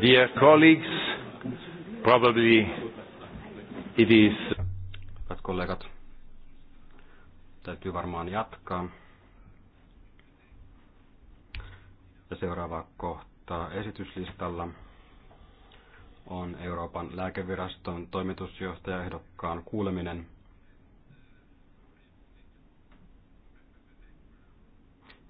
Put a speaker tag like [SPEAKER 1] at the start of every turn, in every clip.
[SPEAKER 1] Dear colleagues, probably
[SPEAKER 2] it is...
[SPEAKER 3] Hyvät kollegat, täytyy varmaan jatkaa. Ja seuraava kohta esityslistalla on Euroopan lääkeviraston toimitusjohtajaehdokkaan kuuleminen.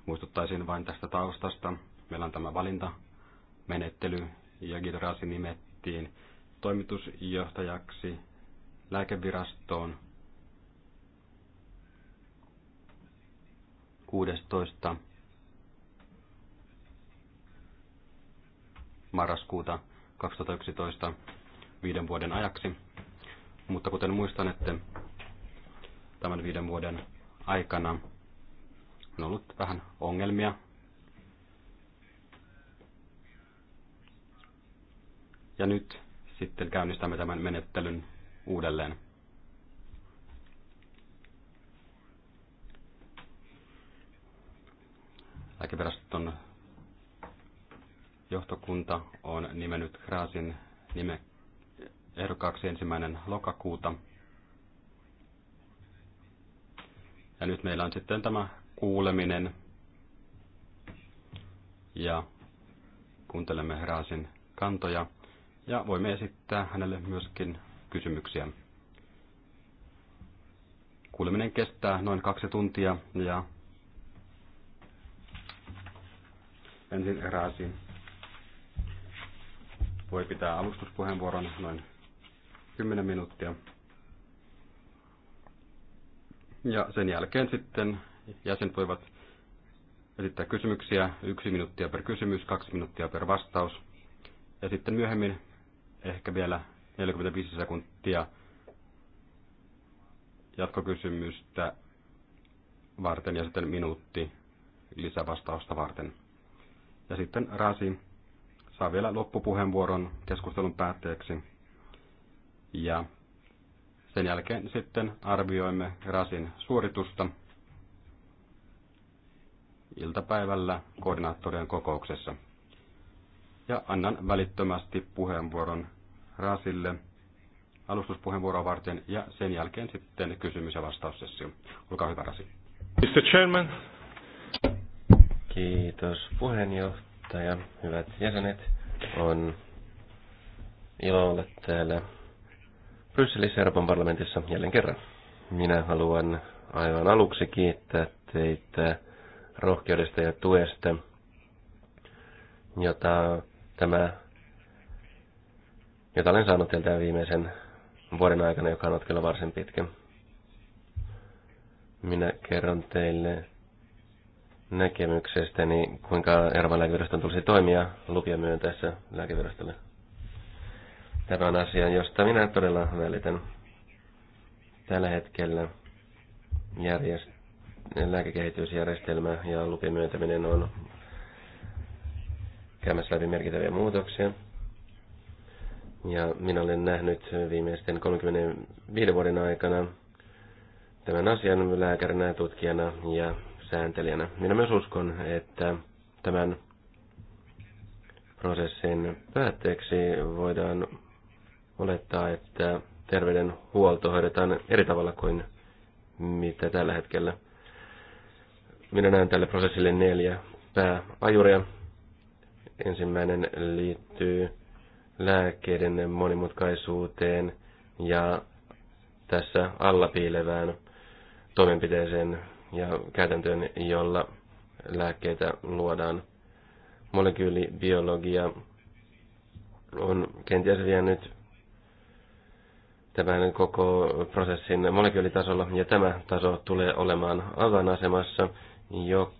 [SPEAKER 3] Muistuttaisin vain tästä taustasta. Meillä on tämä valintamenettely ja Gidraasi nimettiin toimitusjohtajaksi lääkevirastoon 16. marraskuuta 2011 viiden vuoden ajaksi. Mutta kuten muistan, että tämän viiden vuoden aikana on ollut vähän ongelmia Ja nyt sitten käynnistämme tämän menettelyn uudelleen. Lääkeviraston johtokunta on nimennyt Graasin nime ehdokkaaksi ensimmäinen lokakuuta. Ja nyt meillä on sitten tämä kuuleminen ja kuuntelemme Graasin kantoja ja voimme esittää hänelle myöskin kysymyksiä. Kuuleminen kestää noin kaksi tuntia ja ensin eräsi voi pitää alustuspuheenvuoron noin 10 minuuttia. Ja sen jälkeen sitten jäsen voivat esittää kysymyksiä, yksi minuuttia per kysymys, kaksi minuuttia per vastaus. Ja sitten myöhemmin Ehkä vielä 45 sekuntia jatkokysymystä varten ja sitten minuutti lisävastausta varten. Ja sitten Rasi saa vielä loppupuheenvuoron keskustelun päätteeksi. Ja sen jälkeen sitten arvioimme Rasin suoritusta iltapäivällä koordinaattorien kokouksessa. Ja annan välittömästi puheenvuoron Rasille alustuspuheenvuoroa varten ja sen jälkeen sitten kysymys- ja vastaussessio. Olkaa hyvä Rasi.
[SPEAKER 2] Mr. Chairman.
[SPEAKER 3] Kiitos puheenjohtaja.
[SPEAKER 4] Hyvät jäsenet, on ilo olla täällä Brysselissä Euroopan parlamentissa jälleen kerran. Minä haluan aivan aluksi kiittää teitä rohkeudesta ja tuesta, jota tämä, jota olen saanut teiltä viimeisen vuoden aikana, joka on ollut kyllä varsin pitkä. Minä kerron teille näkemyksestäni, kuinka Euroopan lääkeviraston tulisi toimia lupia myöntäessä lääkevirastolle. Tämä on asia, josta minä todella välitän. Tällä hetkellä järjest- lääkekehitysjärjestelmä ja lupien myöntäminen on käymässä läpi merkittäviä muutoksia. Ja minä olen nähnyt viimeisten 35 vuoden aikana tämän asian lääkärinä, tutkijana ja sääntelijänä. Minä myös uskon, että tämän prosessin päätteeksi voidaan olettaa, että terveydenhuolto hoidetaan eri tavalla kuin mitä tällä hetkellä. Minä näen tälle prosessille neljä pääajuria. Ensimmäinen liittyy lääkkeiden monimutkaisuuteen ja tässä alla piilevään toimenpiteeseen ja käytäntöön, jolla lääkkeitä luodaan. Molekyylibiologia on kenties vienyt tämän koko prosessin molekyylitasolla, ja tämä taso tulee olemaan avainasemassa jo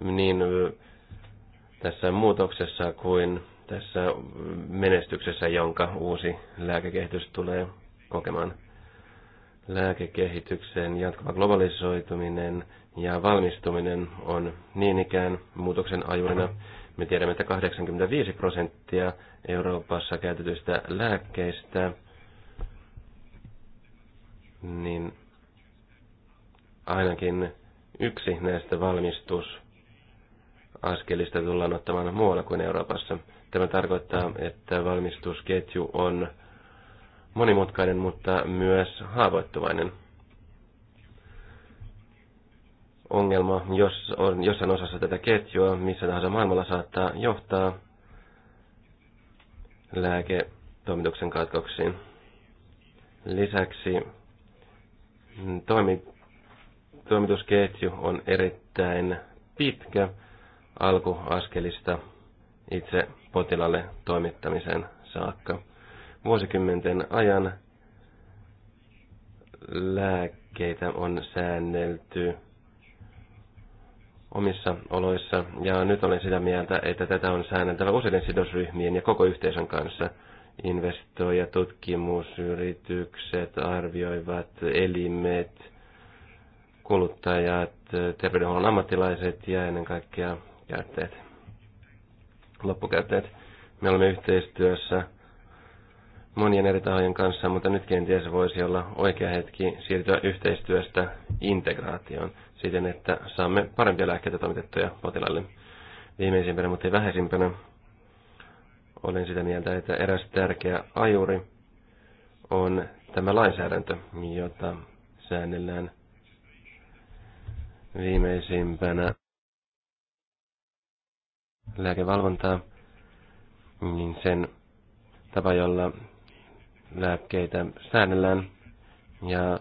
[SPEAKER 4] niin tässä muutoksessa kuin tässä menestyksessä, jonka uusi lääkekehitys tulee kokemaan. Lääkekehityksen jatkuva globalisoituminen ja valmistuminen on niin ikään muutoksen ajurina. Me tiedämme, että 85 prosenttia Euroopassa käytetyistä lääkkeistä niin ainakin yksi näistä valmistus askelista tullaan ottamaan muualla kuin Euroopassa. Tämä tarkoittaa, että valmistusketju on monimutkainen, mutta myös haavoittuvainen ongelma, jos on jossain osassa tätä ketjua, missä tahansa maailmalla saattaa johtaa lääketoimituksen katkoksiin. Lisäksi toimi, toimitusketju on erittäin pitkä alkuaskelista itse potilaalle toimittamisen saakka. Vuosikymmenten ajan lääkkeitä on säännelty omissa oloissa, ja nyt olen sitä mieltä, että tätä on säänneltävä useiden sidosryhmien ja koko yhteisön kanssa. Investoija, tutkimusyritykset arvioivat elimet, kuluttajat, terveydenhuollon ammattilaiset ja ennen kaikkea käyttäjät, loppukäyttäjät. Me olemme yhteistyössä monien eri tahojen kanssa, mutta nyt kenties voisi olla oikea hetki siirtyä yhteistyöstä integraatioon siten, että saamme parempia lääkkeitä toimitettuja potilaille. Viimeisimpänä, mutta ei vähäisimpänä, olen sitä mieltä, että eräs tärkeä ajuri on tämä lainsäädäntö, jota säännellään viimeisimpänä lääkevalvontaa, niin sen tapa, jolla lääkkeitä säännellään ja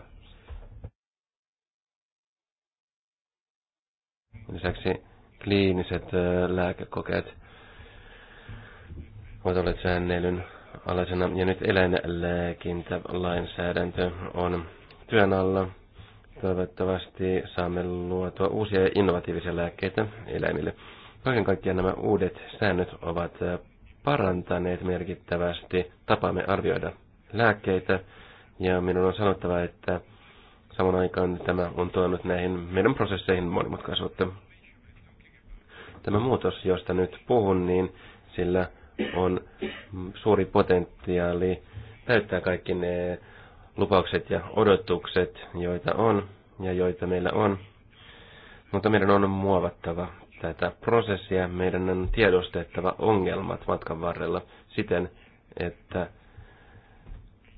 [SPEAKER 4] lisäksi kliiniset lääkekokeet ovat olleet säännellyn alaisena. Ja nyt eläinlääkintälainsäädäntö on työn alla. Toivottavasti saamme luotua uusia innovatiivisia lääkkeitä eläimille. Kaiken kaikkiaan nämä uudet säännöt ovat äh, parantaneet merkittävästi tapaamme arvioida lääkkeitä. Ja minun on sanottava, että saman aikaan tämä on tuonut näihin meidän prosesseihin monimutkaisuutta. Tämä muutos, josta nyt puhun, niin sillä on suuri potentiaali täyttää kaikki ne lupaukset ja odotukset, joita on ja joita meillä on. Mutta meidän on muovattava tätä prosessia, meidän on tiedostettava ongelmat matkan varrella siten, että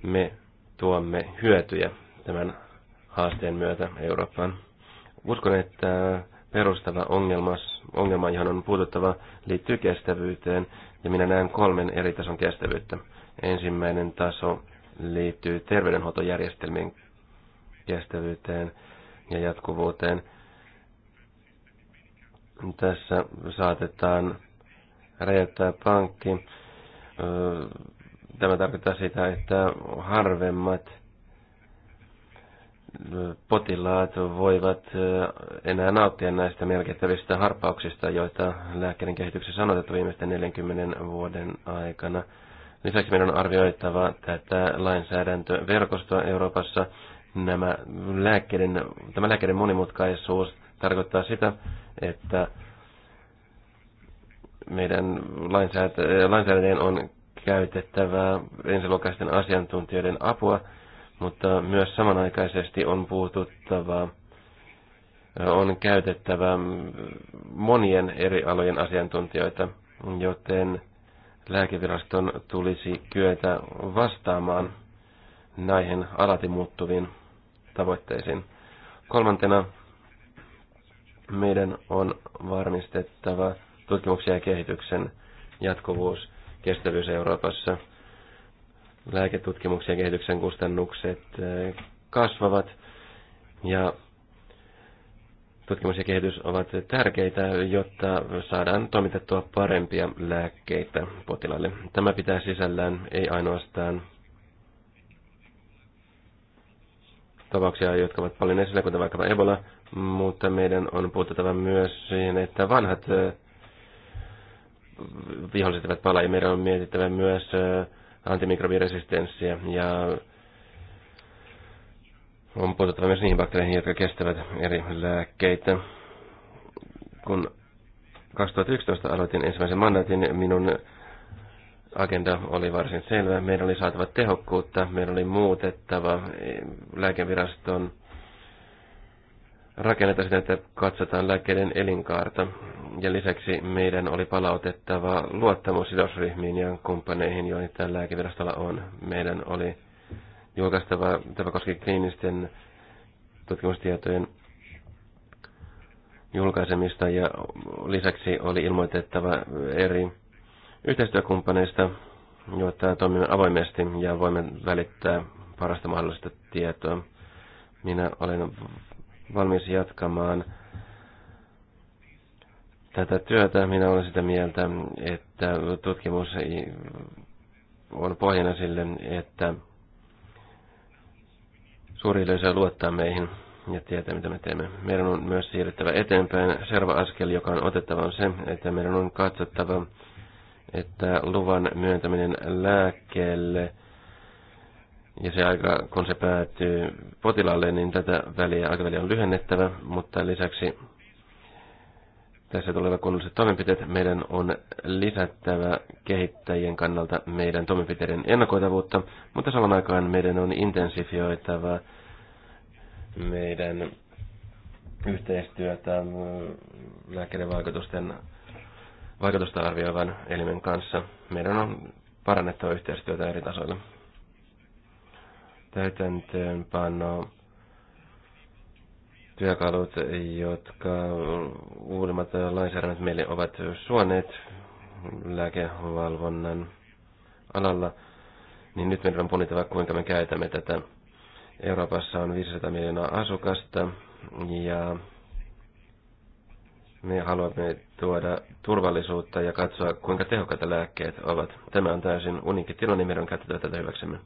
[SPEAKER 4] me tuomme hyötyjä tämän haasteen myötä Eurooppaan. Uskon, että perustava ongelmas, ongelma, johon on puututtava, liittyy kestävyyteen, ja minä näen kolmen eri tason kestävyyttä. Ensimmäinen taso liittyy terveydenhuoltojärjestelmien kestävyyteen ja jatkuvuuteen – tässä saatetaan räjäyttää pankki. Tämä tarkoittaa sitä, että harvemmat potilaat voivat enää nauttia näistä merkittävistä harpauksista, joita lääkkeiden kehityksessä on otettu viimeisten 40 vuoden aikana. Lisäksi meidän on arvioitava tätä lainsäädäntöverkostoa Euroopassa. Nämä lääkkeiden, tämä lääkkeiden monimutkaisuus tarkoittaa sitä, että meidän lainsäädäntöjen on käytettävää ensiluokkaisten asiantuntijoiden apua, mutta myös samanaikaisesti on puututtava, on käytettävä monien eri alojen asiantuntijoita, joten lääkeviraston tulisi kyetä vastaamaan näihin alati muuttuviin tavoitteisiin. Kolmantena meidän on varmistettava tutkimuksen ja kehityksen jatkuvuus, kestävyys Euroopassa. Lääketutkimuksen ja kehityksen kustannukset äh, kasvavat ja tutkimus ja kehitys ovat tärkeitä, jotta saadaan toimitettua parempia lääkkeitä potilaille. Tämä pitää sisällään ei ainoastaan tapauksia, jotka ovat paljon esillä, kuten vaikkapa Ebola, mutta meidän on puututtava myös siihen, että vanhat viholliset eivät pala, ja meidän on mietittävä myös antimikrobiresistenssiä, ja on puututtava myös niihin bakteereihin, jotka kestävät eri lääkkeitä. Kun 2011 aloitin ensimmäisen mandaatin, minun agenda oli varsin selvä. Meidän oli saatava tehokkuutta, meidän oli muutettava e, lääkeviraston rakenneta sitä, että katsotaan lääkkeiden elinkaarta. Ja lisäksi meidän oli palautettava luottamus sidosryhmiin ja kumppaneihin, joita lääkevirastolla on. Meidän oli julkaistava, tämä koski kliinisten tutkimustietojen julkaisemista ja lisäksi oli ilmoitettava eri yhteistyökumppaneista, jotta toimimme avoimesti ja voimme välittää parasta mahdollista tietoa. Minä olen valmis jatkamaan tätä työtä. Minä olen sitä mieltä, että tutkimus on pohjana sille, että suuri yleisö luottaa meihin ja tietää, mitä me teemme. Meidän on myös siirrettävä eteenpäin. Seuraava askel, joka on otettava, on se, että meidän on katsottava, että luvan myöntäminen lääkkeelle – ja se aika, kun se päättyy potilaalle, niin tätä väliä, aikaväliä on lyhennettävä, mutta lisäksi tässä tulevat kunnolliset toimenpiteet meidän on lisättävä kehittäjien kannalta meidän toimenpiteiden ennakoitavuutta, mutta saman aikaan meidän on intensifioitava meidän yhteistyötä lääkkeiden vaikutusten, vaikutusta arvioivan elimen kanssa. Meidän on parannettava yhteistyötä eri tasoilla täytäntöönpano työkalut, jotka uudemmat lainsäädännöt meille ovat suoneet lääkevalvonnan alalla, niin nyt meidän on punnittava, kuinka me käytämme tätä. Euroopassa on 500 miljoonaa asukasta ja me haluamme tuoda turvallisuutta ja katsoa, kuinka tehokkaita lääkkeet ovat. Tämä on täysin uniikki tilanne, meidän on käytettävä tätä hyväksemme.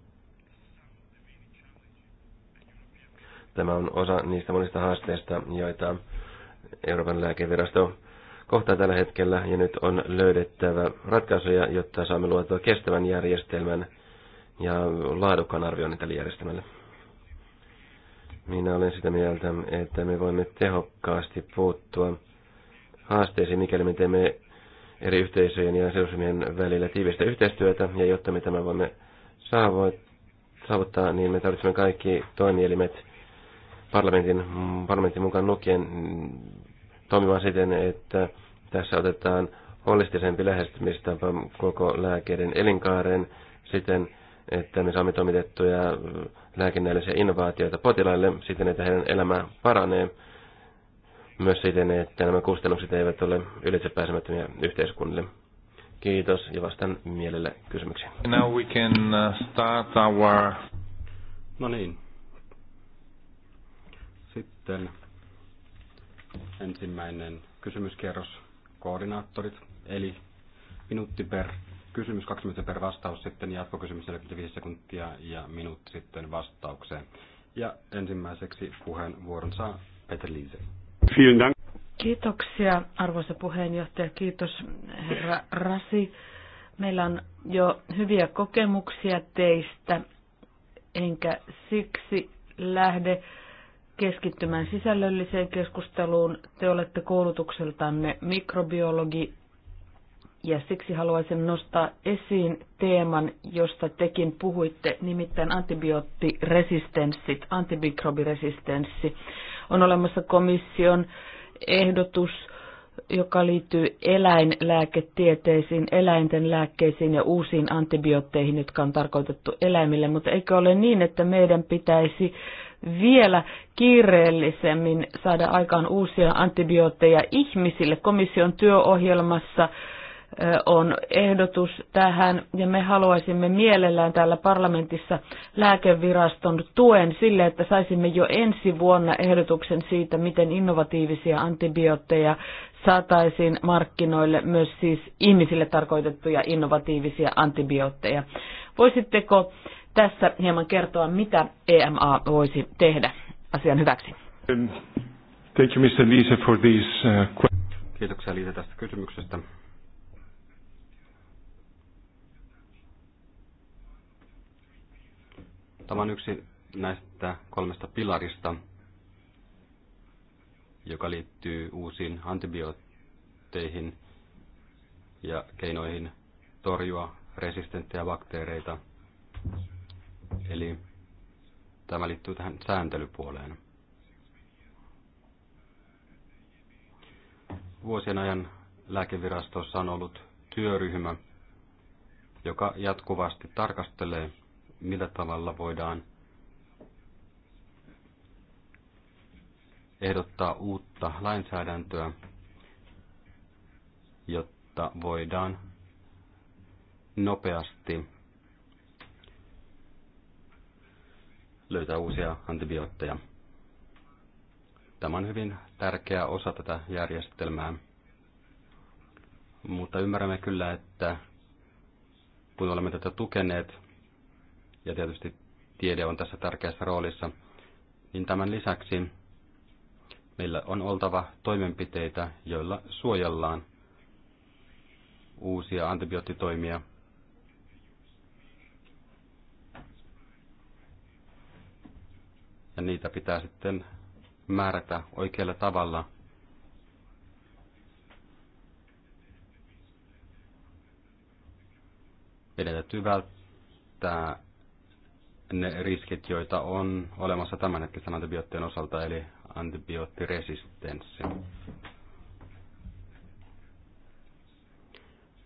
[SPEAKER 4] Tämä on osa niistä monista haasteista, joita Euroopan lääkevirasto kohtaa tällä hetkellä, ja nyt on löydettävä ratkaisuja, jotta saamme luotua kestävän järjestelmän ja laadukkaan arvioinnin tälle järjestelmälle. Minä olen sitä mieltä, että me voimme tehokkaasti puuttua haasteisiin, mikäli me teemme eri yhteisöjen ja sidosryhmien välillä tiivistä yhteistyötä, ja jotta me tämän voimme saavuttaa, niin me tarvitsemme kaikki toimielimet parlamentin, parlamentin mukaan lukien toimimaan siten, että tässä otetaan holistisempi lähestymistapa koko lääkeiden elinkaaren siten, että me saamme toimitettuja lääkinnällisiä innovaatioita potilaille siten, että heidän elämä paranee myös siten, että nämä kustannukset eivät ole ylitsepääsemättömiä yhteiskunnille. Kiitos ja vastaan mielelle kysymyksiin.
[SPEAKER 2] Now we can uh, start our...
[SPEAKER 3] No niin, sitten ensimmäinen kysymyskierros, koordinaattorit, eli minuutti per kysymys, 20 per vastaus, sitten jatkokysymys 45 sekuntia ja minuutti sitten vastaukseen. Ja ensimmäiseksi puheenvuoron saa Peter Liise.
[SPEAKER 1] Kiitoksia arvoisa puheenjohtaja, kiitos herra Rasi. Meillä on jo hyviä kokemuksia teistä, enkä siksi lähde keskittymään sisällölliseen keskusteluun. Te olette koulutukseltanne mikrobiologi ja siksi haluaisin nostaa esiin teeman, josta tekin puhuitte, nimittäin antibioottiresistenssit, antimikrobiresistenssi. On olemassa komission ehdotus, joka liittyy eläinlääketieteisiin, eläinten lääkkeisiin ja uusiin antibiootteihin, jotka on tarkoitettu eläimille, mutta eikö ole niin, että meidän pitäisi vielä kiireellisemmin saada aikaan uusia antibiootteja ihmisille. Komission työohjelmassa on ehdotus tähän ja me haluaisimme mielellään täällä parlamentissa lääkeviraston tuen sille, että saisimme jo ensi vuonna ehdotuksen siitä, miten innovatiivisia antibiootteja saataisiin markkinoille myös siis ihmisille tarkoitettuja innovatiivisia antibiootteja. Voisitteko tässä hieman kertoa, mitä EMA voisi tehdä asian hyväksi. Thank
[SPEAKER 5] you, Mr. Lisa, for this uh,
[SPEAKER 3] Kiitoksia Liisa tästä kysymyksestä. Tämä on yksi näistä kolmesta pilarista, joka liittyy uusiin antibiootteihin ja keinoihin torjua resistenttejä bakteereita Eli tämä liittyy tähän sääntelypuoleen. Vuosien ajan lääkevirastossa on ollut työryhmä, joka jatkuvasti tarkastelee, millä tavalla voidaan ehdottaa uutta lainsäädäntöä, jotta voidaan nopeasti löytää uusia antibiootteja. Tämä on hyvin tärkeä osa tätä järjestelmää, mutta ymmärrämme kyllä, että kun olemme tätä tukeneet, ja tietysti tiede on tässä tärkeässä roolissa, niin tämän lisäksi meillä on oltava toimenpiteitä, joilla suojellaan uusia antibioottitoimia ja niitä pitää sitten määrätä oikealla tavalla. Meidän täytyy välttää ne riskit, joita on olemassa hetkisen antibioottien osalta, eli antibioottiresistenssi.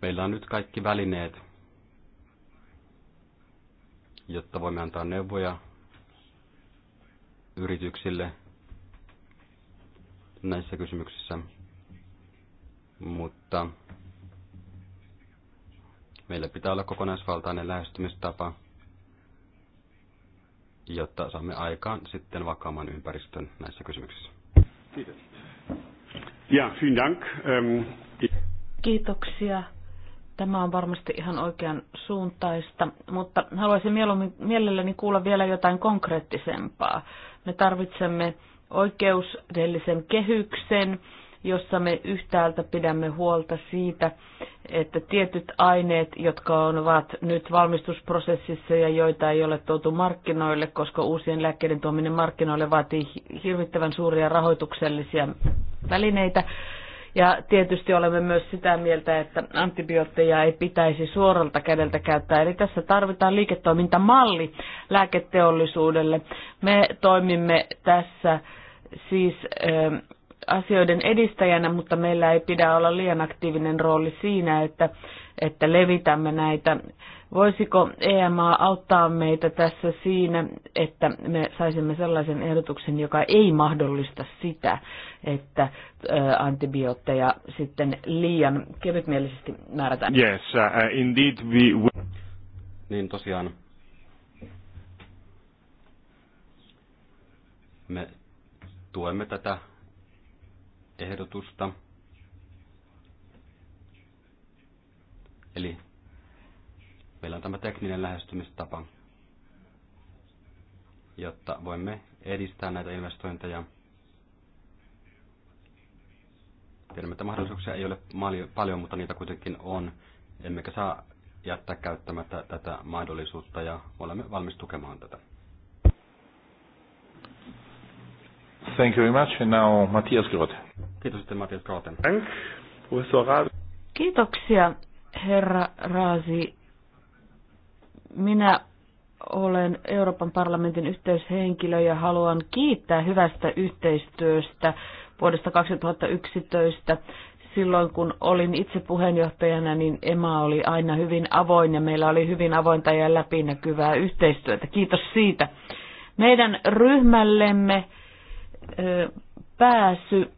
[SPEAKER 3] Meillä on nyt kaikki välineet, jotta voimme antaa neuvoja yrityksille näissä kysymyksissä, mutta meillä pitää olla kokonaisvaltainen lähestymistapa, jotta saamme aikaan sitten vakaamman ympäristön näissä kysymyksissä. Kiitos. Ja, vielen dank. Ähm,
[SPEAKER 1] Kiitoksia. Tämä on varmasti ihan oikean suuntaista, mutta haluaisin mielelläni kuulla vielä jotain konkreettisempaa. Me tarvitsemme oikeudellisen kehyksen, jossa me yhtäältä pidämme huolta siitä, että tietyt aineet, jotka ovat nyt valmistusprosessissa ja joita ei ole tuotu markkinoille, koska uusien lääkkeiden tuominen markkinoille vaatii hirvittävän suuria rahoituksellisia välineitä, ja tietysti olemme myös sitä mieltä, että antibiootteja ei pitäisi suoralta kädeltä käyttää. Eli tässä tarvitaan liiketoimintamalli lääketeollisuudelle. Me toimimme tässä siis asioiden edistäjänä, mutta meillä ei pidä olla liian aktiivinen rooli siinä, että, että levitämme näitä Voisiko EMA auttaa meitä tässä siinä, että me saisimme sellaisen ehdotuksen, joka ei mahdollista sitä, että antibiootteja sitten liian kevytmielisesti määrätään? Yes,
[SPEAKER 3] uh, uh, indeed we... will. Niin tosiaan. Me tuemme tätä ehdotusta. Eli meillä on tämä tekninen lähestymistapa, jotta voimme edistää näitä investointeja. Tiedämme, että mahdollisuuksia ei ole paljon, mutta niitä kuitenkin on. Emmekä saa jättää käyttämättä tätä mahdollisuutta ja olemme valmis tukemaan
[SPEAKER 2] tätä. Thank you very much. And now Matthias Grote. Kiitos sitten Matthias Grote. Thank.
[SPEAKER 1] Kiitoksia, herra Raasi. Minä olen Euroopan parlamentin yhteyshenkilö ja haluan kiittää hyvästä yhteistyöstä vuodesta 2011. Silloin kun olin itse puheenjohtajana, niin EMA oli aina hyvin avoin ja meillä oli hyvin avointa ja läpinäkyvää yhteistyötä. Kiitos siitä. Meidän ryhmällemme pääsy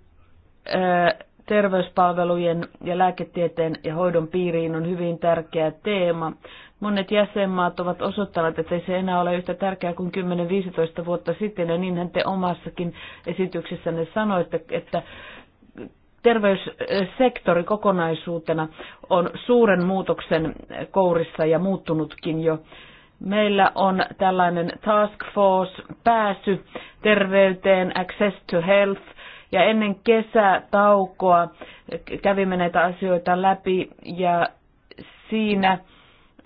[SPEAKER 1] terveyspalvelujen ja lääketieteen ja hoidon piiriin on hyvin tärkeä teema. Monet jäsenmaat ovat osoittaneet, että ei se enää ole yhtä tärkeää kuin 10-15 vuotta sitten, ja niinhän te omassakin esityksessänne sanoitte, että terveyssektori kokonaisuutena on suuren muutoksen kourissa ja muuttunutkin jo. Meillä on tällainen task force, pääsy terveyteen, access to health, ja ennen kesätaukoa kävimme näitä asioita läpi ja siinä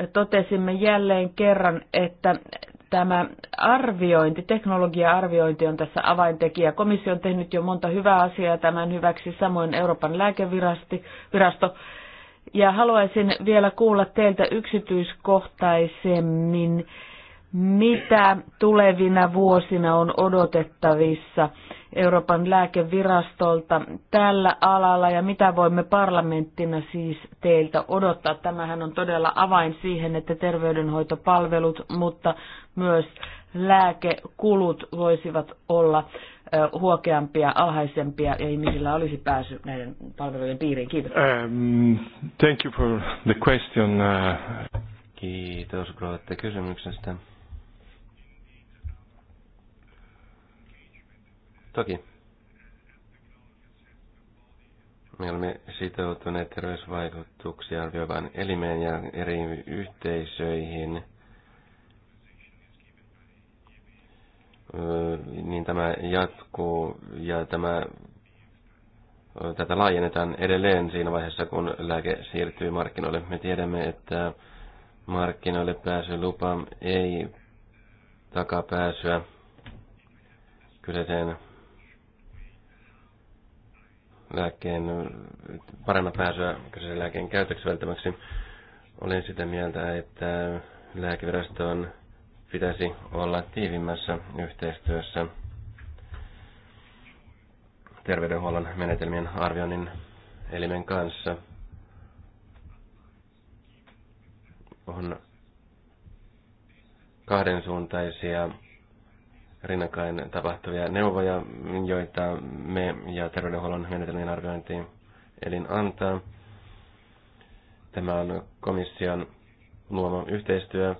[SPEAKER 1] totesimme jälleen kerran, että tämä arviointi, teknologia-arviointi on tässä avaintekijä. Komissio on tehnyt jo monta hyvää asiaa tämän hyväksi, samoin Euroopan lääkevirasto. Ja haluaisin vielä kuulla teiltä yksityiskohtaisemmin mitä tulevina vuosina on odotettavissa Euroopan lääkevirastolta tällä alalla ja mitä voimme parlamenttina siis teiltä odottaa. Tämähän on todella avain siihen, että terveydenhoitopalvelut, mutta myös lääkekulut voisivat olla huokeampia, alhaisempia ja ihmisillä olisi pääsy näiden palvelujen piiriin. Kiitos.
[SPEAKER 5] Um, thank you for
[SPEAKER 4] the question. Uh... Kiitos Grote kysymyksestä. Toki me olemme sitoutuneet terveysvaikutuksia arvioivaan elimeen ja eri yhteisöihin. Niin tämä jatkuu ja tämä, tätä laajennetaan edelleen siinä vaiheessa, kun lääke siirtyy markkinoille. Me tiedämme, että markkinoille pääsylupa ei takapääsyä kyseiseen lääkkeen paremmin pääsyä kyseisen lääkkeen käytöksi välttämäksi. Olen sitä mieltä, että lääkevirastoon pitäisi olla tiivimmässä yhteistyössä terveydenhuollon menetelmien arvioinnin elimen kanssa. On kahdensuuntaisia rinnakkain tapahtuvia neuvoja, joita me ja terveydenhuollon menetelmien arviointi elin antaa. Tämä on komission luoma yhteistyö.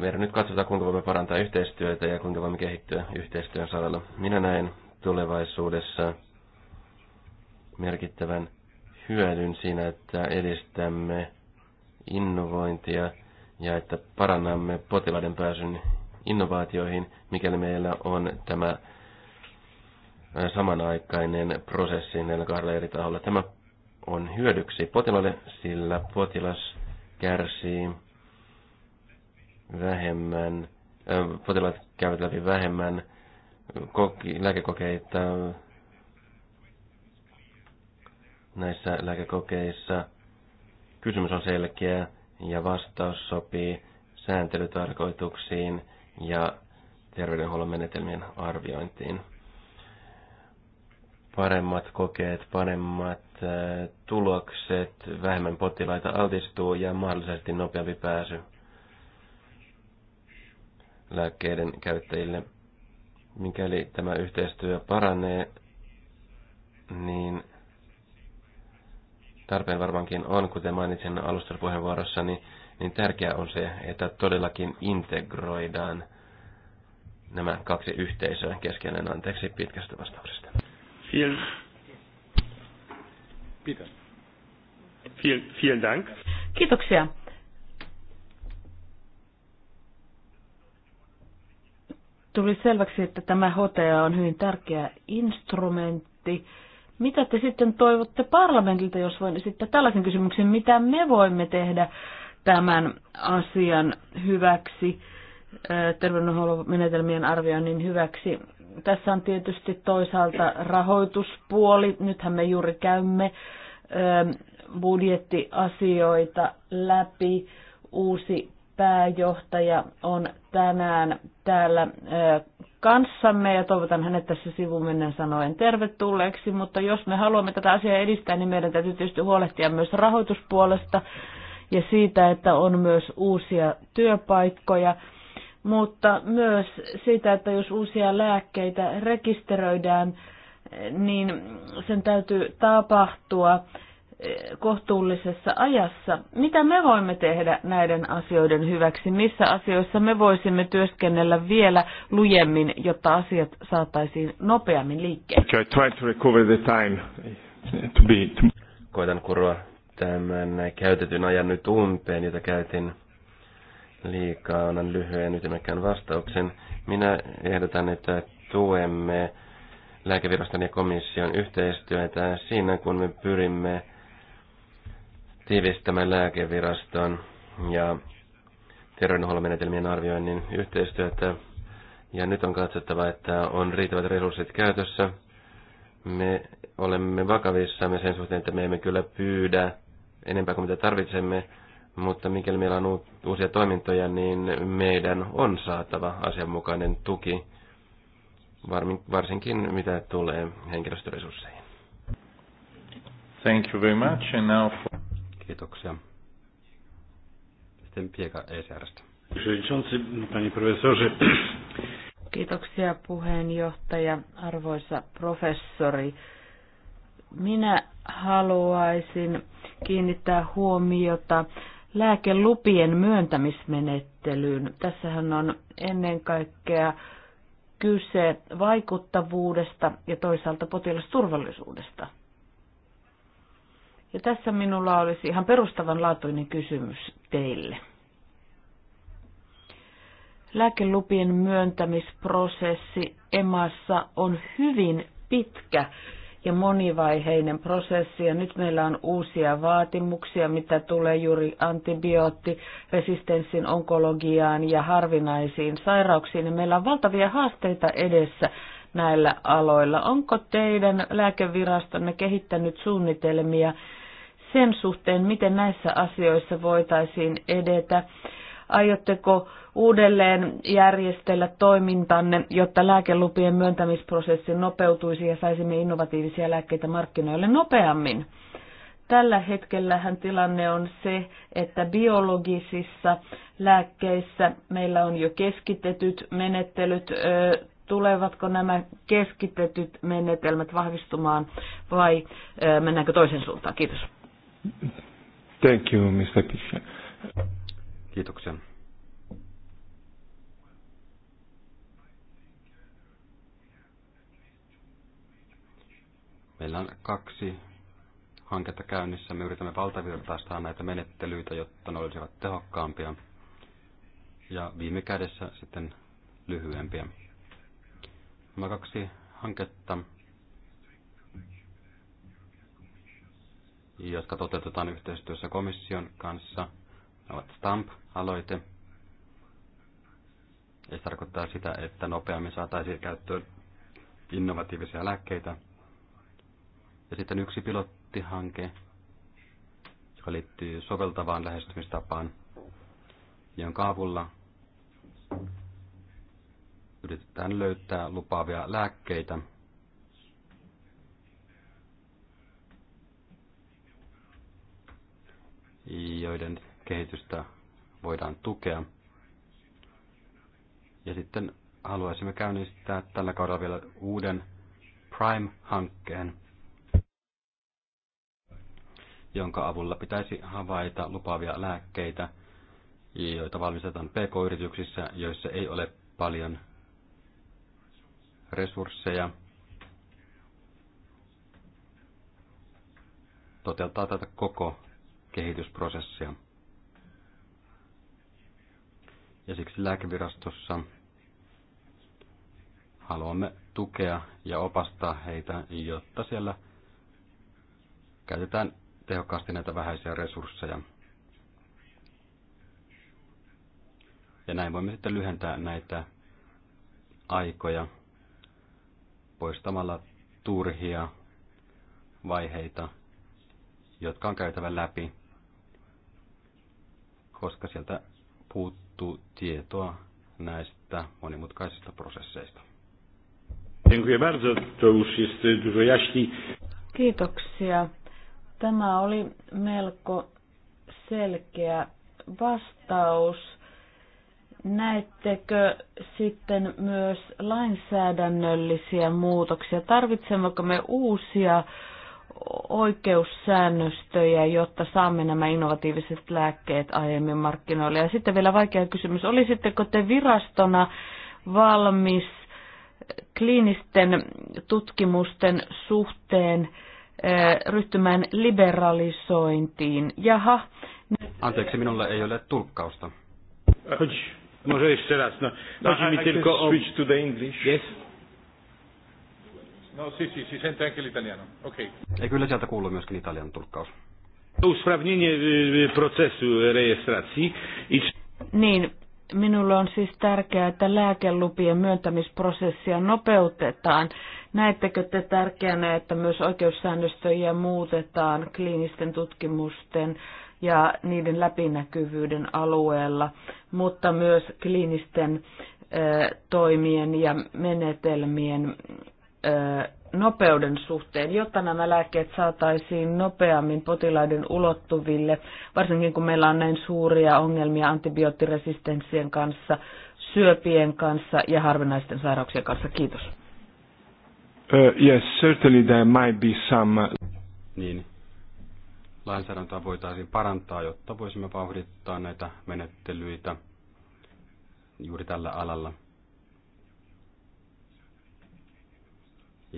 [SPEAKER 4] Meidän nyt katsotaan, kuinka voimme parantaa yhteistyötä ja kuinka voimme kehittyä yhteistyön saralla. Minä näen tulevaisuudessa merkittävän hyödyn siinä, että edistämme innovointia ja että parannamme potilaiden pääsyn innovaatioihin, mikäli meillä on tämä samanaikainen prosessi näillä kahdella eri taholla. Tämä on hyödyksi potilaalle, sillä potilas kärsii vähemmän, potilaat käyvät läpi vähemmän lääkekokeita. Näissä lääkekokeissa kysymys on selkeä ja vastaus sopii sääntelytarkoituksiin – ja terveydenhuollon menetelmien arviointiin. Paremmat kokeet, paremmat äh, tulokset, vähemmän potilaita altistuu ja mahdollisesti nopeampi pääsy lääkkeiden käyttäjille. Mikäli tämä yhteistyö paranee, niin tarpeen varmaankin on, kuten mainitsin alustuspuheenvuorossani, niin niin tärkeää on se, että todellakin integroidaan nämä kaksi yhteisöä keskenään. Anteeksi pitkästä vastauksesta.
[SPEAKER 1] Vielen,
[SPEAKER 3] vielen, vielen dank.
[SPEAKER 1] Kiitoksia. Tuli selväksi, että tämä HTA on hyvin tärkeä instrumentti. Mitä te sitten toivotte parlamentilta, jos voin esittää tällaisen kysymyksen, mitä me voimme tehdä tämän asian hyväksi, terveydenhuollon menetelmien arvioinnin hyväksi. Tässä on tietysti toisaalta rahoituspuoli. Nythän me juuri käymme budjettiasioita läpi. Uusi pääjohtaja on tänään täällä kanssamme ja toivotan hänet tässä sivuun sivumennen sanoen tervetulleeksi, mutta jos me haluamme tätä asiaa edistää, niin meidän täytyy tietysti huolehtia myös rahoituspuolesta ja siitä, että on myös uusia työpaikkoja, mutta myös siitä, että jos uusia lääkkeitä rekisteröidään, niin sen täytyy tapahtua eh, kohtuullisessa ajassa. Mitä me voimme tehdä näiden asioiden hyväksi? Missä asioissa me voisimme työskennellä vielä lujemmin, jotta asiat saataisiin nopeammin liikkeelle?
[SPEAKER 5] Okay, try to
[SPEAKER 4] recover the time to be... Koitan kurua tämän käytetyn ajan nyt umpeen, jota käytin liikaa, annan lyhyen ytimekkään vastauksen. Minä ehdotan, että tuemme lääkeviraston ja komission yhteistyötä siinä, kun me pyrimme tiivistämään lääkeviraston ja terveydenhuollon menetelmien arvioinnin yhteistyötä. Ja nyt on katsottava, että on riittävät resurssit käytössä. Me olemme vakavissamme sen suhteen, että me emme kyllä pyydä enempää kuin mitä tarvitsemme, mutta mikäli meillä on uusia toimintoja, niin meidän on saatava asianmukainen tuki, varsinkin mitä tulee
[SPEAKER 2] henkilöstöresursseihin. Thank you very much. And now for... Kiitoksia. Sitten Pieka ECRstä.
[SPEAKER 1] Kiitoksia puheenjohtaja, arvoisa professori. Minä haluaisin kiinnittää huomiota lääkelupien myöntämismenettelyyn. Tässähän on ennen kaikkea kyse vaikuttavuudesta ja toisaalta potilasturvallisuudesta. Ja tässä minulla olisi ihan perustavanlaatuinen kysymys teille. Lääkelupien myöntämisprosessi EMAssa on hyvin pitkä ja monivaiheinen prosessi. Ja nyt meillä on uusia vaatimuksia, mitä tulee juuri antibioottiresistenssin onkologiaan ja harvinaisiin sairauksiin. Ja meillä on valtavia haasteita edessä näillä aloilla. Onko teidän lääkevirastonne kehittänyt suunnitelmia sen suhteen, miten näissä asioissa voitaisiin edetä? Aiotteko uudelleen järjestellä toimintanne, jotta lääkelupien myöntämisprosessi nopeutuisi ja saisimme innovatiivisia lääkkeitä markkinoille nopeammin? Tällä hetkellähän tilanne on se, että biologisissa lääkkeissä meillä on jo keskitetyt menettelyt. Tulevatko nämä keskitetyt menetelmät vahvistumaan vai mennäänkö toisen suuntaan? Kiitos.
[SPEAKER 2] Thank you,
[SPEAKER 3] Mr. Kishner. Kiitoksia. Meillä on kaksi hanketta käynnissä. Me yritämme valtavirtaistaa näitä menettelyitä, jotta ne olisivat tehokkaampia ja viime kädessä sitten lyhyempiä. Nämä kaksi hanketta, jotka toteutetaan yhteistyössä komission kanssa – ne ovat Stamp-aloite. Ja se tarkoittaa sitä, että nopeammin saataisiin käyttöön innovatiivisia lääkkeitä. Ja sitten yksi pilottihanke, joka liittyy soveltavaan lähestymistapaan, jonka avulla yritetään löytää lupaavia lääkkeitä, joiden kehitystä voidaan tukea. Ja sitten haluaisimme käynnistää tällä kaudella vielä uuden Prime-hankkeen, jonka avulla pitäisi havaita lupaavia lääkkeitä, joita valmistetaan pk-yrityksissä, joissa ei ole paljon resursseja toteuttaa tätä koko kehitysprosessia. Ja siksi lääkevirastossa haluamme tukea ja opastaa heitä, jotta siellä käytetään tehokkaasti näitä vähäisiä resursseja. Ja näin voimme sitten lyhentää näitä aikoja poistamalla turhia vaiheita, jotka on käytävä läpi, koska sieltä puuttuu puuttuu tietoa näistä monimutkaisista prosesseista.
[SPEAKER 1] Kiitoksia. Tämä oli melko selkeä vastaus. Näettekö sitten myös lainsäädännöllisiä muutoksia? Tarvitsemmeko me uusia oikeussäännöstöjä, jotta saamme nämä innovatiiviset lääkkeet aiemmin markkinoille? Ja sitten vielä vaikea kysymys, olisitteko te virastona valmis kliinisten tutkimusten suhteen ryhtymään liberalisointiin? Jaha.
[SPEAKER 3] Anteeksi, minulla ei ole tulkkausta. Chodź, może jeszcze raz. No. Chodzi mi tylko Switch to the English. Yes.
[SPEAKER 2] No si, si, si sente anche
[SPEAKER 1] l'italiano. Okei.
[SPEAKER 3] Okay. Ja e kyllä sieltä kuuluu myöskin italian tulkkaus. Usprawnienie procesu rejestracji.
[SPEAKER 1] Niin, minulle on siis tärkeää, että lääkelupien myöntämisprosessia nopeutetaan. Näettekö te tärkeänä, että myös oikeussäännöstöjä muutetaan kliinisten tutkimusten ja niiden läpinäkyvyyden alueella, mutta myös kliinisten toimien ja menetelmien nopeuden suhteen, jotta nämä lääkkeet saataisiin nopeammin potilaiden ulottuville, varsinkin kun meillä on näin suuria ongelmia antibioottiresistenssien kanssa, syöpien kanssa ja harvinaisten sairauksien kanssa. Kiitos.
[SPEAKER 5] Uh, yes, certainly there might be some... Uh,
[SPEAKER 1] niin. Lainsäädäntöä voitaisiin parantaa, jotta
[SPEAKER 3] voisimme vauhdittaa näitä menettelyitä juuri tällä alalla.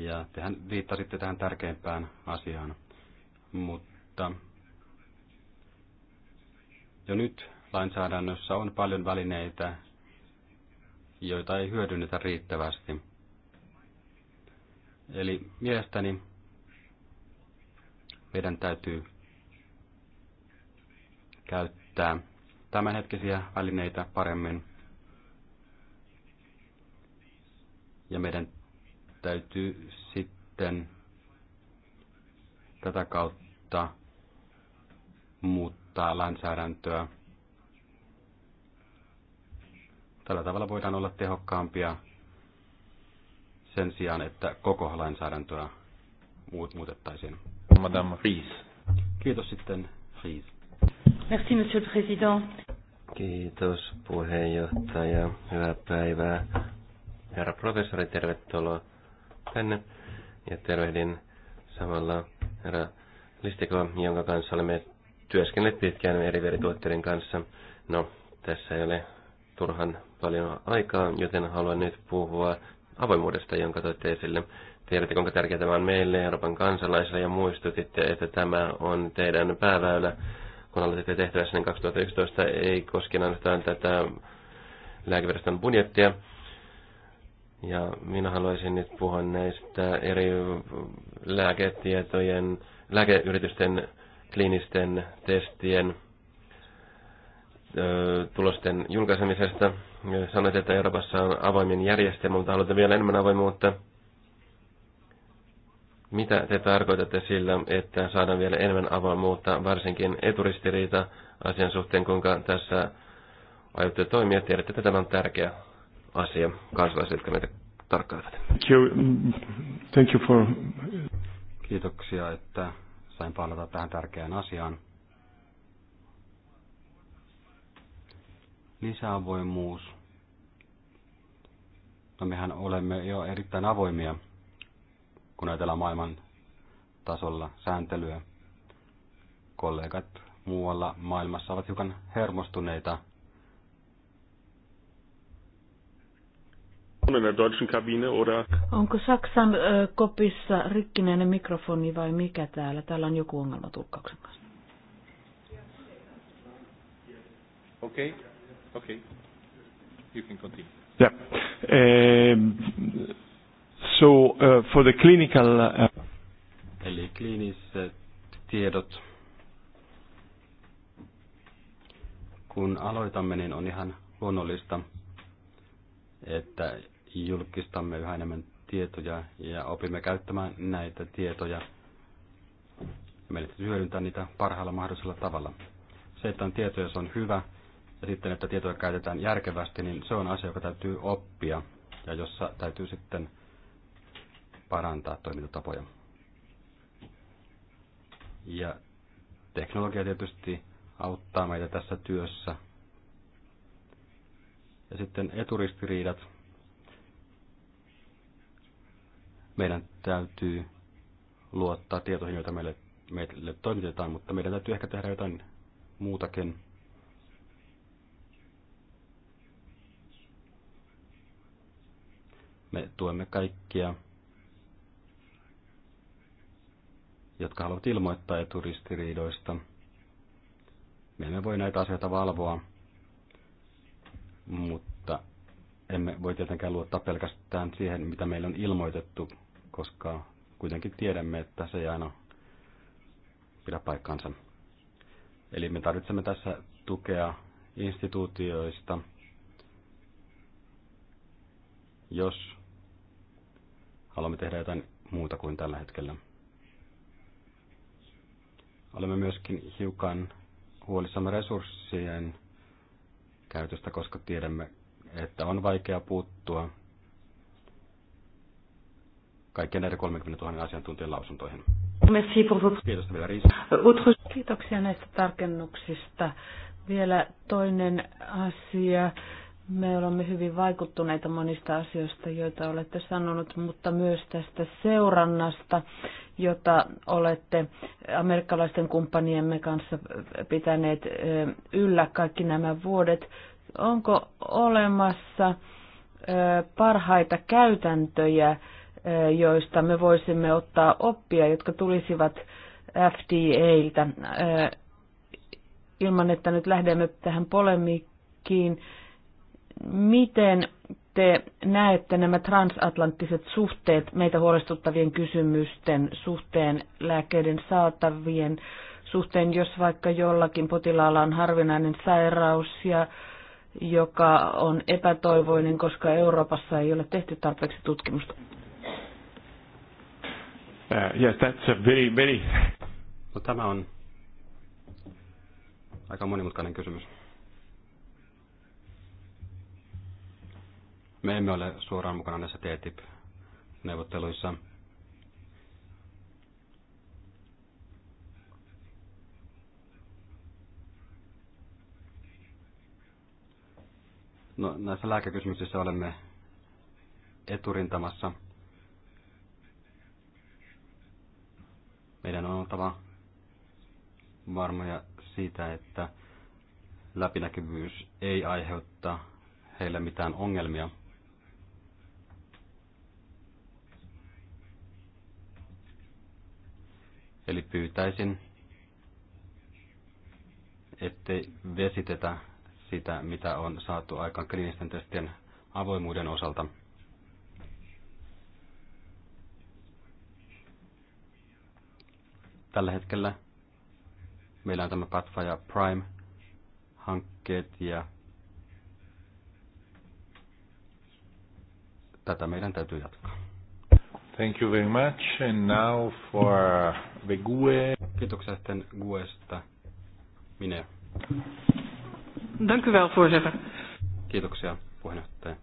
[SPEAKER 3] Ja tehän viittasitte tähän tärkeimpään asiaan, mutta jo nyt lainsäädännössä on paljon välineitä, joita ei hyödynnetä riittävästi. Eli mielestäni meidän täytyy käyttää tämänhetkisiä välineitä paremmin. Ja meidän täytyy sitten tätä kautta muuttaa lainsäädäntöä. Tällä tavalla voidaan olla tehokkaampia sen sijaan, että koko lainsäädäntöä muut muutettaisiin. Madame Ries. Kiitos sitten Ries.
[SPEAKER 1] Merci, monsieur le président.
[SPEAKER 3] Kiitos puheenjohtaja. Hyvää päivää.
[SPEAKER 4] Herra professori, tervetuloa tänne ja tervehdin samalla herra Listikoa, jonka kanssa olemme työskennelleet pitkään eri verituotteiden kanssa. No, tässä ei ole turhan paljon aikaa, joten haluan nyt puhua avoimuudesta, jonka toitte esille. Tiedätte, kuinka tärkeää tämä on meille, Euroopan kansalaisille, ja muistutitte, että tämä on teidän pääväylä, kun aloititte tehtävässä niin 2011, ei koskien ainoastaan tätä lääkeviraston budjettia, ja minä haluaisin nyt puhua näistä eri lääketietojen, lääkeyritysten kliinisten testien tulosten julkaisemisesta. Sanoit, että Euroopassa on avoimin järjestelmä, mutta haluatte vielä enemmän avoimuutta. Mitä te tarkoitatte sillä, että saadaan vielä enemmän avoimuutta, varsinkin eturistiriita asian suhteen, kuinka tässä aiotte toimia? Tiedätte, että tämä on tärkeä asia
[SPEAKER 3] kansalaisille, jotka meitä tarkkailevat.
[SPEAKER 5] Thank you. Thank you for...
[SPEAKER 3] Kiitoksia, että sain palata tähän tärkeään asiaan. Lisäavoimuus. No mehän olemme jo erittäin avoimia, kun ajatellaan maailman tasolla sääntelyä. Kollegat muualla maailmassa ovat hiukan hermostuneita –
[SPEAKER 1] Onko Saksan äh, kopissa rikkinäinen mikrofoni vai mikä täällä? Täällä on joku ongelma tulkkauksen kanssa.
[SPEAKER 2] Okei, okay. okei. Okay. You can continue.
[SPEAKER 1] Yeah.
[SPEAKER 5] Um, so uh, for the clinical... Uh...
[SPEAKER 3] Eli kliiniset tiedot. Kun aloitamme, niin on ihan luonnollista, että julkistamme yhä enemmän tietoja ja opimme käyttämään näitä tietoja. Meidän täytyy hyödyntää niitä parhaalla mahdollisella tavalla. Se, että on tietoja, se on hyvä. Ja sitten, että tietoja käytetään järkevästi, niin se on asia, joka täytyy oppia ja jossa täytyy sitten parantaa toimintatapoja. Ja teknologia tietysti auttaa meitä tässä työssä. Ja sitten eturistiriidat, Meidän täytyy luottaa tietoihin, joita meille, meille toimitetaan, mutta meidän täytyy ehkä tehdä jotain muutakin. Me tuemme kaikkia, jotka haluavat ilmoittaa eturistiriidoista. Me emme voi näitä asioita valvoa, mutta emme voi tietenkään luottaa pelkästään siihen, mitä meillä on ilmoitettu koska kuitenkin tiedämme, että se ei aina pidä paikkansa. Eli me tarvitsemme tässä tukea instituutioista, jos haluamme tehdä jotain muuta kuin tällä hetkellä. Olemme myöskin hiukan huolissamme resurssien käytöstä, koska tiedämme, että on vaikea puuttua kaikkien näiden 30 000 asiantuntijan lausuntoihin. Kiitos vielä euh,
[SPEAKER 1] Kiitoksia näistä tarkennuksista. Vielä toinen asia. Me olemme hyvin vaikuttuneita monista asioista, joita olette sanonut, mutta myös tästä seurannasta, jota olette amerikkalaisten kumppaniemme kanssa pitäneet yllä kaikki nämä vuodet. Onko olemassa parhaita käytäntöjä? joista me voisimme ottaa oppia, jotka tulisivat FDAltä. Ilman, että nyt lähdemme tähän polemiikkiin, miten te näette nämä transatlanttiset suhteet meitä huolestuttavien kysymysten suhteen, lääkkeiden saatavien suhteen, jos vaikka jollakin potilaalla on harvinainen sairaus ja joka on epätoivoinen, koska Euroopassa ei ole tehty tarpeeksi tutkimusta?
[SPEAKER 3] Uh, yes, that's a very, very... No, tämä on aika monimutkainen kysymys. Me emme ole suoraan mukana näissä TTIP-neuvotteluissa. No, näissä lääkekysymyksissä olemme eturintamassa – Meidän on oltava varmoja siitä, että läpinäkyvyys ei aiheuttaa heille mitään ongelmia. Eli pyytäisin, ettei vesitetä sitä, mitä on saatu aikaan kliinisten testien avoimuuden osalta – Tällä hetkellä meillä on tämä Pathfire Prime-hankkeet ja tätä meidän täytyy jatkaa. Thank you very much. And now for the GUE. Kiitoksia sitten GUEsta. Minä.
[SPEAKER 5] Dank u wel, voorzitter.
[SPEAKER 3] Kiitoksia, puheenjohtaja.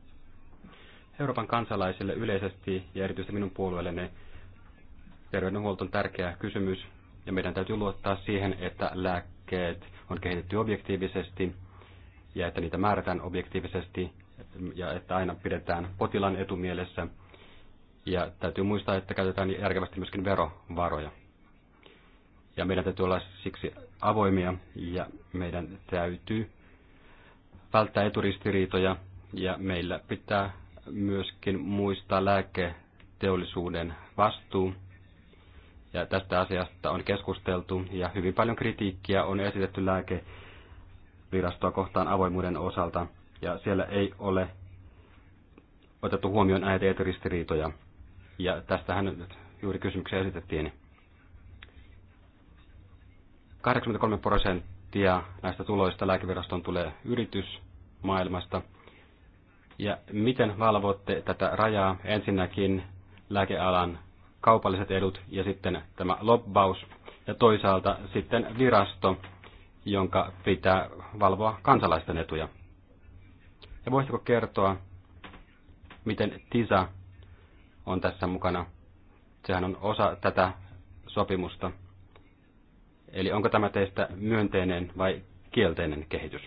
[SPEAKER 3] Euroopan kansalaisille yleisesti ja erityisesti minun puolueelleni terveydenhuolto on tärkeä kysymys ja meidän täytyy luottaa siihen, että lääkkeet on kehitetty objektiivisesti ja että niitä määrätään objektiivisesti ja että aina pidetään potilaan etumielessä. Ja täytyy muistaa, että käytetään järkevästi myöskin verovaroja. Ja meidän täytyy olla siksi avoimia ja meidän täytyy välttää eturistiriitoja ja meillä pitää myöskin muistaa lääketeollisuuden vastuu ja tästä asiasta on keskusteltu ja hyvin paljon kritiikkiä on esitetty lääkevirastoa kohtaan avoimuuden osalta. Ja siellä ei ole otettu huomioon näitä eteristiriitoja. Ja tästähän juuri kysymyksiä esitettiin. 83 prosenttia näistä tuloista lääkeviraston tulee yritysmaailmasta. Ja miten valvotte tätä rajaa? Ensinnäkin lääkealan kaupalliset edut ja sitten tämä lobbaus ja toisaalta sitten virasto, jonka pitää valvoa kansalaisten etuja. Ja voisitko kertoa, miten TISA on tässä mukana? Sehän on osa tätä sopimusta. Eli onko tämä teistä myönteinen vai kielteinen kehitys?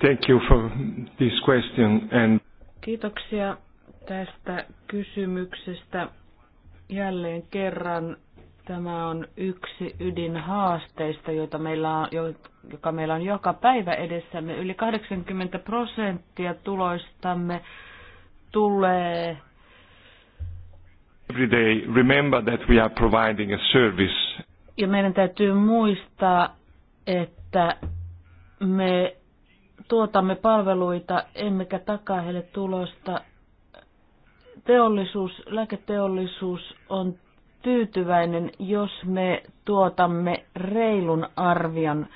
[SPEAKER 5] Thank you for this question and
[SPEAKER 1] Kiitoksia tästä kysymyksestä. Jälleen kerran tämä on yksi ydinhaasteista, joita meillä on, joka meillä on joka päivä edessämme. Yli 80 prosenttia tuloistamme tulee
[SPEAKER 5] every day remember that we are providing a service.
[SPEAKER 1] Ja meidän täytyy muistaa, että me tuotamme palveluita, emmekä takaa heille tulosta. Teollisuus, lääketeollisuus on tyytyväinen, jos me tuotamme reilun arvion,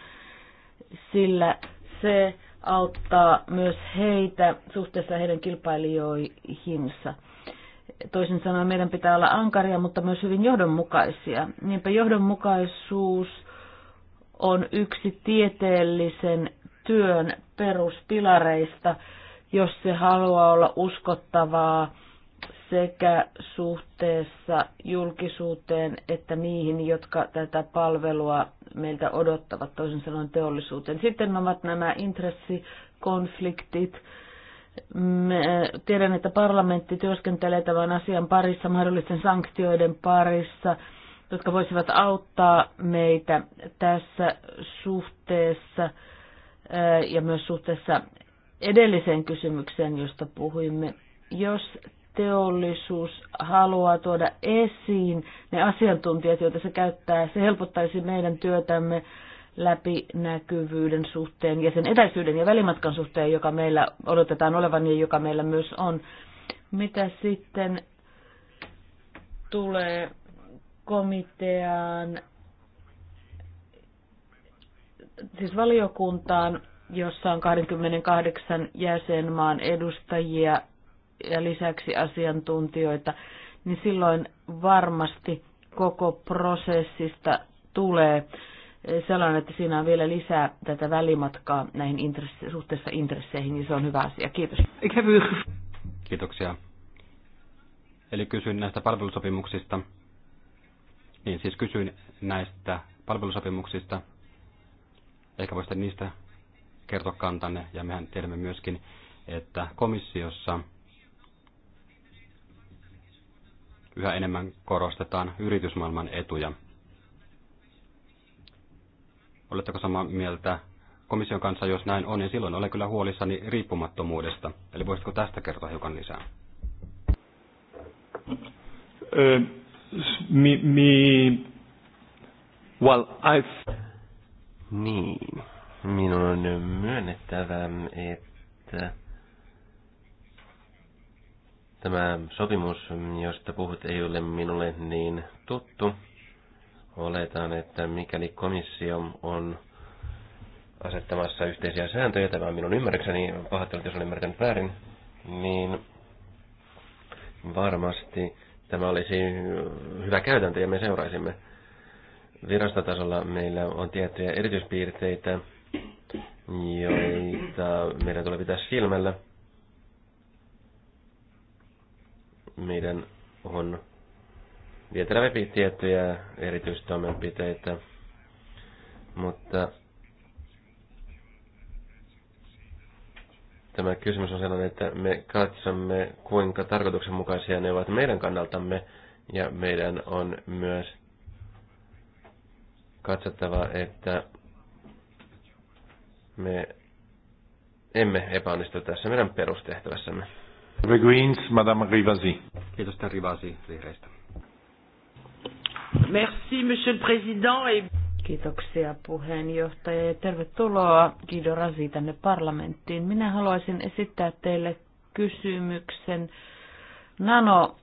[SPEAKER 1] sillä se auttaa myös heitä suhteessa heidän kilpailijoihinsa. Toisin sanoen meidän pitää olla ankaria, mutta myös hyvin johdonmukaisia. Niinpä johdonmukaisuus on yksi tieteellisen työn peruspilareista, jos se haluaa olla uskottavaa sekä suhteessa julkisuuteen että niihin, jotka tätä palvelua meiltä odottavat, toisin sanoen teollisuuteen. Sitten ovat nämä intressikonfliktit. Tiedän, että parlamentti työskentelee tämän asian parissa, mahdollisten sanktioiden parissa, jotka voisivat auttaa meitä tässä suhteessa – ja myös suhteessa edelliseen kysymykseen, josta puhuimme. Jos teollisuus haluaa tuoda esiin ne asiantuntijat, joita se käyttää, se helpottaisi meidän työtämme läpinäkyvyyden suhteen ja sen etäisyyden ja välimatkan suhteen, joka meillä odotetaan olevan ja joka meillä myös on. Mitä sitten tulee komiteaan siis valiokuntaan, jossa on 28 jäsenmaan edustajia ja lisäksi asiantuntijoita, niin silloin varmasti koko prosessista tulee sellainen, että siinä on vielä lisää tätä välimatkaa näihin intresse- suhteessa intresseihin, niin se on hyvä asia. Kiitos.
[SPEAKER 3] Kiitoksia. Eli kysyin näistä palvelusopimuksista. Niin siis kysyin näistä palvelusopimuksista. Ehkä voisitte niistä kertoa kantanne, ja mehän tiedämme myöskin, että komissiossa yhä enemmän korostetaan yritysmaailman etuja. Oletteko samaa mieltä komission kanssa, jos näin on, niin silloin olen kyllä huolissani riippumattomuudesta. Eli voisitko tästä kertoa hiukan lisää?
[SPEAKER 5] Uh, mi, me, well, I've... Niin, minun on myönnettävä,
[SPEAKER 4] että tämä sopimus, josta puhut, ei ole minulle niin tuttu. Oletan, että mikäli komissio on asettamassa yhteisiä sääntöjä, tämä on minun ymmärrykseni, pahoittelut jos olen ymmärtänyt väärin, niin varmasti tämä olisi hyvä käytäntö ja me seuraisimme virastotasolla meillä on tiettyjä erityispiirteitä, joita meidän tulee pitää silmällä. Meidän on vietävä läpi tiettyjä erityistoimenpiteitä, mutta tämä kysymys on sellainen, että me katsomme, kuinka tarkoituksenmukaisia ne ovat meidän kannaltamme, ja meidän on myös katsottava, että me emme epäonnistu tässä meidän perustehtävässämme.
[SPEAKER 2] The Greens, Madame Rivasi.
[SPEAKER 3] Kiitos, Rivasi, vihreistä.
[SPEAKER 1] Merci, Monsieur le Président. Et... Kiitoksia puheenjohtaja ja tervetuloa Guido Razi tänne parlamenttiin. Minä haluaisin esittää teille kysymyksen nano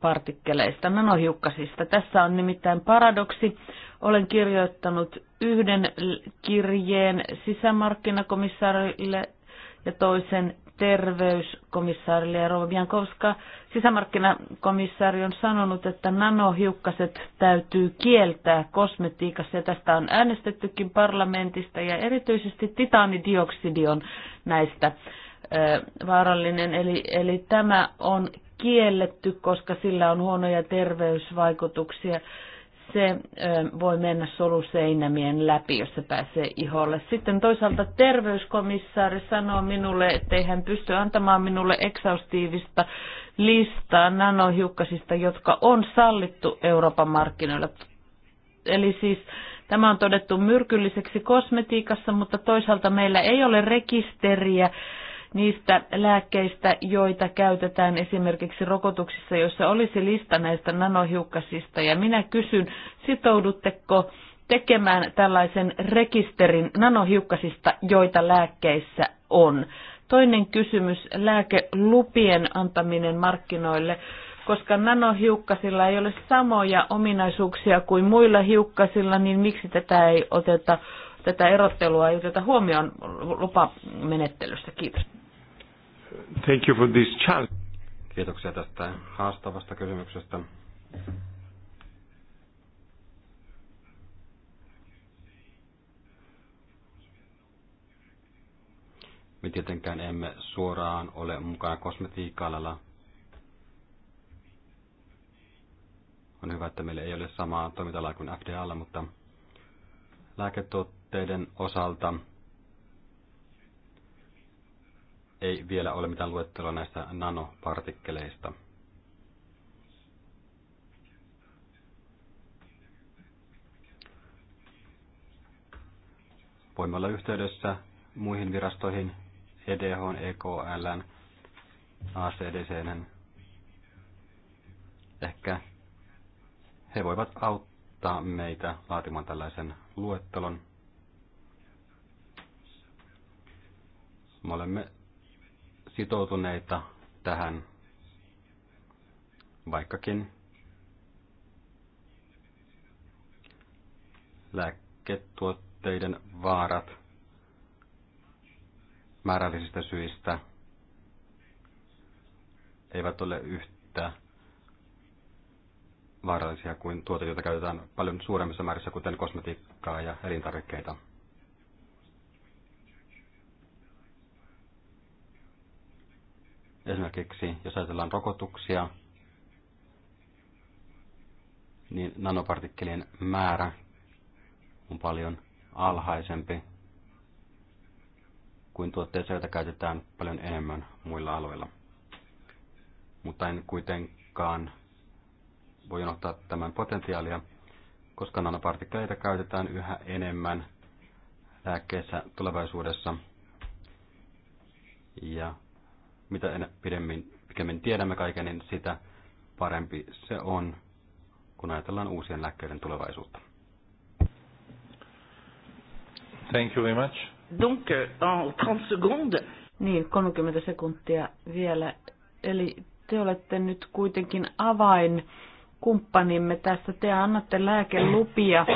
[SPEAKER 1] partikkeleista, nanohiukkasista. Tässä on nimittäin paradoksi. Olen kirjoittanut yhden kirjeen sisämarkkinakomissaarille ja toisen terveyskomissaarille ja Rova Biankowska. Sisämarkkinakomissaari on sanonut, että nanohiukkaset täytyy kieltää kosmetiikassa ja tästä on äänestettykin parlamentista ja erityisesti titaanidioksidi on näistä vaarallinen. Eli, eli tämä on kielletty, koska sillä on huonoja terveysvaikutuksia. Se voi mennä soluseinämien läpi, jos se pääsee iholle. Sitten toisaalta terveyskomissaari sanoo minulle, ei hän pysty antamaan minulle eksaustiivista listaa nanohiukkasista, jotka on sallittu Euroopan markkinoilla. Eli siis Tämä on todettu myrkylliseksi kosmetiikassa, mutta toisaalta meillä ei ole rekisteriä niistä lääkkeistä, joita käytetään esimerkiksi rokotuksissa, joissa olisi lista näistä nanohiukkasista. Ja minä kysyn, sitoudutteko tekemään tällaisen rekisterin nanohiukkasista, joita lääkkeissä on? Toinen kysymys, lääkelupien antaminen markkinoille koska nanohiukkasilla ei ole samoja ominaisuuksia kuin muilla hiukkasilla, niin miksi tätä ei oteta, tätä erottelua ei oteta huomioon lupamenettelyssä? Kiitos.
[SPEAKER 3] Thank you for this challenge. Kiitoksia tästä haastavasta kysymyksestä. Me tietenkään emme suoraan ole mukana kosmetiikalla. On hyvä, että meillä ei ole samaa toimintalaa kuin FDA, mutta lääketuotteiden osalta ei vielä ole mitään luettelua näistä nanopartikkeleista. Voimme olla yhteydessä muihin virastoihin, EDH, EKL, ACDC, ehkä he voivat auttaa meitä laatimaan tällaisen luettelon. Me olemme sitoutuneita tähän, vaikkakin lääketuotteiden vaarat määrällisistä syistä eivät ole yhtä vaarallisia kuin tuotteita, joita käytetään paljon suuremmissa määrissä, kuten kosmetiikkaa ja elintarvikkeita. Esimerkiksi jos ajatellaan rokotuksia, niin nanopartikkelien määrä on paljon alhaisempi kuin tuotteissa, joita käytetään paljon enemmän muilla alueilla. Mutta en kuitenkaan voi unohtaa tämän potentiaalia, koska nanopartikkeleita käytetään yhä enemmän lääkkeessä tulevaisuudessa. Ja mitä en pidemmin, pikemmin tiedämme kaiken, niin sitä parempi se on, kun ajatellaan uusien lääkkeiden tulevaisuutta.
[SPEAKER 2] Thank you very much. Donc, euh, en 30
[SPEAKER 1] secondes. Niin, 30 sekuntia vielä. Eli te olette nyt kuitenkin avain tässä. Te annatte lääkelupia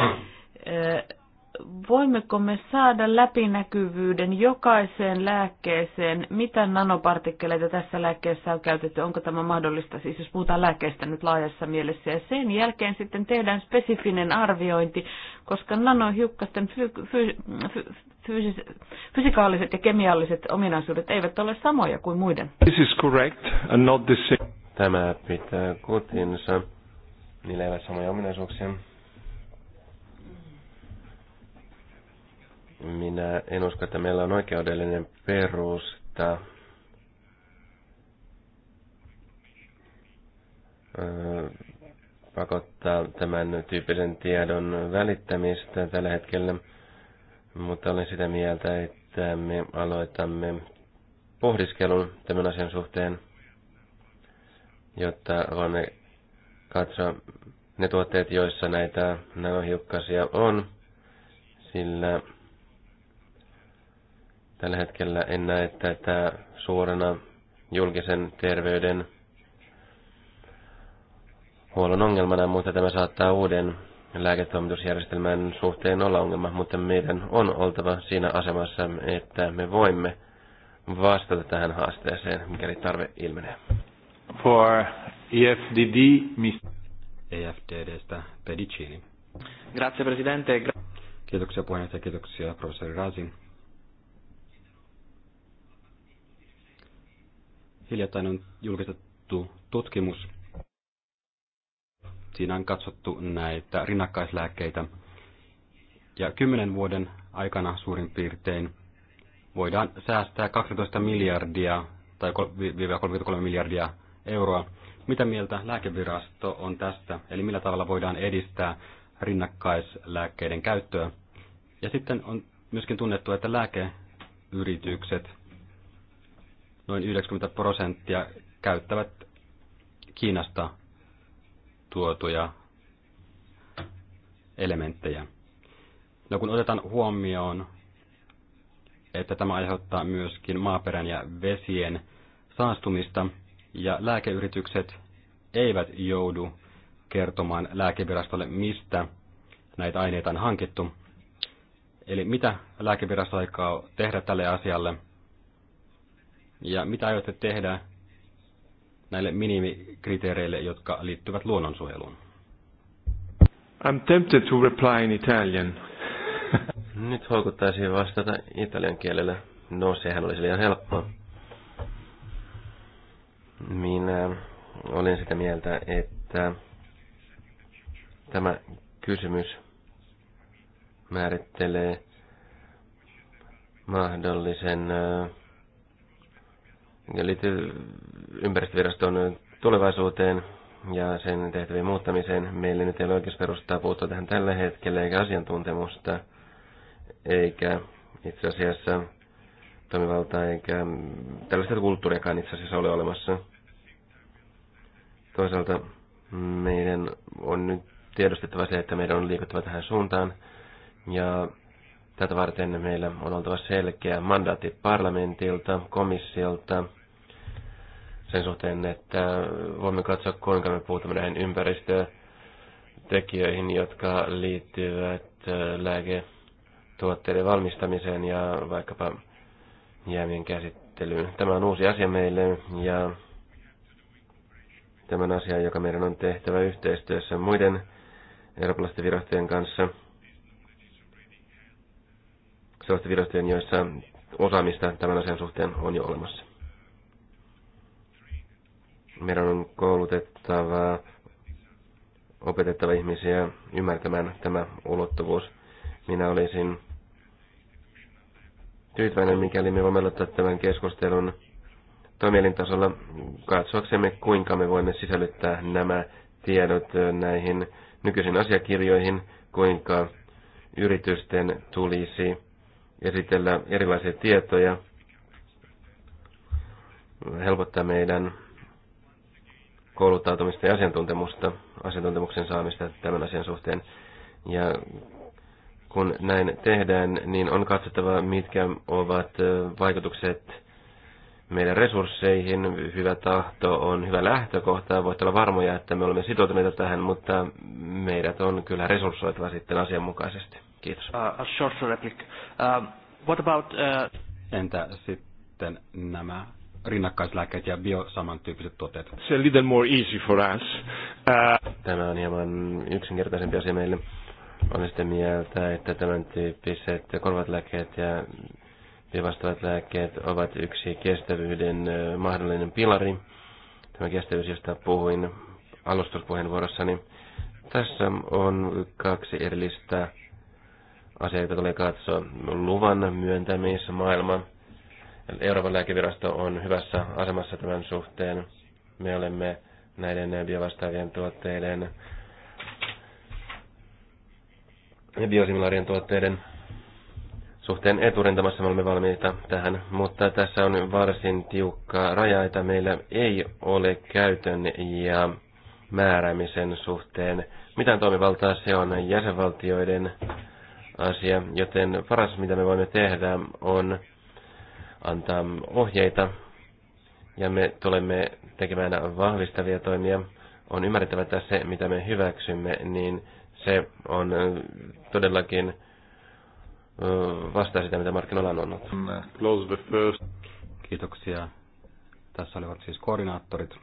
[SPEAKER 1] voimmeko me saada läpinäkyvyyden jokaiseen lääkkeeseen, mitä nanopartikkeleita tässä lääkkeessä on käytetty, onko tämä mahdollista, siis jos puhutaan lääkkeestä nyt laajassa mielessä, ja sen jälkeen sitten tehdään spesifinen arviointi, koska nanohiukkasten fy- fy- fyy- fysikaaliset ja kemialliset ominaisuudet eivät ole samoja kuin muiden.
[SPEAKER 5] This is correct and not the same. Tämä
[SPEAKER 4] pitää kotinsa. Niillä ei ole samoja ominaisuuksia. Minä en usko, että meillä on oikeudellinen perusta öö, pakottaa tämän tyyppisen tiedon välittämistä tällä hetkellä, mutta olen sitä mieltä, että me aloitamme pohdiskelun tämän asian suhteen, jotta voimme katsoa ne tuotteet, joissa näitä nanohiukkasia on, sillä Tällä hetkellä en näe tätä suorana julkisen terveyden huollon ongelmana, mutta tämä saattaa uuden lääketoimitusjärjestelmän suhteen olla ongelma, mutta meidän on oltava siinä asemassa, että me voimme
[SPEAKER 3] vastata tähän haasteeseen, mikäli tarve ilmenee. For EFDD, mistä? EFDDstä Pedicini. Grazie Presidente. Kiitoksia puheenjohtaja, kiitoksia professori Rasin. hiljattain on julkistettu tutkimus. Siinä on katsottu näitä rinnakkaislääkkeitä. Ja kymmenen vuoden aikana suurin piirtein voidaan säästää 12 miljardia tai 33 miljardia euroa. Mitä mieltä lääkevirasto on tästä, eli millä tavalla voidaan edistää rinnakkaislääkkeiden käyttöä? Ja sitten on myöskin tunnettu, että lääkeyritykset noin 90 prosenttia käyttävät Kiinasta tuotuja elementtejä. No kun otetaan huomioon, että tämä aiheuttaa myöskin maaperän ja vesien saastumista, ja lääkeyritykset eivät joudu kertomaan lääkevirastolle, mistä näitä aineita on hankittu. Eli mitä lääkevirasto aikaa tehdä tälle asialle? Ja mitä aiotte tehdä näille minimikriteereille, jotka liittyvät luonnonsuojeluun?
[SPEAKER 5] I'm tempted to reply in
[SPEAKER 4] Italian. Nyt houkuttaisiin vastata italian kielellä. No, sehän olisi liian helppoa. Minä olen sitä mieltä, että tämä kysymys määrittelee mahdollisen liittyy ympäristöviraston tulevaisuuteen ja sen tehtävien muuttamiseen. Meillä nyt ei ole oikeusperustaa puuttua tähän tällä hetkellä, eikä asiantuntemusta, eikä itse asiassa toimivaltaa, eikä tällaista kulttuuriakaan itse asiassa ole olemassa. Toisaalta meidän on nyt tiedostettava se, että meidän on liikuttava tähän suuntaan, ja Tätä varten meillä on oltava selkeä mandaatti parlamentilta, komissiolta, sen suhteen, että voimme katsoa, kuinka me puutumme näihin ympäristötekijöihin, jotka liittyvät lääketuotteiden valmistamiseen ja vaikkapa jäämien käsittelyyn. Tämä on uusi asia meille ja tämän asian, joka meidän on tehtävä yhteistyössä muiden eurooppalaisten virastojen kanssa – sellaisten virastojen, joissa osaamista tämän asian suhteen on jo olemassa. Meidän on koulutettava, opetettava ihmisiä ymmärtämään tämä ulottuvuus. Minä olisin tyytyväinen, mikäli me voimme aloittaa tämän keskustelun toimielintasolla katsoaksemme, kuinka me voimme sisällyttää nämä tiedot näihin nykyisiin asiakirjoihin, kuinka yritysten tulisi esitellä erilaisia tietoja, helpottaa meidän kouluttautumista ja asiantuntemusta, asiantuntemuksen saamista tämän asian suhteen. Ja kun näin tehdään, niin on katsottava, mitkä ovat vaikutukset meidän resursseihin. Hyvä tahto on hyvä lähtökohta. Voit olla varmoja, että me olemme sitoutuneita tähän, mutta meidät on kyllä resurssoitava sitten asianmukaisesti.
[SPEAKER 3] Kiitos. Uh,
[SPEAKER 1] a short replic. Uh, um, what about, uh...
[SPEAKER 3] Entä sitten nämä rinnakkaislääkkeet ja biosamantyyppiset tuotteet? It's a
[SPEAKER 5] little more easy for
[SPEAKER 4] us. Uh... Tämä on hieman yksinkertaisempi asia meille. Olen sitä mieltä, että tämän tyyppiset korvat lääkkeet ja vastaavat lääkkeet ovat yksi kestävyyden mahdollinen pilari. Tämä kestävyys, josta puhuin alustuspuheenvuorossani. Tässä on kaksi erillistä asioita tulee katsoa. Luvan myöntämismaailma. Euroopan lääkevirasto on hyvässä asemassa tämän suhteen. Me olemme näiden biovastaavien tuotteiden ja biosimilaarien tuotteiden suhteen eturintamassa me olemme valmiita tähän, mutta tässä on varsin tiukka raja, että meillä ei ole käytön ja määräämisen suhteen mitään toimivaltaa. Se on jäsenvaltioiden asia, joten paras mitä me voimme tehdä on antaa ohjeita ja me tulemme tekemään vahvistavia toimia. On ymmärrettävä, että se mitä me hyväksymme, niin se on todellakin
[SPEAKER 3] vastaa sitä, mitä markkinoilla on ollut. Mm,
[SPEAKER 2] close the first.
[SPEAKER 3] Kiitoksia. Tässä olivat siis koordinaattorit.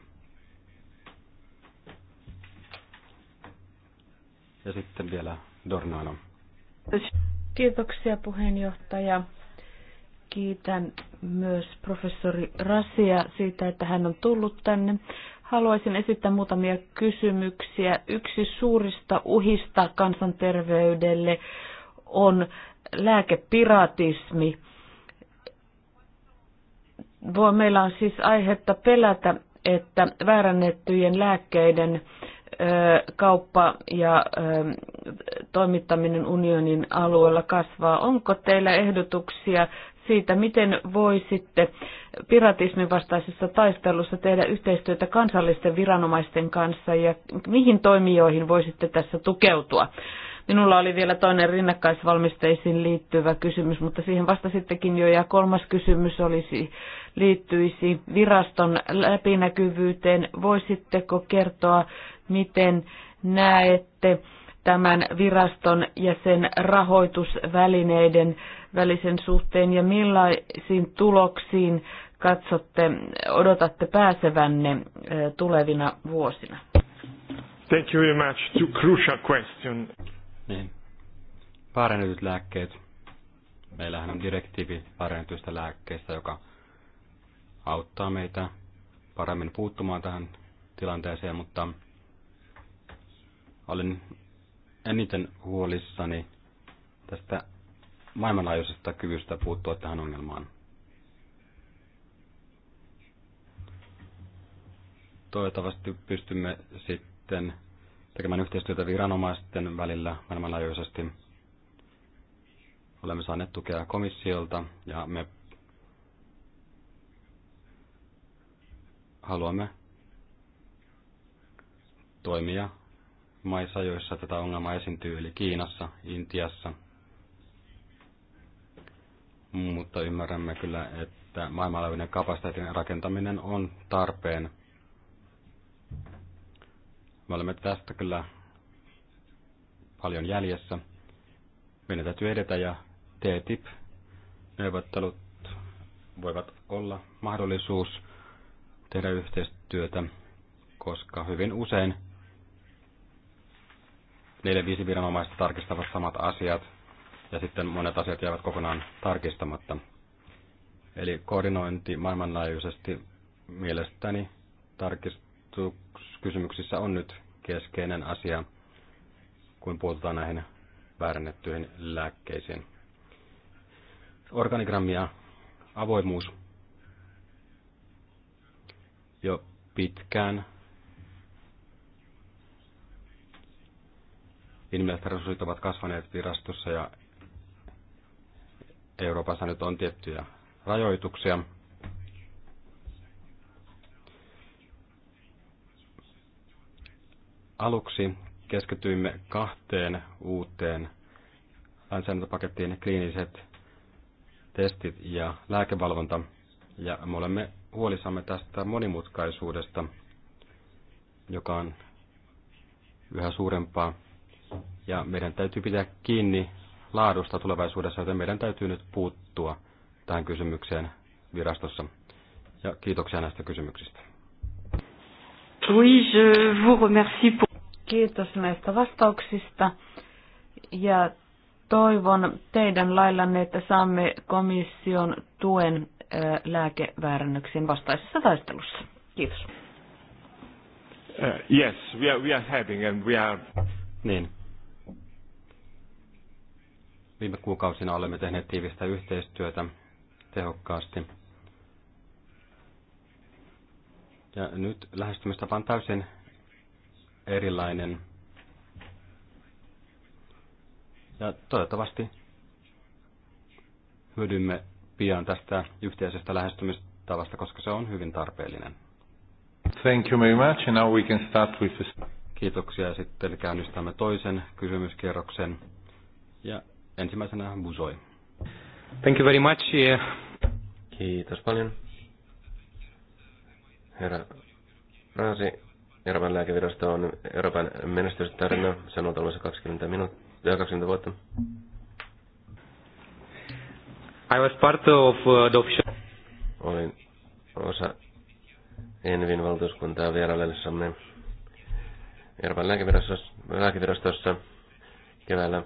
[SPEAKER 3] Ja sitten vielä Dornano.
[SPEAKER 1] Kiitoksia puheenjohtaja. Kiitän myös professori Rasia siitä, että hän on tullut tänne. Haluaisin esittää muutamia kysymyksiä. Yksi suurista uhista kansanterveydelle on lääkepiratismi. meillä on siis aihetta pelätä, että väärännettyjen lääkkeiden äh, kauppa ja toimittaminen unionin alueella kasvaa. Onko teillä ehdotuksia siitä, miten voisitte piratismin vastaisessa taistelussa tehdä yhteistyötä kansallisten viranomaisten kanssa ja mihin toimijoihin voisitte tässä tukeutua? Minulla oli vielä toinen rinnakkaisvalmisteisiin liittyvä kysymys, mutta siihen vastasittekin jo. Ja kolmas kysymys olisi, liittyisi viraston läpinäkyvyyteen. Voisitteko kertoa Miten näette tämän viraston ja sen rahoitusvälineiden välisen suhteen ja millaisiin tuloksiin katsotte, odotatte pääsevänne tulevina vuosina? Thank you
[SPEAKER 5] very much. Two crucial question.
[SPEAKER 3] Niin. Väärennetyt lääkkeet. Meillähän on direktiivi väärennetyistä lääkkeistä, joka auttaa meitä paremmin puuttumaan tähän tilanteeseen, mutta olen eniten huolissani tästä maailmanlaajuisesta kyvystä puuttua tähän ongelmaan. Toivottavasti pystymme sitten tekemään yhteistyötä viranomaisten välillä maailmanlaajuisesti. Olemme saaneet tukea komissiolta ja me haluamme toimia maissa, joissa tätä ongelmaa esiintyy, eli Kiinassa, Intiassa. Mutta ymmärrämme kyllä, että maailmanlaajuinen kapasiteetin rakentaminen on tarpeen. Me olemme tästä kyllä paljon jäljessä. Meidän täytyy edetä ja TTIP-neuvottelut voivat olla mahdollisuus tehdä yhteistyötä, koska hyvin usein neljä viisi viranomaista tarkistavat samat asiat ja sitten monet asiat jäävät kokonaan tarkistamatta. Eli koordinointi maailmanlaajuisesti mielestäni tarkistuskysymyksissä on nyt keskeinen asia, kun puututaan näihin väärennettyihin lääkkeisiin. Organigrammia, avoimuus. Jo pitkään Inhimilliset resurssit ovat kasvaneet virastossa ja Euroopassa nyt on tiettyjä rajoituksia. Aluksi keskityimme kahteen uuteen lainsäädäntöpakettiin kliiniset testit ja lääkevalvonta. Ja me olemme huolissamme tästä monimutkaisuudesta, joka on yhä suurempaa ja meidän täytyy pitää kiinni laadusta tulevaisuudessa, joten meidän täytyy nyt puuttua tähän kysymykseen virastossa. Ja kiitoksia näistä kysymyksistä.
[SPEAKER 1] Oui, je vous remercie pour... Kiitos näistä vastauksista ja toivon teidän laillanne, että saamme komission tuen lääkeväärännyksien vastaisessa taistelussa. Kiitos.
[SPEAKER 5] Uh, yes,
[SPEAKER 3] we are, we are having and we are... Niin, Viime kuukausina olemme tehneet tiivistä yhteistyötä tehokkaasti. Ja nyt lähestymistapa on täysin erilainen. Ja toivottavasti hyödymme pian tästä yhteisestä lähestymistavasta, koska se on hyvin tarpeellinen.
[SPEAKER 2] Thank you very much, and now we can start
[SPEAKER 3] with this. Kiitoksia, ja sitten käynnistämme toisen kysymyskierroksen. Ja Ensimmäisenä Busoi. Thank you very much. Kiitos paljon. Herra Raasi, Euroopan
[SPEAKER 4] lääkevirasto on Euroopan menestystarina. Se on ollut 20, minuuttia, 20 vuotta. I was part of uh, the official... Olin osa Envin valtuuskuntaa vieraillessamme Euroopan lääkevirastossa, lääkevirastossa keväällä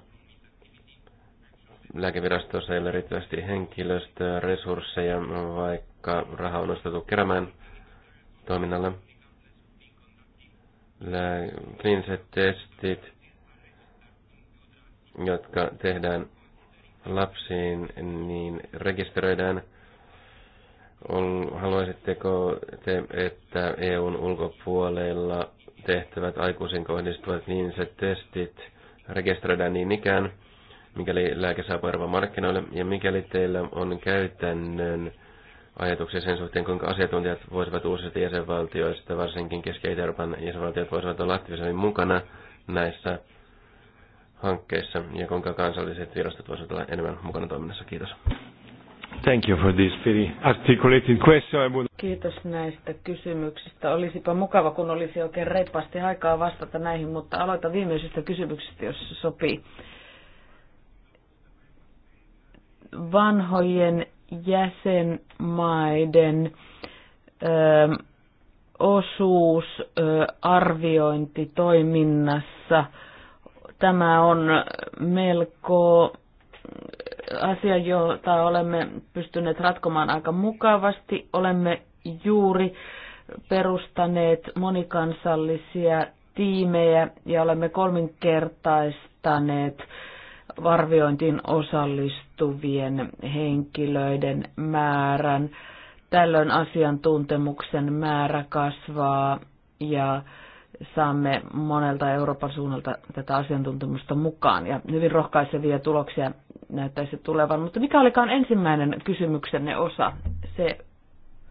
[SPEAKER 4] lääkevirastossa ei ole riittävästi henkilöstöä, resursseja, vaikka raha on nostettu keräämään toiminnalle. Lää- kliiniset testit, jotka tehdään lapsiin, niin rekisteröidään. Haluaisitteko te, että EUn ulkopuolella tehtävät aikuisen kohdistuvat kliiniset testit rekisteröidään niin ikään – mikäli lääke saa Euroopan markkinoille, ja mikäli teillä on käytännön ajatuksia sen suhteen, kuinka asiantuntijat voisivat uusista jäsenvaltioista, varsinkin Keski-Euroopan jäsenvaltiot voisivat olla aktiivisemmin mukana näissä hankkeissa, ja kuinka kansalliset virastot voisivat olla enemmän mukana toiminnassa. Kiitos.
[SPEAKER 5] Thank you for this very articulated question. would...
[SPEAKER 1] Kiitos näistä kysymyksistä. Olisipa mukava, kun olisi oikein reippaasti aikaa vastata näihin, mutta aloita viimeisestä kysymyksestä, jos sopii vanhojen jäsenmaiden ö, ähm, osuus ö, arviointitoiminnassa. Tämä on melko äh, asia, jota olemme pystyneet ratkomaan aika mukavasti. Olemme juuri perustaneet monikansallisia tiimejä ja olemme kolminkertaistaneet arviointiin osallistuvien henkilöiden määrän. Tällöin asiantuntemuksen määrä kasvaa ja saamme monelta Euroopan suunnalta tätä asiantuntemusta mukaan ja hyvin rohkaisevia tuloksia näyttäisi tulevan. Mutta mikä olikaan ensimmäinen kysymyksenne osa? Se...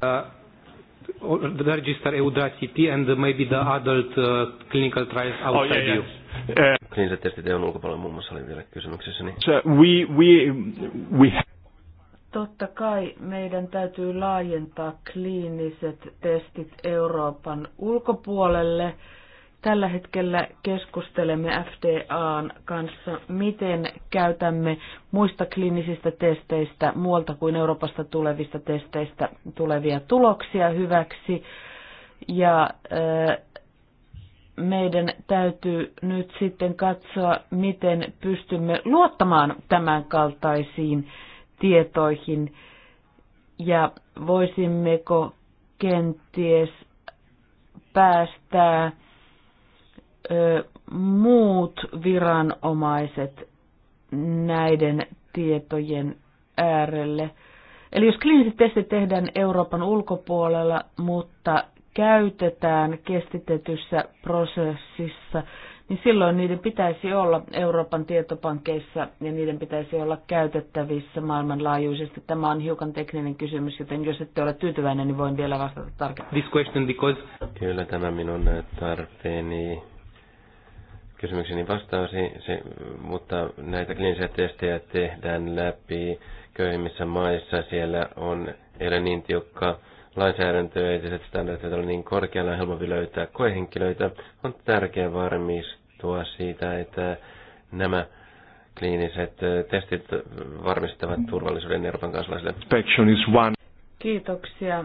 [SPEAKER 2] Uh, register EU and maybe the adult
[SPEAKER 3] uh, clinical trials outside oh, yeah, yeah. you.
[SPEAKER 4] Eh, se testit on ulkopuolella muun muassa oli vielä kysymyksessä. Niin.
[SPEAKER 5] So we, we, we...
[SPEAKER 1] Totta kai meidän täytyy laajentaa kliiniset testit Euroopan ulkopuolelle. Tällä hetkellä keskustelemme FDAn kanssa, miten käytämme muista kliinisistä testeistä, muualta kuin Euroopasta tulevista testeistä tulevia tuloksia hyväksi. Ja eh, meidän täytyy nyt sitten katsoa, miten pystymme luottamaan tämän kaltaisiin tietoihin ja voisimmeko kenties päästää ö, muut viranomaiset näiden tietojen äärelle. Eli jos kliiniset testit tehdään Euroopan ulkopuolella, mutta käytetään kestitetyssä prosessissa, niin silloin niiden pitäisi olla Euroopan tietopankkeissa ja niiden pitäisi olla käytettävissä maailmanlaajuisesti. Tämä on hiukan tekninen kysymys, joten jos ette ole tyytyväinen, niin voin vielä vastata tarkemmin. This
[SPEAKER 4] question because... Kyllä tämä minun äh, tarpeeni kysymykseni vastausi, se, mutta näitä kliinisiä testejä tehdään läpi köyhimmissä maissa. Siellä on erä niin tiukka lainsäädäntö ja entiset standardit ole niin korkealla ja helpompi löytää koehenkilöitä, on tärkeää varmistua siitä, että nämä kliiniset testit varmistavat turvallisuuden Euroopan kansalaisille.
[SPEAKER 1] Kiitoksia.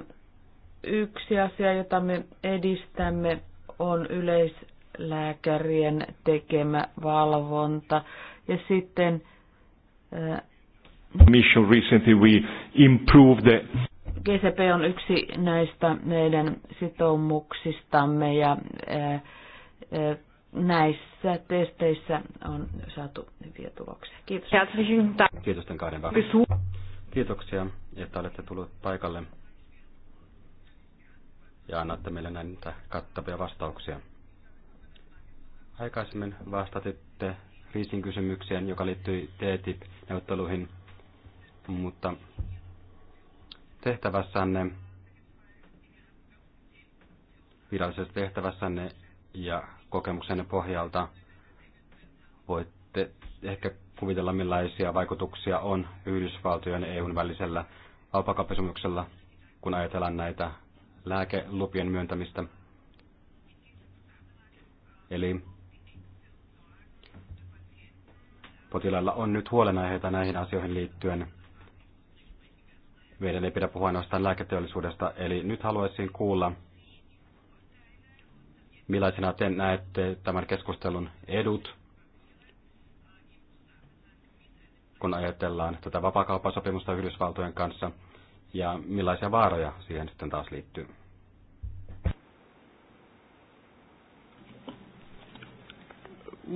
[SPEAKER 1] Yksi asia, jota me edistämme, on yleislääkärien tekemä valvonta. Ja sitten...
[SPEAKER 5] Mission recently we improved the
[SPEAKER 1] GCP on yksi näistä meidän sitoumuksistamme ja näissä testeissä on saatu hyviä tuloksia. Kiitos.
[SPEAKER 3] Kiitos tämän kahden välillä. Kiitoksia, että olette tulleet paikalle ja annatte meille näitä kattavia vastauksia. Aikaisemmin vastasitte Riisin kysymykseen, joka liittyi TTIP-neuvotteluihin, mutta tehtävässänne, virallisessa tehtävässänne ja kokemuksenne pohjalta voitte ehkä kuvitella, millaisia vaikutuksia on Yhdysvaltojen ja EUn välisellä alpakapesomuksella, kun ajatellaan näitä lääkelupien myöntämistä. Eli potilailla on nyt huolenaiheita näihin asioihin liittyen, meidän ei pidä puhua ainoastaan lääketeollisuudesta, eli nyt haluaisin kuulla, millaisena te näette tämän keskustelun edut, kun ajatellaan tätä vapaakauppasopimusta Yhdysvaltojen kanssa, ja millaisia vaaroja siihen sitten taas liittyy.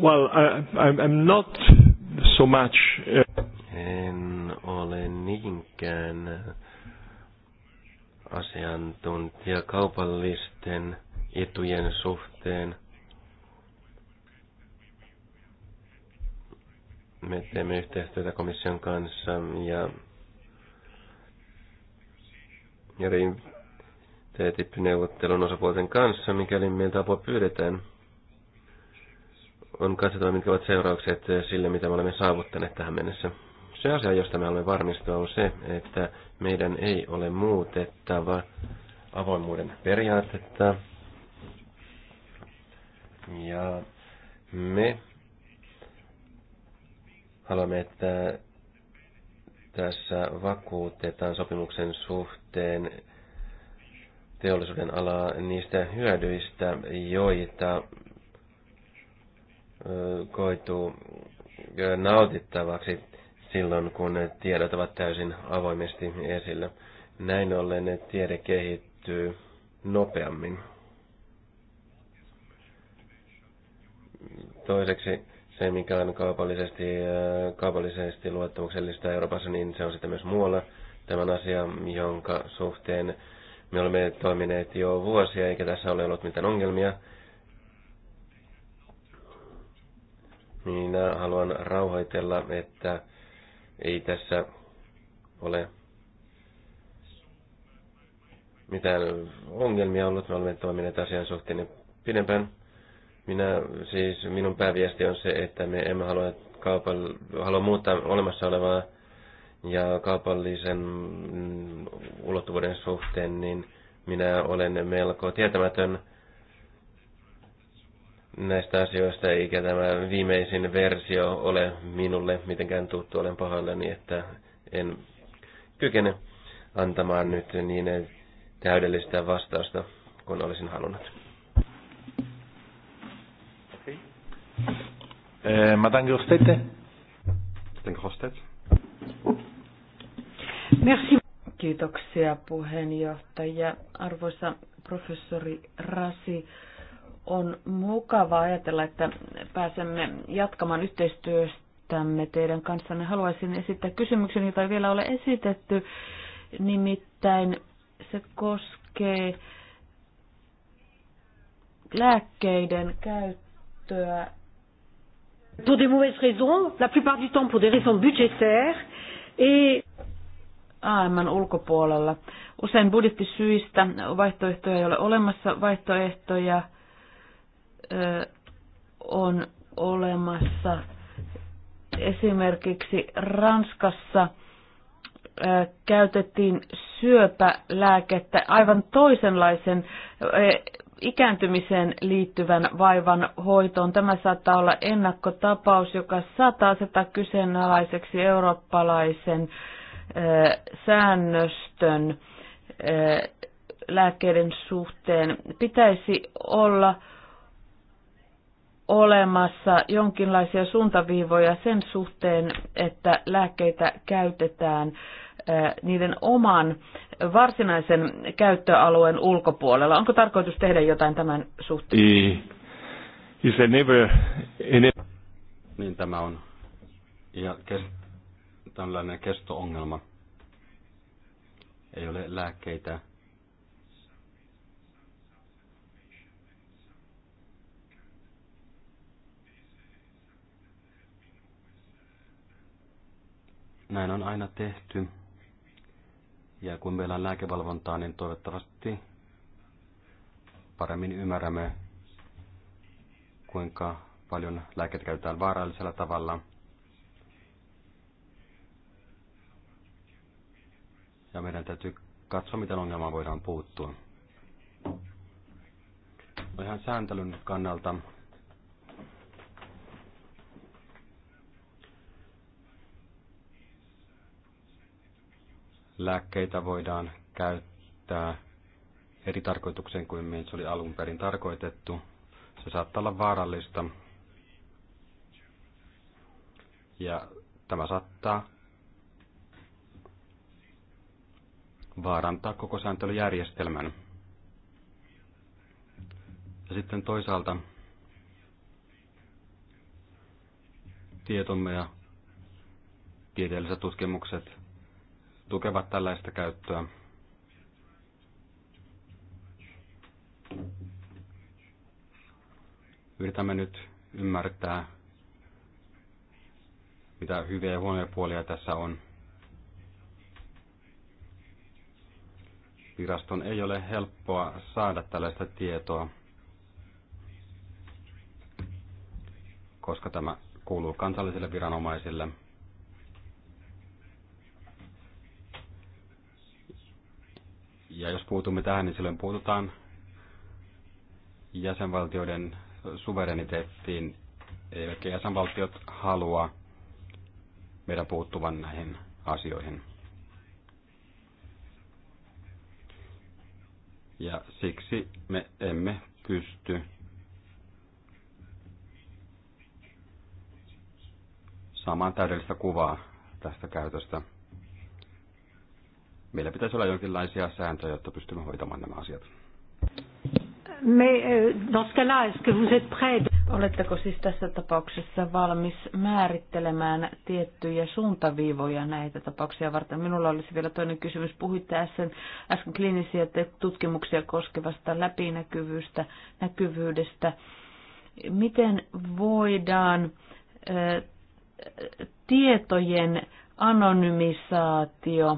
[SPEAKER 3] Well, I, I'm not so much.
[SPEAKER 2] Uh,
[SPEAKER 4] en ole niinkään asiantuntija kaupallisten etujen suhteen. Me teemme yhteistyötä komission kanssa ja, ja neuvottelun osapuolten kanssa, mikäli meiltä apua pyydetään. On katsottava, mitkä ovat seuraukset sille, mitä me olemme saavuttaneet tähän mennessä. Se asia, josta me olemme varmistua, on se, että meidän ei ole muutettava avoimuuden periaatetta. Ja me haluamme, että tässä vakuutetaan sopimuksen suhteen teollisuuden alaa niistä hyödyistä, joita koituu nautittavaksi silloin, kun tiedot ovat täysin avoimesti esillä. Näin ollen tiede kehittyy nopeammin. Toiseksi se, mikä on kaupallisesti, äh, kaupallisesti luottamuksellista Euroopassa, niin se on sitten myös muualla. Tämän asia, jonka suhteen me olemme toimineet jo vuosia, eikä tässä ole ollut mitään ongelmia. Minä haluan rauhoitella, että ei tässä ole mitään ongelmia ollut. Me olemme toimineet asian suhteen pidempään. Minä, siis minun pääviesti on se, että me emme halua, kaupall- halua muuttaa olemassa olevaa ja kaupallisen mm, ulottuvuuden suhteen, niin minä olen melko tietämätön – näistä asioista, eikä tämä viimeisin versio ole minulle mitenkään tuttu. Olen pahoillani, että en kykene antamaan nyt niin täydellistä vastausta kun olisin halunnut.
[SPEAKER 5] Okay.
[SPEAKER 2] Eh,
[SPEAKER 1] Merci. Kiitoksia puheenjohtaja. Arvoisa professori Rasi on mukava ajatella, että pääsemme jatkamaan yhteistyöstämme teidän kanssanne. Haluaisin esittää kysymyksen, jota ei vielä ole esitetty. Nimittäin se koskee lääkkeiden käyttöä. Pour des mauvaises raisons, la plupart du temps pour des raisons budgétaires et AMn ulkopuolella. Usein budjettisyistä vaihtoehtoja ei ole olemassa, vaihtoehtoja on olemassa. Esimerkiksi Ranskassa käytettiin syöpälääkettä aivan toisenlaisen ikääntymiseen liittyvän vaivan hoitoon. Tämä saattaa olla ennakkotapaus, joka saattaa asettaa kyseenalaiseksi eurooppalaisen säännöstön lääkkeiden suhteen. Pitäisi olla olemassa jonkinlaisia suuntaviivoja sen suhteen, että lääkkeitä käytetään niiden oman varsinaisen käyttöalueen ulkopuolella. Onko tarkoitus tehdä jotain tämän suhteen?
[SPEAKER 2] Ei.
[SPEAKER 3] Is never, Niin tämä on ja kes, tällainen kestoongelma. Ei ole lääkkeitä, Näin on aina tehty. Ja kun meillä on lääkevalvontaa, niin toivottavasti paremmin ymmärrämme, kuinka paljon lääkettä käytetään vaarallisella tavalla. Ja meidän täytyy katsoa, miten ongelmaan voidaan puuttua. No ihan sääntelyn kannalta lääkkeitä voidaan käyttää eri tarkoitukseen kuin mihin se oli alun perin tarkoitettu. Se saattaa olla vaarallista. Ja tämä saattaa vaarantaa koko sääntelyjärjestelmän. Ja sitten toisaalta tietomme ja tieteelliset tutkimukset tukevat tällaista käyttöä. Yritämme nyt ymmärtää, mitä hyviä ja huonoja puolia tässä on. Viraston ei ole helppoa saada tällaista tietoa, koska tämä kuuluu kansallisille viranomaisille – Ja jos puutumme tähän, niin silloin puututaan jäsenvaltioiden suvereniteettiin, eivätkä jäsenvaltiot halua meidän puuttuvan näihin asioihin. Ja siksi me emme pysty saamaan täydellistä kuvaa tästä käytöstä meillä pitäisi olla jonkinlaisia sääntöjä, jotta pystymme hoitamaan nämä asiat.
[SPEAKER 1] Mais eh, dans ce cas-là, est-ce que vous êtes Oletteko siis tässä tapauksessa valmis määrittelemään tiettyjä suuntaviivoja näitä tapauksia varten? Minulla olisi vielä toinen kysymys. Puhuitte äsken, äsken kliinisiä tutkimuksia koskevasta läpinäkyvyydestä. Näkyvyydestä. Miten voidaan ä, eh, tietojen anonymisaatio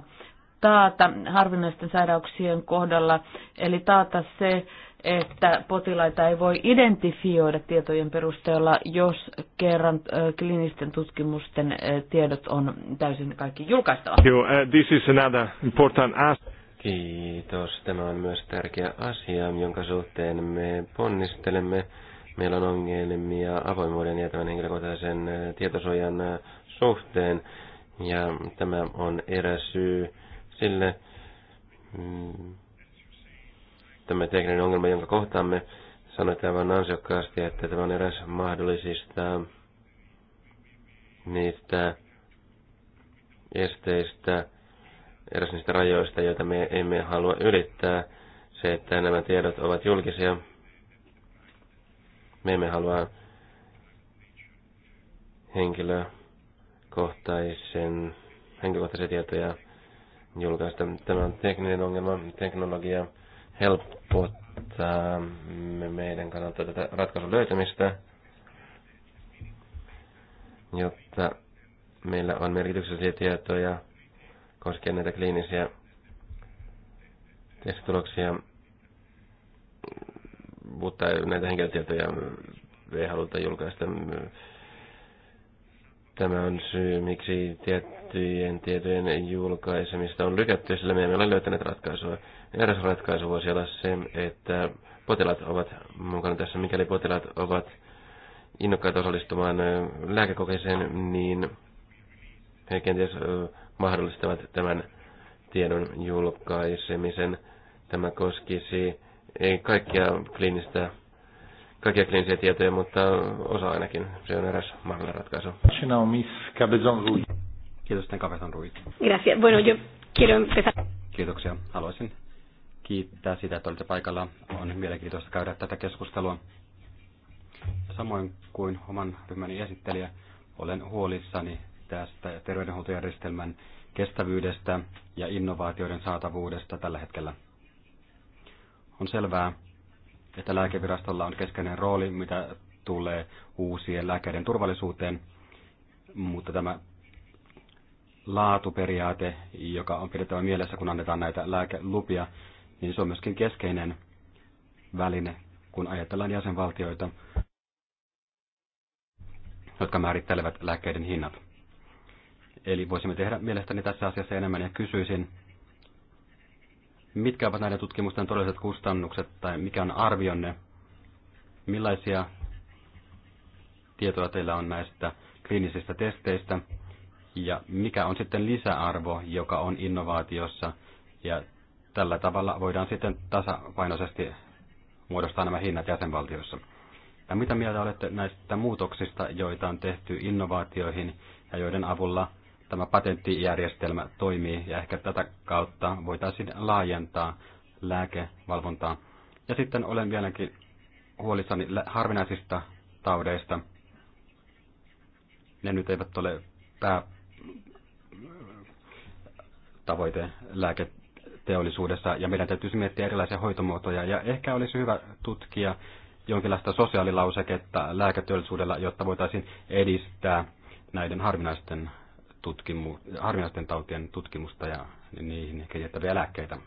[SPEAKER 1] taata harvinaisten sairauksien kohdalla, eli taata se, että potilaita ei voi identifioida tietojen perusteella, jos kerran klinisten tutkimusten tiedot on täysin kaikki julkaistava.
[SPEAKER 5] Uh, this is another important ask. Kiitos.
[SPEAKER 4] Tämä on myös tärkeä asia, jonka suhteen me ponnistelemme. Meillä on ongelmia avoimuuden ja tämän henkilökohtaisen tietosuojan suhteen. Ja tämä on eräs syy sille mm, tämä tekninen ongelma, jonka kohtaamme, sanoit aivan ansiokkaasti, että tämä on eräs mahdollisista niistä esteistä, eräs niistä rajoista, joita me emme halua ylittää. Se, että nämä tiedot ovat julkisia, me emme halua henkilökohtaisen, henkilökohtaisen tietoja julkaista. tämän tekninen ongelma. Teknologia helpottaa meidän kannalta tätä ratkaisun löytämistä, jotta meillä on merkityksellisiä tietoja koskien näitä kliinisiä testituloksia, mutta näitä henkilötietoja ei haluta julkaista Tämä on syy, miksi tiettyjen tietojen julkaisemista on lykätty, sillä me emme ole löytäneet ratkaisua. Eräs ratkaisu voisi olla se, että potilaat ovat mukana tässä. Mikäli potilaat ovat innokkaita osallistumaan lääkekokeeseen, niin he kenties mahdollistavat tämän tiedon julkaisemisen. Tämä koskisi ei kaikkia kliinistä kaikkia kliinisiä tietoja, mutta osa ainakin. Se on eräs mahdollinen ratkaisu.
[SPEAKER 3] Kiitos, Cabezon Ruiz.
[SPEAKER 1] Gracias. Bueno, yo quiero empezar.
[SPEAKER 3] Kiitoksia. Haluaisin kiittää sitä, että olitte paikalla. On mielenkiintoista käydä tätä keskustelua. Samoin kuin oman ryhmäni esittelijä, olen huolissani tästä terveydenhuoltojärjestelmän kestävyydestä ja innovaatioiden saatavuudesta tällä hetkellä. On selvää, että lääkevirastolla on keskeinen rooli, mitä tulee uusien lääkkeiden turvallisuuteen, mutta tämä laatuperiaate, joka on pidettävä mielessä, kun annetaan näitä lääkelupia, niin se on myöskin keskeinen väline, kun ajatellaan jäsenvaltioita, jotka määrittelevät lääkkeiden hinnat. Eli voisimme tehdä mielestäni tässä asiassa enemmän ja kysyisin, Mitkä ovat näiden tutkimusten todelliset kustannukset tai mikä on arvionne? Millaisia tietoja teillä on näistä kliinisistä testeistä? Ja mikä on sitten lisäarvo, joka on innovaatiossa? Ja tällä tavalla voidaan sitten tasapainoisesti muodostaa nämä hinnat jäsenvaltioissa. Ja mitä mieltä olette näistä muutoksista, joita on tehty innovaatioihin ja joiden avulla tämä patenttijärjestelmä toimii ja ehkä tätä kautta voitaisiin laajentaa lääkevalvontaa. Ja sitten olen vieläkin huolissani harvinaisista taudeista. Ne nyt eivät ole pää tavoite lääketeollisuudessa ja meidän täytyisi miettiä erilaisia hoitomuotoja ja ehkä olisi hyvä tutkia jonkinlaista sosiaalilauseketta lääketeollisuudella, jotta voitaisiin edistää näiden harvinaisten tutkimu- harvinaisten tautien tutkimusta ja niihin jättäviä lääkkeitä.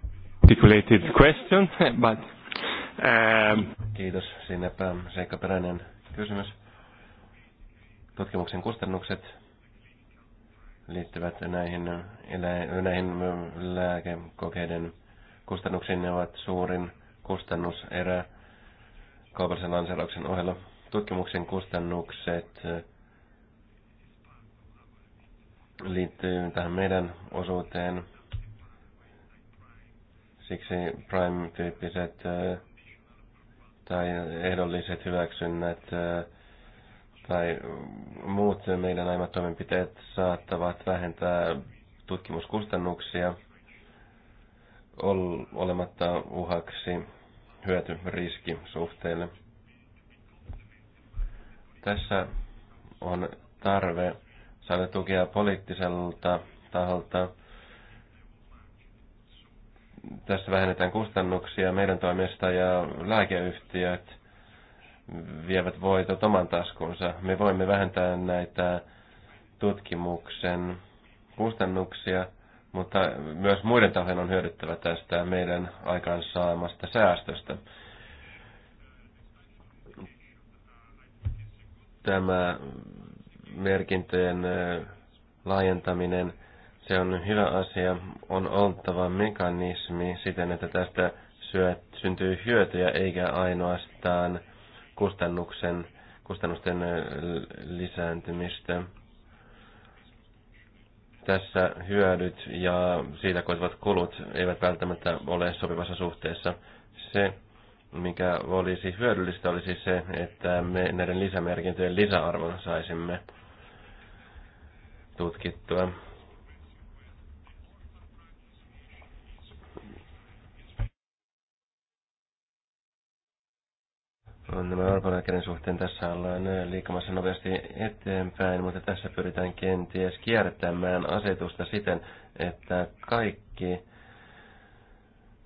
[SPEAKER 3] Articulated question, but... Um... Kiitos, sinnepä seikkaperäinen
[SPEAKER 4] kysymys. Tutkimuksen kustannukset liittyvät näihin, näihin mm, lääkekokeiden kustannuksiin. Ne ovat suurin kustannuserä kaupallisen lanseerauksen ohella. Tutkimuksen kustannukset liittyy tähän meidän osuuteen. Siksi Prime-tyyppiset tai ehdolliset hyväksynnät tai muut meidän aiemmat toimenpiteet saattavat vähentää tutkimuskustannuksia olematta uhaksi hyötyriski suhteelle. Tässä on tarve saamme tukea poliittiselta taholta. Tässä vähennetään kustannuksia meidän toimesta ja lääkeyhtiöt vievät voitot oman taskunsa. Me voimme vähentää näitä tutkimuksen kustannuksia, mutta myös muiden tahojen on hyödyttävä tästä meidän aikaansaamasta säästöstä. Tämä merkintöjen laajentaminen, se on hyvä asia. On oltava mekanismi siten, että tästä syöt, syntyy hyötyjä eikä ainoastaan kustannuksen, kustannusten lisääntymistä. Tässä hyödyt ja siitä koituvat kulut eivät välttämättä ole sopivassa suhteessa. Se, mikä olisi hyödyllistä, olisi se, että me näiden lisämerkintöjen lisäarvon saisimme – tutkittua. on nämä orpolääkärin suhteen. Tässä ollaan liikkumassa nopeasti eteenpäin, mutta tässä pyritään kenties kiertämään asetusta siten, että kaikki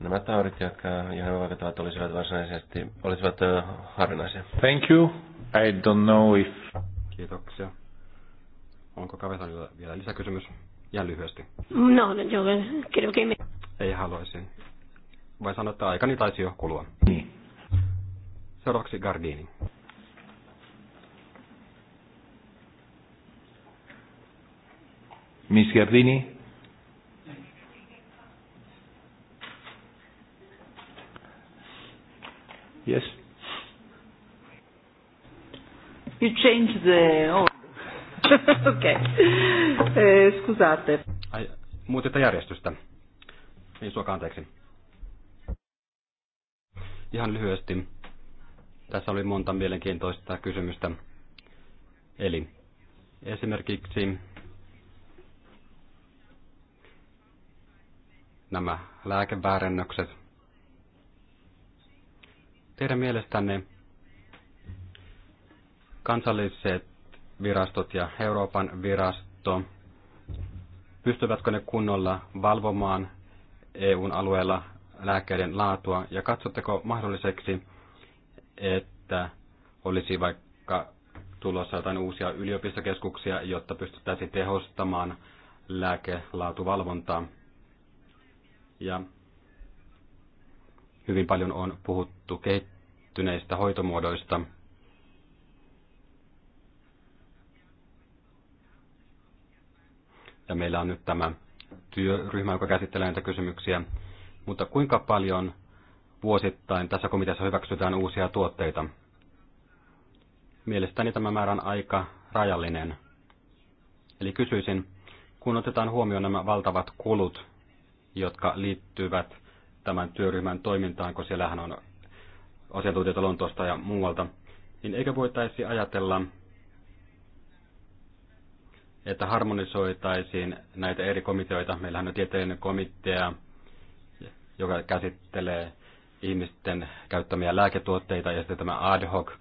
[SPEAKER 4] nämä taudit, jotka johon vaikuttavat, olisivat varsinaisesti olisivat harvinaisia.
[SPEAKER 2] Thank you.
[SPEAKER 3] I don't know if... Kiitoksia. Onko Kavesalilla vielä lisäkysymys? Ja lyhyesti.
[SPEAKER 1] No, no creo que
[SPEAKER 3] Ei haluaisi. Vai sanoa, että aikani taisi jo kulua. Niin. Seuraavaksi Gardini.
[SPEAKER 2] Miss Gardini?
[SPEAKER 1] Yes. You change the order. Okei. Okay. Eh, scusate.
[SPEAKER 3] Ai, muutitte järjestystä. Ei niin, suokaa anteeksi. Ihan lyhyesti. Tässä oli monta mielenkiintoista kysymystä. Eli esimerkiksi nämä lääkeväärennökset. Teidän mielestänne kansalliset virastot ja Euroopan virasto, pystyvätkö ne kunnolla valvomaan EUn alueella lääkkeiden laatua ja katsotteko mahdolliseksi, että olisi vaikka tulossa jotain uusia yliopistokeskuksia, jotta pystyttäisiin tehostamaan lääkelaatuvalvontaa. Ja hyvin paljon on puhuttu kehittyneistä hoitomuodoista – Ja meillä on nyt tämä työryhmä, joka käsittelee näitä kysymyksiä. Mutta kuinka paljon vuosittain tässä komiteassa hyväksytään uusia tuotteita? Mielestäni tämä määrä on aika rajallinen. Eli kysyisin, kun otetaan huomioon nämä valtavat kulut, jotka liittyvät tämän työryhmän toimintaan, kun siellähän on asiantuntijoita Lontoosta ja muualta, niin eikö voitaisi ajatella, että harmonisoitaisiin näitä eri komiteoita. Meillähän on tieteellinen komitea, joka käsittelee ihmisten käyttämiä lääketuotteita ja sitten tämä ad hoc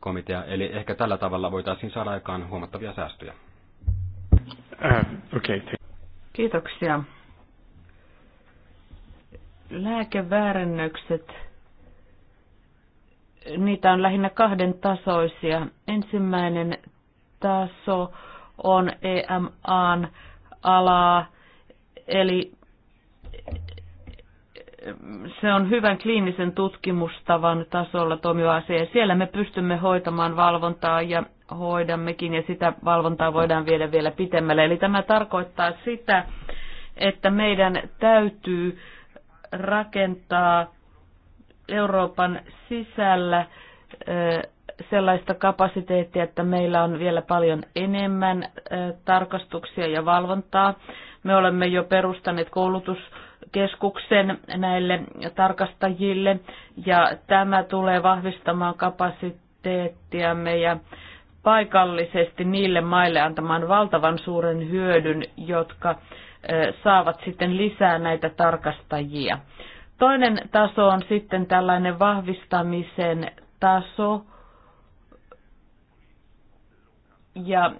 [SPEAKER 3] komitea. Eli ehkä tällä tavalla voitaisiin saada aikaan huomattavia säästöjä.
[SPEAKER 1] Uh,
[SPEAKER 5] äh, okay.
[SPEAKER 1] Kiitoksia. Lääkeväärännökset, niitä on lähinnä kahden tasoisia. Ensimmäinen taso on EMAn alaa, eli se on hyvän kliinisen tutkimustavan tasolla toimiva asia. siellä me pystymme hoitamaan valvontaa ja hoidammekin ja sitä valvontaa voidaan viedä vielä pitemmälle. Eli tämä tarkoittaa sitä, että meidän täytyy rakentaa Euroopan sisällä sellaista kapasiteettia, että meillä on vielä paljon enemmän tarkastuksia ja valvontaa. Me olemme jo perustaneet koulutuskeskuksen näille tarkastajille ja tämä tulee vahvistamaan kapasiteettiamme ja paikallisesti niille maille antamaan valtavan suuren hyödyn, jotka saavat sitten lisää näitä tarkastajia. Toinen taso on sitten tällainen vahvistamisen taso, ja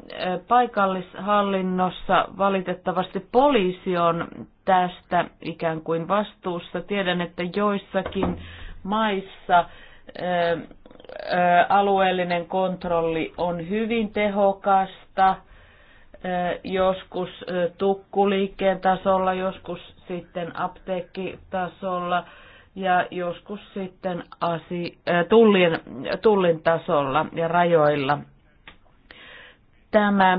[SPEAKER 1] paikallishallinnossa valitettavasti poliisi on tästä ikään kuin vastuussa. Tiedän, että joissakin maissa alueellinen kontrolli on hyvin tehokasta, joskus tukkuliikkeen tasolla, joskus sitten apteekkitasolla ja joskus sitten asi, tullin, tullin tasolla ja rajoilla Tämä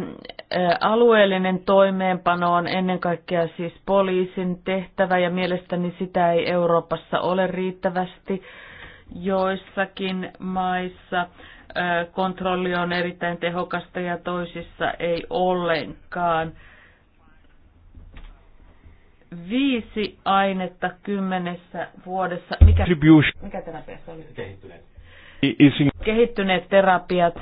[SPEAKER 1] alueellinen toimeenpano on ennen kaikkea siis poliisin tehtävä ja mielestäni sitä ei Euroopassa ole riittävästi joissakin maissa kontrolli on erittäin tehokasta ja toisissa ei ollenkaan. Viisi ainetta kymmenessä vuodessa. Mikä, mikä terapia se oli? Kehittyneet. Kehittyneet terapiat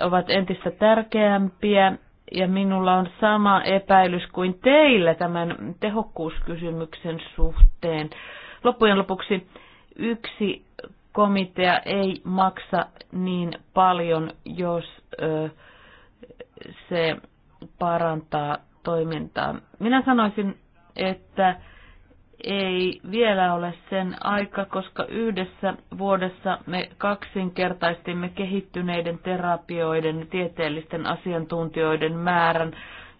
[SPEAKER 1] ovat entistä tärkeämpiä ja minulla on sama epäilys kuin teillä tämän tehokkuuskysymyksen suhteen. Loppujen lopuksi yksi komitea ei maksa niin paljon, jos ö, se parantaa toimintaa. Minä sanoisin, että ei vielä ole sen aika, koska yhdessä vuodessa me kaksinkertaistimme kehittyneiden terapioiden ja tieteellisten asiantuntijoiden määrän,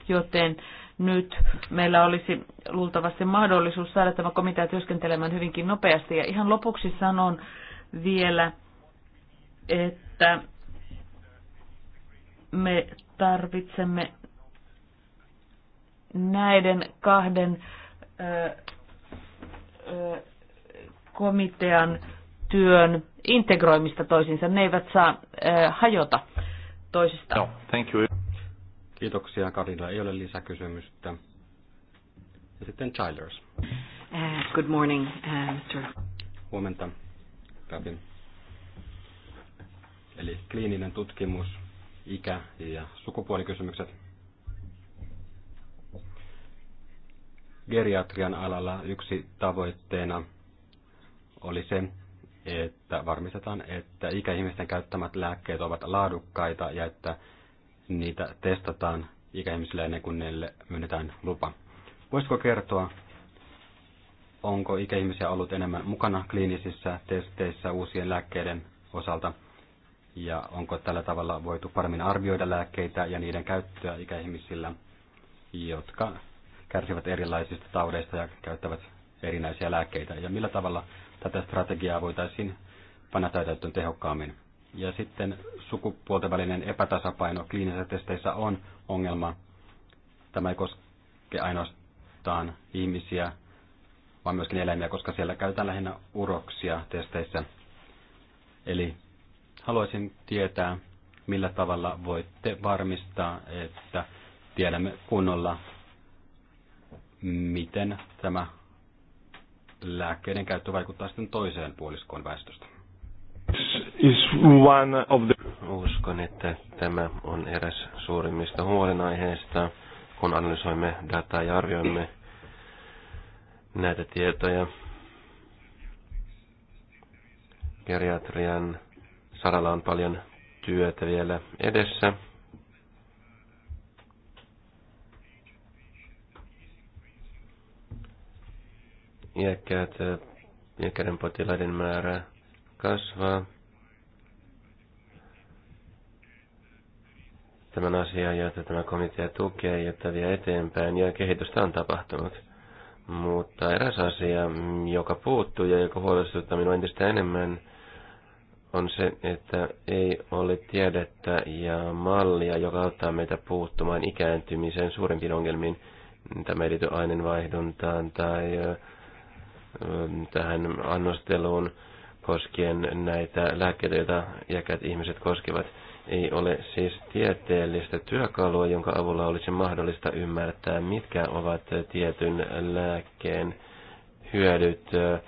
[SPEAKER 1] joten nyt meillä olisi luultavasti mahdollisuus saada tämä komitea työskentelemään hyvinkin nopeasti. Ja ihan lopuksi sanon vielä, että me tarvitsemme näiden kahden komitean työn integroimista toisiinsa. Ne eivät saa hajota toisistaan.
[SPEAKER 3] No, thank you. Kiitoksia. Karina. ei ole lisäkysymystä. Ja sitten Childers. Uh,
[SPEAKER 1] good morning, uh, Mr.
[SPEAKER 3] Huomenta, Rabin. Eli kliininen tutkimus, ikä ja sukupuolikysymykset geriatrian alalla yksi tavoitteena oli se, että varmistetaan, että ikäihmisten käyttämät lääkkeet ovat laadukkaita ja että niitä testataan ikäihmisille ennen kuin niille myönnetään lupa. Voisiko kertoa, onko ikäihmisiä ollut enemmän mukana kliinisissä testeissä uusien lääkkeiden osalta ja onko tällä tavalla voitu paremmin arvioida lääkkeitä ja niiden käyttöä ikäihmisillä, jotka kärsivät erilaisista taudeista ja käyttävät erinäisiä lääkkeitä, ja millä tavalla tätä strategiaa voitaisiin panna täytäntöön tehokkaammin. Ja sitten sukupuolten välinen epätasapaino kliinisissä testeissä on ongelma. Tämä ei koske ainoastaan ihmisiä, vaan myöskin eläimiä, koska siellä käytetään lähinnä uroksia testeissä. Eli haluaisin tietää, millä tavalla voitte varmistaa, että tiedämme kunnolla miten tämä lääkkeiden käyttö vaikuttaa sitten toiseen puoliskoon väestöstä. Is one
[SPEAKER 4] of the... Uskon, että tämä on eräs suurimmista huolenaiheista, kun analysoimme dataa ja arvioimme näitä tietoja. Geriatrian saralla on paljon työtä vielä edessä iäkkäät, äh, iäkkäiden potilaiden määrä kasvaa. Tämän asian, jota tämä komitea tukee, jotta vie eteenpäin, ja kehitystä on tapahtunut. Mutta eräs asia, joka puuttuu ja joka huolestuttaa minua entistä enemmän, on se, että ei ole tiedettä ja mallia, joka auttaa meitä puuttumaan ikääntymiseen suurempiin ongelmiin, tämä merity aineenvaihduntaan tai äh, Ähm, tähän annosteluun koskien näitä lääkkeitä, joita iäkät ihmiset koskevat. Ei ole siis tieteellistä työkalua, jonka avulla olisi mahdollista ymmärtää, mitkä ovat tietyn lääkkeen hyödyt äh,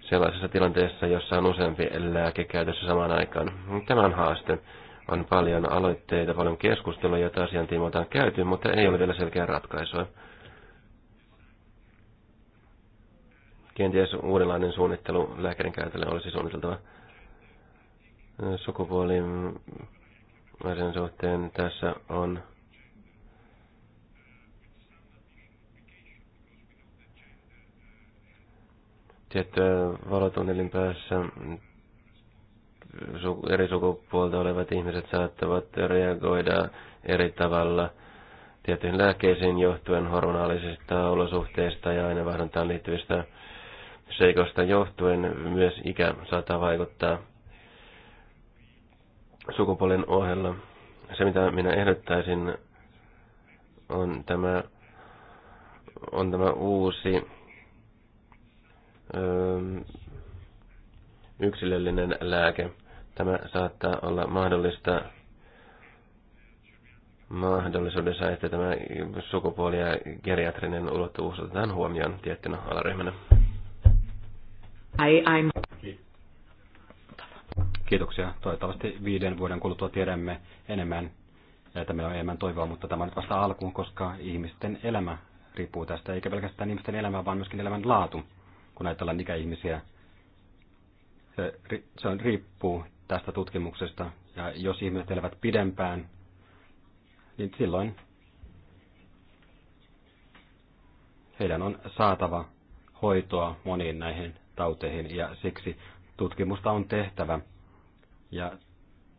[SPEAKER 4] sellaisessa tilanteessa, jossa on useampi lääke käytössä samaan aikaan. Tämän on haaste. On paljon aloitteita, paljon keskustelua, joita asian on käyty, mutta ei ole vielä selkeää ratkaisua. Kenties uudenlainen suunnittelu lääkärin käytölle olisi suunniteltava sukupuolin asian suhteen. Tässä on tiettyä valotunnelin päässä eri sukupuolta olevat ihmiset saattavat reagoida eri tavalla tiettyihin lääkkeisiin johtuen hormonaalisista olosuhteista ja aineenvaihduntaan liittyvistä seikosta johtuen myös ikä saattaa vaikuttaa sukupuolen ohella. Se, mitä minä ehdottaisin, on tämä, on tämä uusi öö, yksilöllinen lääke. Tämä saattaa olla mahdollista mahdollisuudessa, että tämä sukupuoli ja geriatrinen ulottuvuus otetaan huomioon tiettynä alaryhmänä.
[SPEAKER 1] I, I'm...
[SPEAKER 3] Kiitoksia. Toivottavasti viiden vuoden kuluttua tiedämme enemmän ja että meillä on enemmän toivoa, mutta tämä on nyt vasta alkuun, koska ihmisten elämä riippuu tästä, eikä pelkästään ihmisten elämä, vaan myöskin elämän laatu, kun ajatellaan ikäihmisiä. Se, se on, riippuu tästä tutkimuksesta, ja jos ihmiset elävät pidempään, niin silloin heidän on saatava hoitoa moniin näihin tauteihin ja siksi tutkimusta on tehtävä. Ja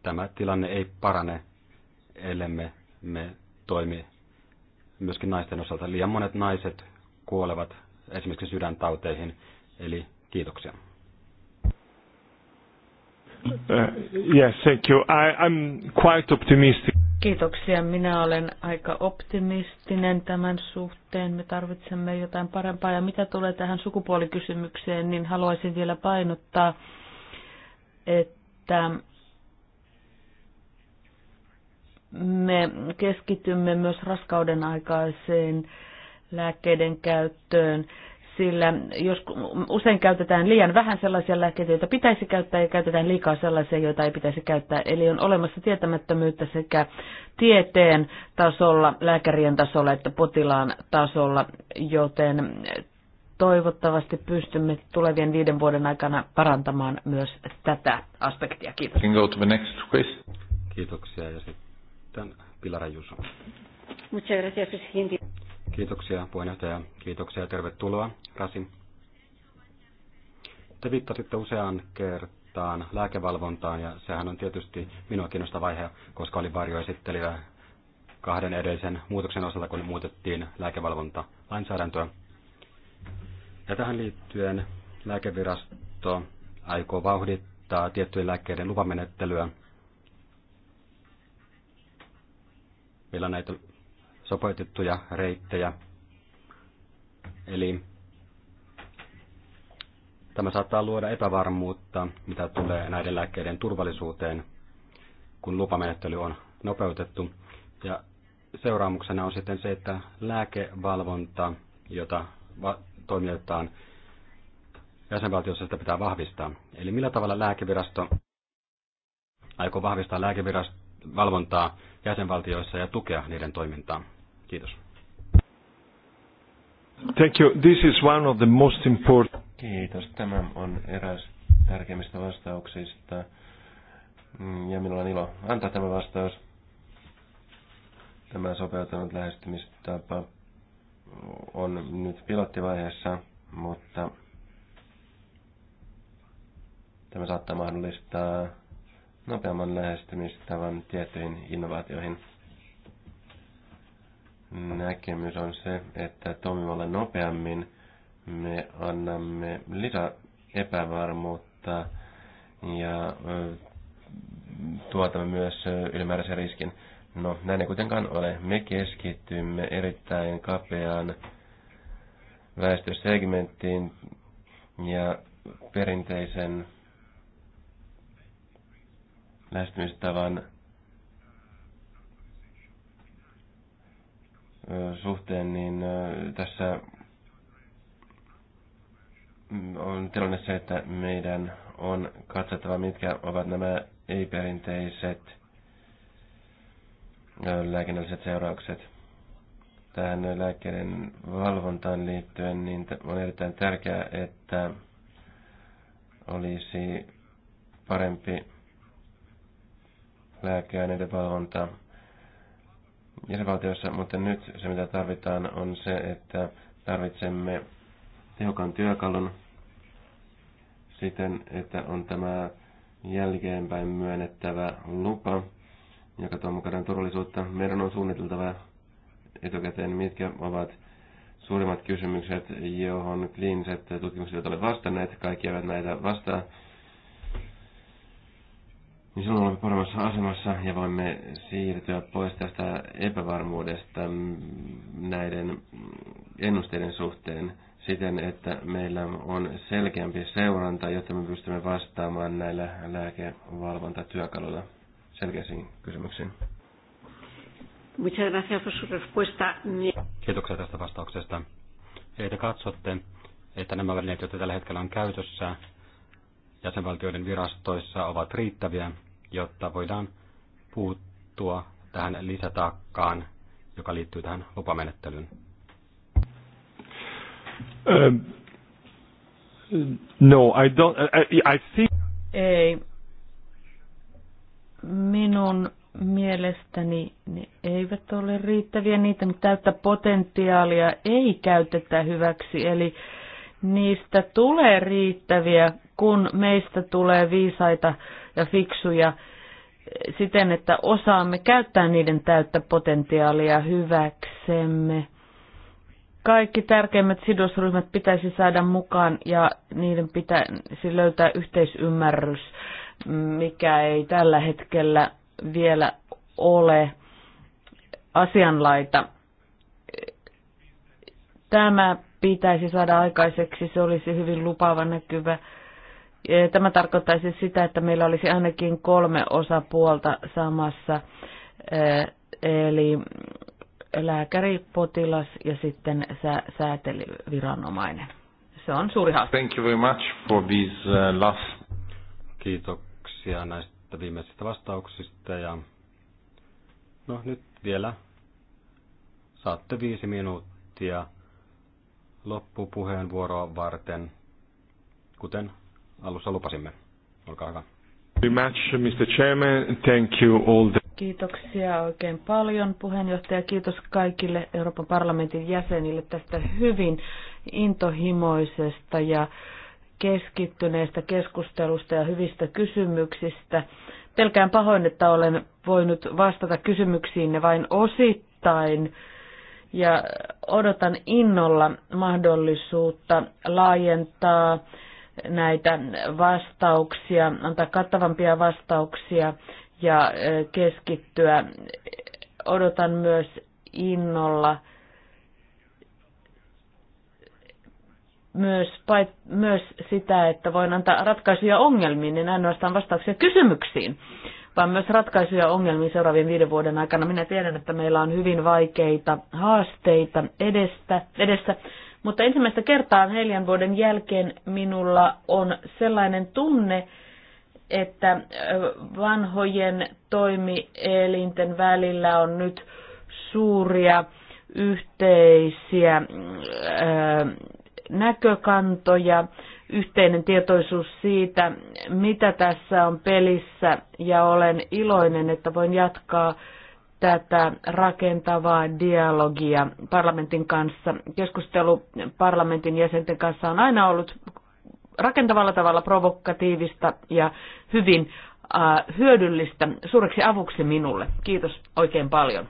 [SPEAKER 3] tämä tilanne ei parane, ellemme me toimi myöskin naisten osalta. Liian monet naiset kuolevat esimerkiksi sydäntauteihin, eli kiitoksia. Uh,
[SPEAKER 5] yes, thank you. I, I'm quite optimistic.
[SPEAKER 1] Kiitoksia. Minä olen aika optimistinen tämän suhteen. Me tarvitsemme jotain parempaa. Ja mitä tulee tähän sukupuolikysymykseen, niin haluaisin vielä painottaa, että me keskitymme myös raskauden aikaiseen lääkkeiden käyttöön sillä jos usein käytetään liian vähän sellaisia lääkkeitä, joita pitäisi käyttää, ja käytetään liikaa sellaisia, joita ei pitäisi käyttää. Eli on olemassa tietämättömyyttä sekä tieteen tasolla, lääkärien tasolla että potilaan tasolla, joten toivottavasti pystymme tulevien viiden vuoden aikana parantamaan myös tätä
[SPEAKER 2] aspektia. Kiitos.
[SPEAKER 3] Kiitoksia ja sitten Pilara Juso.
[SPEAKER 1] Muchas gracias, presidente.
[SPEAKER 3] Kiitoksia puheenjohtaja, kiitoksia ja tervetuloa, Rasi. Te viittasitte useaan kertaan lääkevalvontaan ja sehän on tietysti minua kiinnostava vaihe, koska oli varjoesittelijä kahden edellisen muutoksen osalta, kun muutettiin lääkevalvontalainsäädäntöä. Ja tähän liittyen lääkevirasto aikoo vauhdittaa tiettyjen lääkkeiden lupamenettelyä. Meillä on näitä sopeutettuja reittejä. Eli tämä saattaa luoda epävarmuutta, mitä tulee näiden lääkkeiden turvallisuuteen, kun lupamenettely on nopeutettu. Ja seuraamuksena on sitten se, että lääkevalvonta, jota toimitetaan jäsenvaltiossa sitä pitää vahvistaa. Eli millä tavalla lääkevirasto aikoo vahvistaa lääkevirastovalvontaa jäsenvaltioissa ja tukea niiden toimintaa? Kiitos.
[SPEAKER 5] Thank you. This is one of the most important...
[SPEAKER 4] Kiitos. Tämä on eräs tärkeimmistä vastauksista. Mm, ja minulla on ilo antaa tämä vastaus. Tämä sopeutunut lähestymistapa on nyt pilottivaiheessa, mutta tämä saattaa mahdollistaa nopeamman lähestymistavan tiettyihin innovaatioihin näkemys on se, että toimivalle nopeammin me annamme lisää epävarmuutta ja tuotamme myös ylimääräisen riskin. No, näin ei kuitenkaan ole. Me keskittymme erittäin kapeaan väestösegmenttiin ja perinteisen lähestymistavan suhteen, niin tässä on tilanne se, että meidän on katsottava, mitkä ovat nämä ei-perinteiset lääkinnälliset seuraukset. Tähän lääkkeiden valvontaan liittyen niin on erittäin tärkeää, että olisi parempi lääkeaineiden valvonta jäsenvaltioissa, mutta nyt se mitä tarvitaan on se, että tarvitsemme tehokan työkalun siten, että on tämä jälkeenpäin myönnettävä lupa, joka tuo mukana turvallisuutta. Meidän on suunniteltava etukäteen, mitkä ovat suurimmat kysymykset, johon kliiniset tutkimukset ovat vastanneet. Kaikki eivät näitä vastaa niin silloin olemme paremmassa asemassa ja voimme siirtyä pois tästä epävarmuudesta näiden ennusteiden suhteen siten, että meillä on selkeämpi seuranta, jotta me pystymme vastaamaan näillä lääkevalvontatyökaluilla
[SPEAKER 3] selkeisiin kysymyksiin. Kiitoksia tästä vastauksesta. Eli te katsotte, että nämä välineet, joita tällä hetkellä on käytössä jäsenvaltioiden virastoissa, ovat riittäviä jotta voidaan puuttua tähän lisätaakkaan, joka liittyy tähän lupamenettelyyn? Um, no, I don't. I, I think...
[SPEAKER 1] Ei. Minun mielestäni ne eivät ole riittäviä. Niitä täyttä potentiaalia ei käytetä hyväksi. Eli niistä tulee riittäviä, kun meistä tulee viisaita ja fiksuja siten, että osaamme käyttää niiden täyttä potentiaalia hyväksemme. Kaikki tärkeimmät sidosryhmät pitäisi saada mukaan ja niiden pitäisi löytää yhteisymmärrys, mikä ei tällä hetkellä vielä ole asianlaita. Tämä pitäisi saada aikaiseksi, se olisi hyvin lupaava näkyvä Eh, tämä tarkoittaisi sitä, että meillä olisi ainakin kolme osapuolta samassa, eh, eli lääkäri, potilas ja sitten sä, säätelyviranomainen. Se on suuri haaste. Thank you
[SPEAKER 3] very much for these eh, last... Kiitoksia näistä viimeisistä vastauksista. Ja... No nyt vielä saatte viisi minuuttia loppupuheenvuoroa varten, kuten alussa lupasimme. Olkaa hyvä. Mr. Chairman. Thank you all the...
[SPEAKER 1] Kiitoksia oikein paljon puheenjohtaja. Kiitos kaikille Euroopan parlamentin jäsenille tästä hyvin intohimoisesta ja keskittyneestä keskustelusta ja hyvistä kysymyksistä. Pelkään pahoin, että olen voinut vastata kysymyksiinne vain osittain ja odotan innolla mahdollisuutta laajentaa näitä vastauksia, antaa kattavampia vastauksia ja keskittyä. Odotan myös innolla myös, myös sitä, että voin antaa ratkaisuja ongelmiin, en ainoastaan vastauksia kysymyksiin, vaan myös ratkaisuja ongelmiin seuraavien viiden vuoden aikana. Minä tiedän, että meillä on hyvin vaikeita haasteita edestä, edessä mutta ensimmäistä kertaa neljän vuoden jälkeen minulla on sellainen tunne, että vanhojen toimielinten välillä on nyt suuria yhteisiä näkökantoja, yhteinen tietoisuus siitä, mitä tässä on pelissä, ja olen iloinen, että voin jatkaa tätä rakentavaa dialogia parlamentin kanssa. Keskustelu parlamentin jäsenten kanssa on aina ollut rakentavalla tavalla provokatiivista ja hyvin äh, hyödyllistä, suureksi avuksi minulle. Kiitos oikein paljon.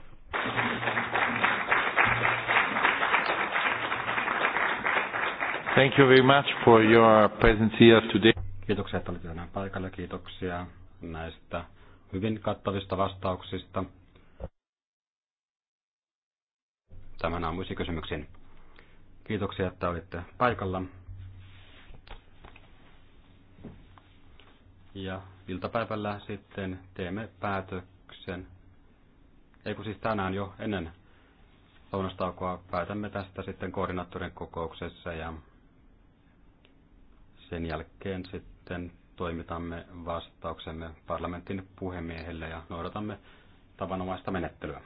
[SPEAKER 2] Thank you very much for your
[SPEAKER 3] presence here today. Kiitoksia, että olitte tänään paikalla. Kiitoksia näistä hyvin kattavista vastauksista. tämän aamuisiin kysymyksiin. Kiitoksia, että olitte paikalla. Ja iltapäivällä sitten teemme päätöksen. Ei kun siis tänään jo ennen lounastaukoa päätämme tästä sitten koordinaattorin kokouksessa ja sen jälkeen sitten toimitamme vastauksemme parlamentin puhemiehelle ja noudatamme tavanomaista menettelyä.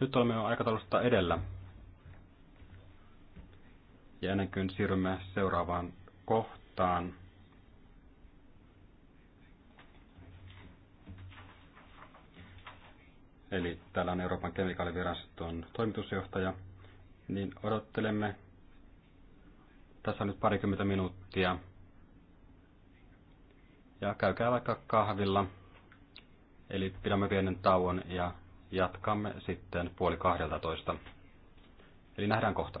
[SPEAKER 3] Nyt olemme jo aikataulusta edellä. Ja ennen kuin siirrymme seuraavaan kohtaan, eli täällä on Euroopan kemikaaliviraston toimitusjohtaja, niin odottelemme. Tässä on nyt parikymmentä minuuttia. Ja käykää vaikka kahvilla. Eli pidämme pienen tauon ja jatkamme sitten puoli kahdeltatoista. Eli nähdään kohta.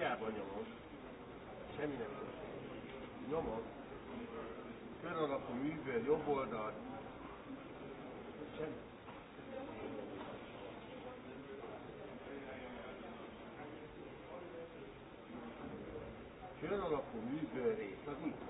[SPEAKER 5] hiába nyomod, semmi nem történik. Nyomod, kör alapú művel jobb oldalt, semmi. Kör alapú műből rész, az mit?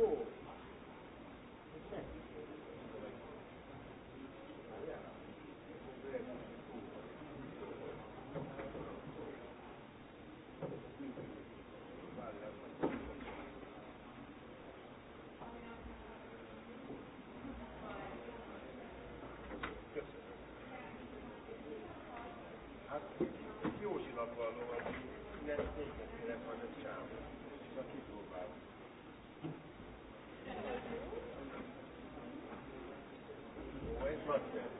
[SPEAKER 5] four. Chiusi la tua allora, in attività, in attività, Fuck that.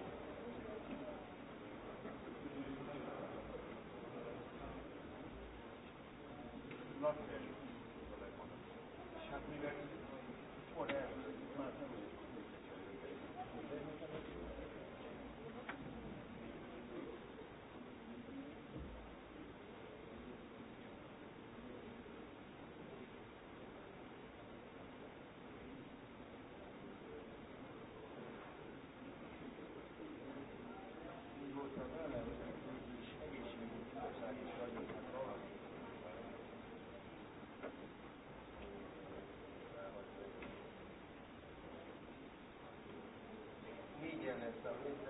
[SPEAKER 5] Gracias.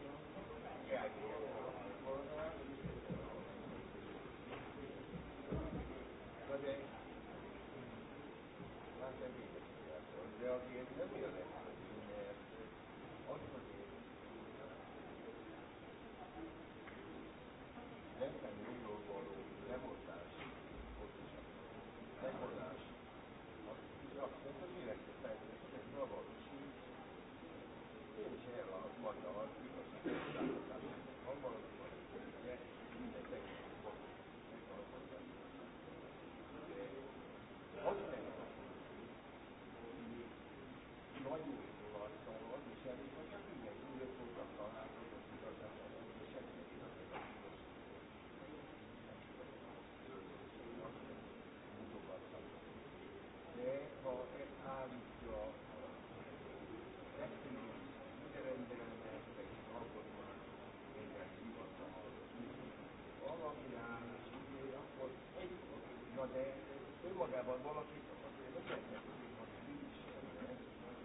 [SPEAKER 5] önmagában valaki azt mondja, hogy az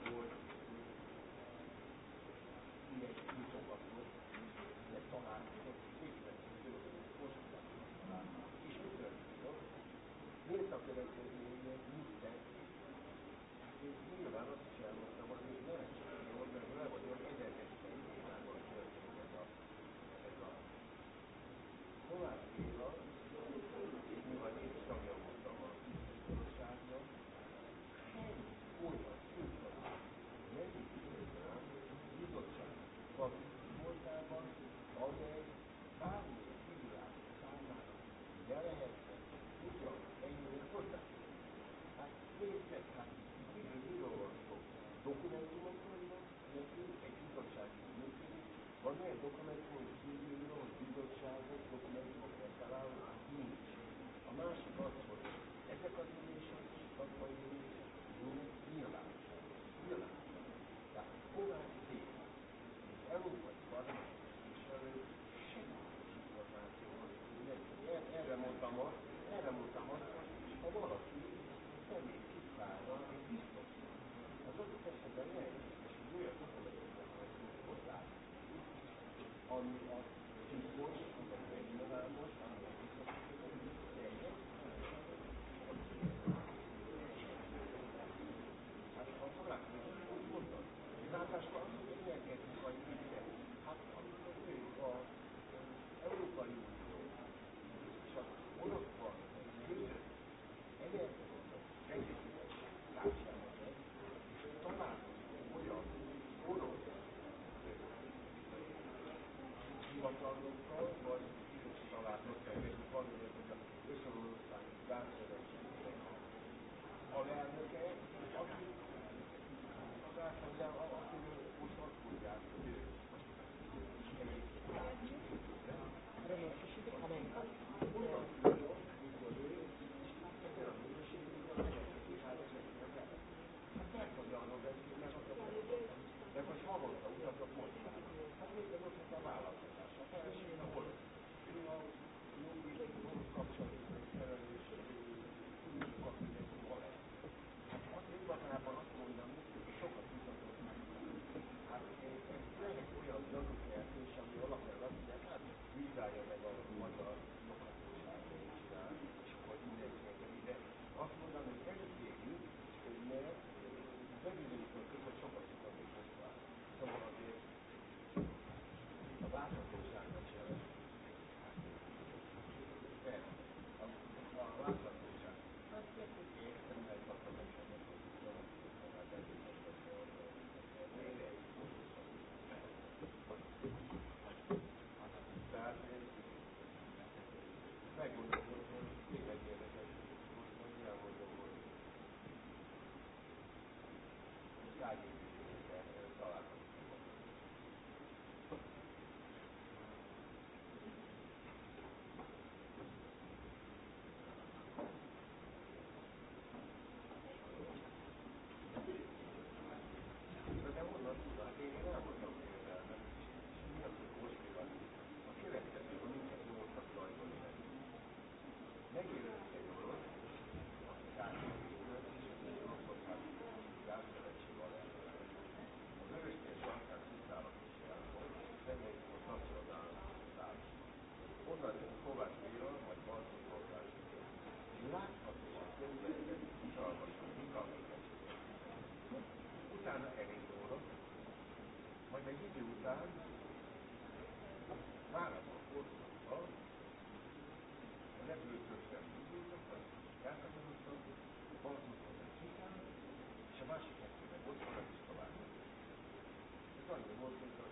[SPEAKER 5] hogy ilyen kutatókat, ilyen tanárokat, képzeletlen és mi történik? Miért a következő valamilyen dokumentum kívülről bizottságot, dokumentumokat találunk nincs. A másik az, hogy ezek az ülések, szakmai ülések, jó täällä eri vuorot. Mä menin on kurssa. On. on kolmusten sisään. Se vasta kätkinen. Voisi olla Se on jo vuosilta.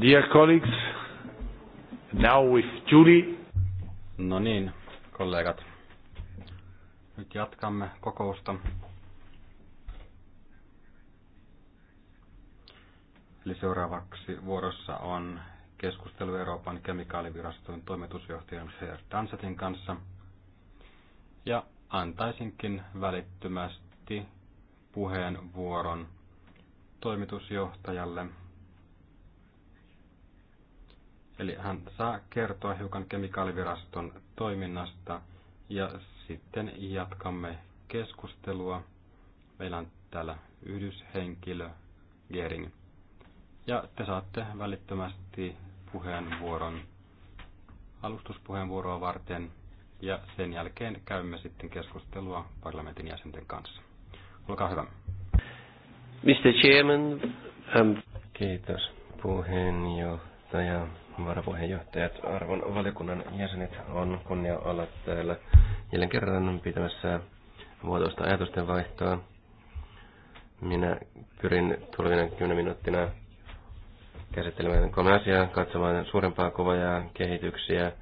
[SPEAKER 2] Dear colleagues,
[SPEAKER 3] now with Julie. No niin, kollegat. Nyt jatkamme kokousta. Eli seuraavaksi vuorossa on keskustelu Euroopan kemikaaliviraston toimitusjohtajan Herr Dansetin kanssa. Ja antaisinkin välittömästi puheenvuoron toimitusjohtajalle Eli hän saa kertoa hiukan kemikaaliviraston toiminnasta ja sitten jatkamme keskustelua. Meillä on täällä yhdyshenkilö Gering. Ja te saatte välittömästi puheenvuoron alustuspuheenvuoroa varten ja sen jälkeen käymme sitten keskustelua parlamentin jäsenten kanssa. Olkaa hyvä.
[SPEAKER 4] Mr. Chairman, um... Kiitos puheenjohtaja varapuheenjohtajat, arvon valiokunnan jäsenet, on kunnia olla täällä jälleen kerran pitämässä vuotoista ajatusten vaihtoa. Minä pyrin tulevina 10 minuuttina käsittelemään kolme asiaa, katsomaan suurempaa kuvaa ja kehityksiä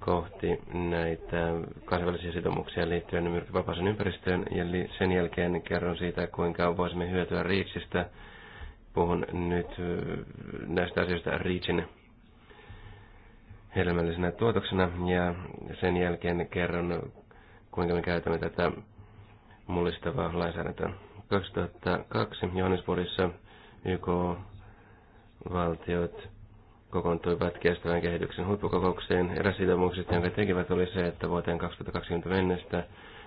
[SPEAKER 4] kohti näitä kansainvälisiä sitoumuksia liittyen myrkkyvapaaseen ympäristöön. Ja sen jälkeen kerron siitä, kuinka voisimme hyötyä Riitsistä. Puhun nyt äh, näistä asioista Riitsin hedelmällisenä tuotoksena ja sen jälkeen kerron, kuinka me käytämme tätä mullistavaa lainsäädäntöä. 2002 Johannesburgissa YK-valtiot kokoontuivat kestävän kehityksen huippukokoukseen. Eräs sitoumuksista, jonka tekivät, oli se, että vuoteen 2020 mennessä,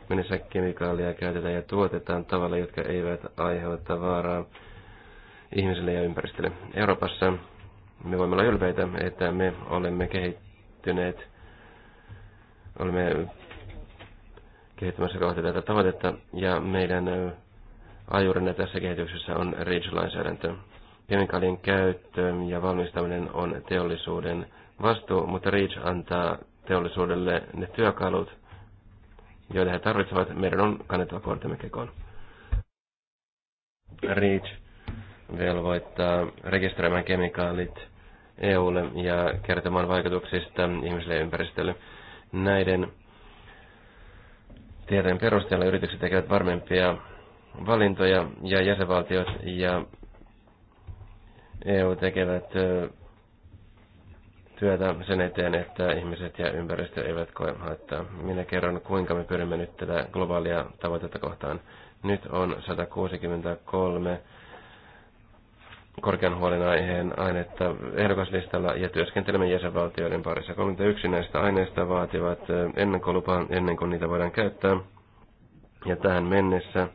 [SPEAKER 4] mennessä kemikaalia käytetään ja tuotetaan tavalla, jotka eivät aiheuta vaaraa ihmiselle ja ympäristölle. Euroopassa me voimme olla ylpeitä, että me olemme kehittyneet, olemme kehittymässä kohti tätä tavoitetta, ja meidän ajurina tässä kehityksessä on REACH-lainsäädäntö. Kemikaalien käyttö ja valmistaminen on teollisuuden vastuu, mutta REACH antaa teollisuudelle ne työkalut, joita he tarvitsevat. Meidän on kannettava kortemme kekoon. REACH velvoittaa rekisteröimään kemikaalit EUlle ja kertomaan vaikutuksista ihmisille ja ympäristölle. Näiden tieteen perusteella yritykset tekevät varmempia valintoja ja jäsenvaltiot ja EU tekevät työtä sen eteen, että ihmiset ja ympäristö eivät koe haittaa. Minä kerron, kuinka me pyrimme nyt tätä globaalia tavoitetta kohtaan. Nyt on 163 korkean huolen aiheen ainetta ehdokaslistalla ja työskentelemme jäsenvaltioiden parissa. 31 näistä aineista vaativat ennakkolupaa ennen kuin niitä voidaan käyttää. Ja tähän mennessä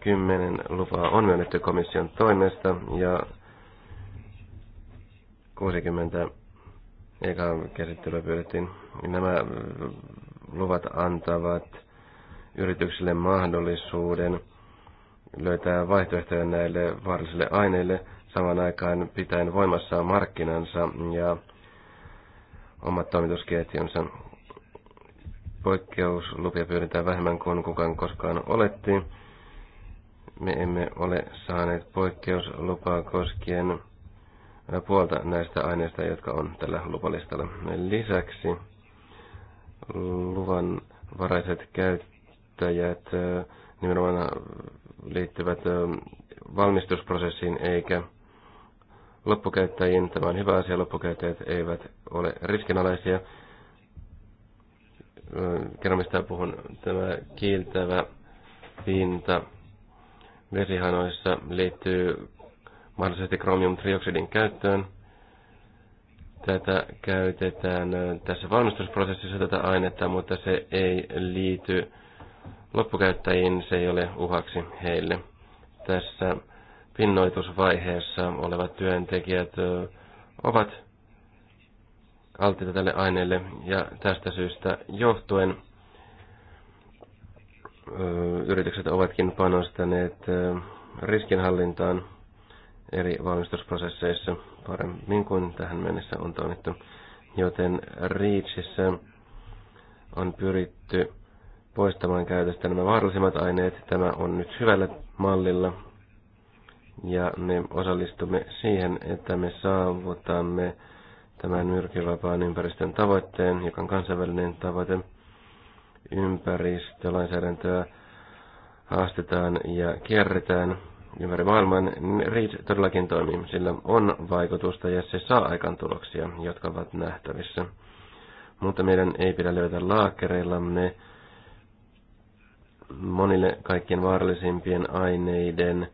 [SPEAKER 4] 10 lupaa on myönnetty komission toimesta ja 60 eka käsittelyä pyydettiin. Nämä luvat antavat yrityksille mahdollisuuden – löytää vaihtoehtoja näille vaarallisille aineille saman aikaan pitäen voimassa markkinansa ja omat toimitusketjunsa. Poikkeuslupia pyydetään vähemmän kuin kukaan koskaan oletti. Me emme ole saaneet poikkeuslupaa koskien puolta näistä aineista, jotka on tällä lupalistalla. Lisäksi luvan varaiset käyttäjät nimenomaan liittyvät valmistusprosessiin eikä loppukäyttäjiin. Tämä on hyvä asia, loppukäyttäjät eivät ole riskinalaisia. Kerron mistä puhun. Tämä kiiltävä pinta vesihanoissa liittyy mahdollisesti kromiumtrioksidin käyttöön. Tätä käytetään tässä valmistusprosessissa tätä ainetta, mutta se ei liity loppukäyttäjiin, se ei ole uhaksi heille. Tässä pinnoitusvaiheessa olevat työntekijät ovat alttiita tälle aineelle ja tästä syystä johtuen yritykset ovatkin panostaneet riskinhallintaan eri valmistusprosesseissa paremmin kuin tähän mennessä on toimittu. Joten riitsissä on pyritty poistamaan käytöstä nämä vaarallisimmat aineet. Tämä on nyt hyvällä mallilla ja me osallistumme siihen, että me saavutamme tämän myrkyvapaan ympäristön tavoitteen, joka on kansainvälinen tavoite. Ympäristölainsäädäntöä haastetaan ja kierretään ympäri maailman. READ todellakin toimii, sillä on vaikutusta ja se saa aikaan tuloksia, jotka ovat nähtävissä. Mutta meidän ei pidä löytää laakereillamme monille kaikkien vaarallisimpien aineiden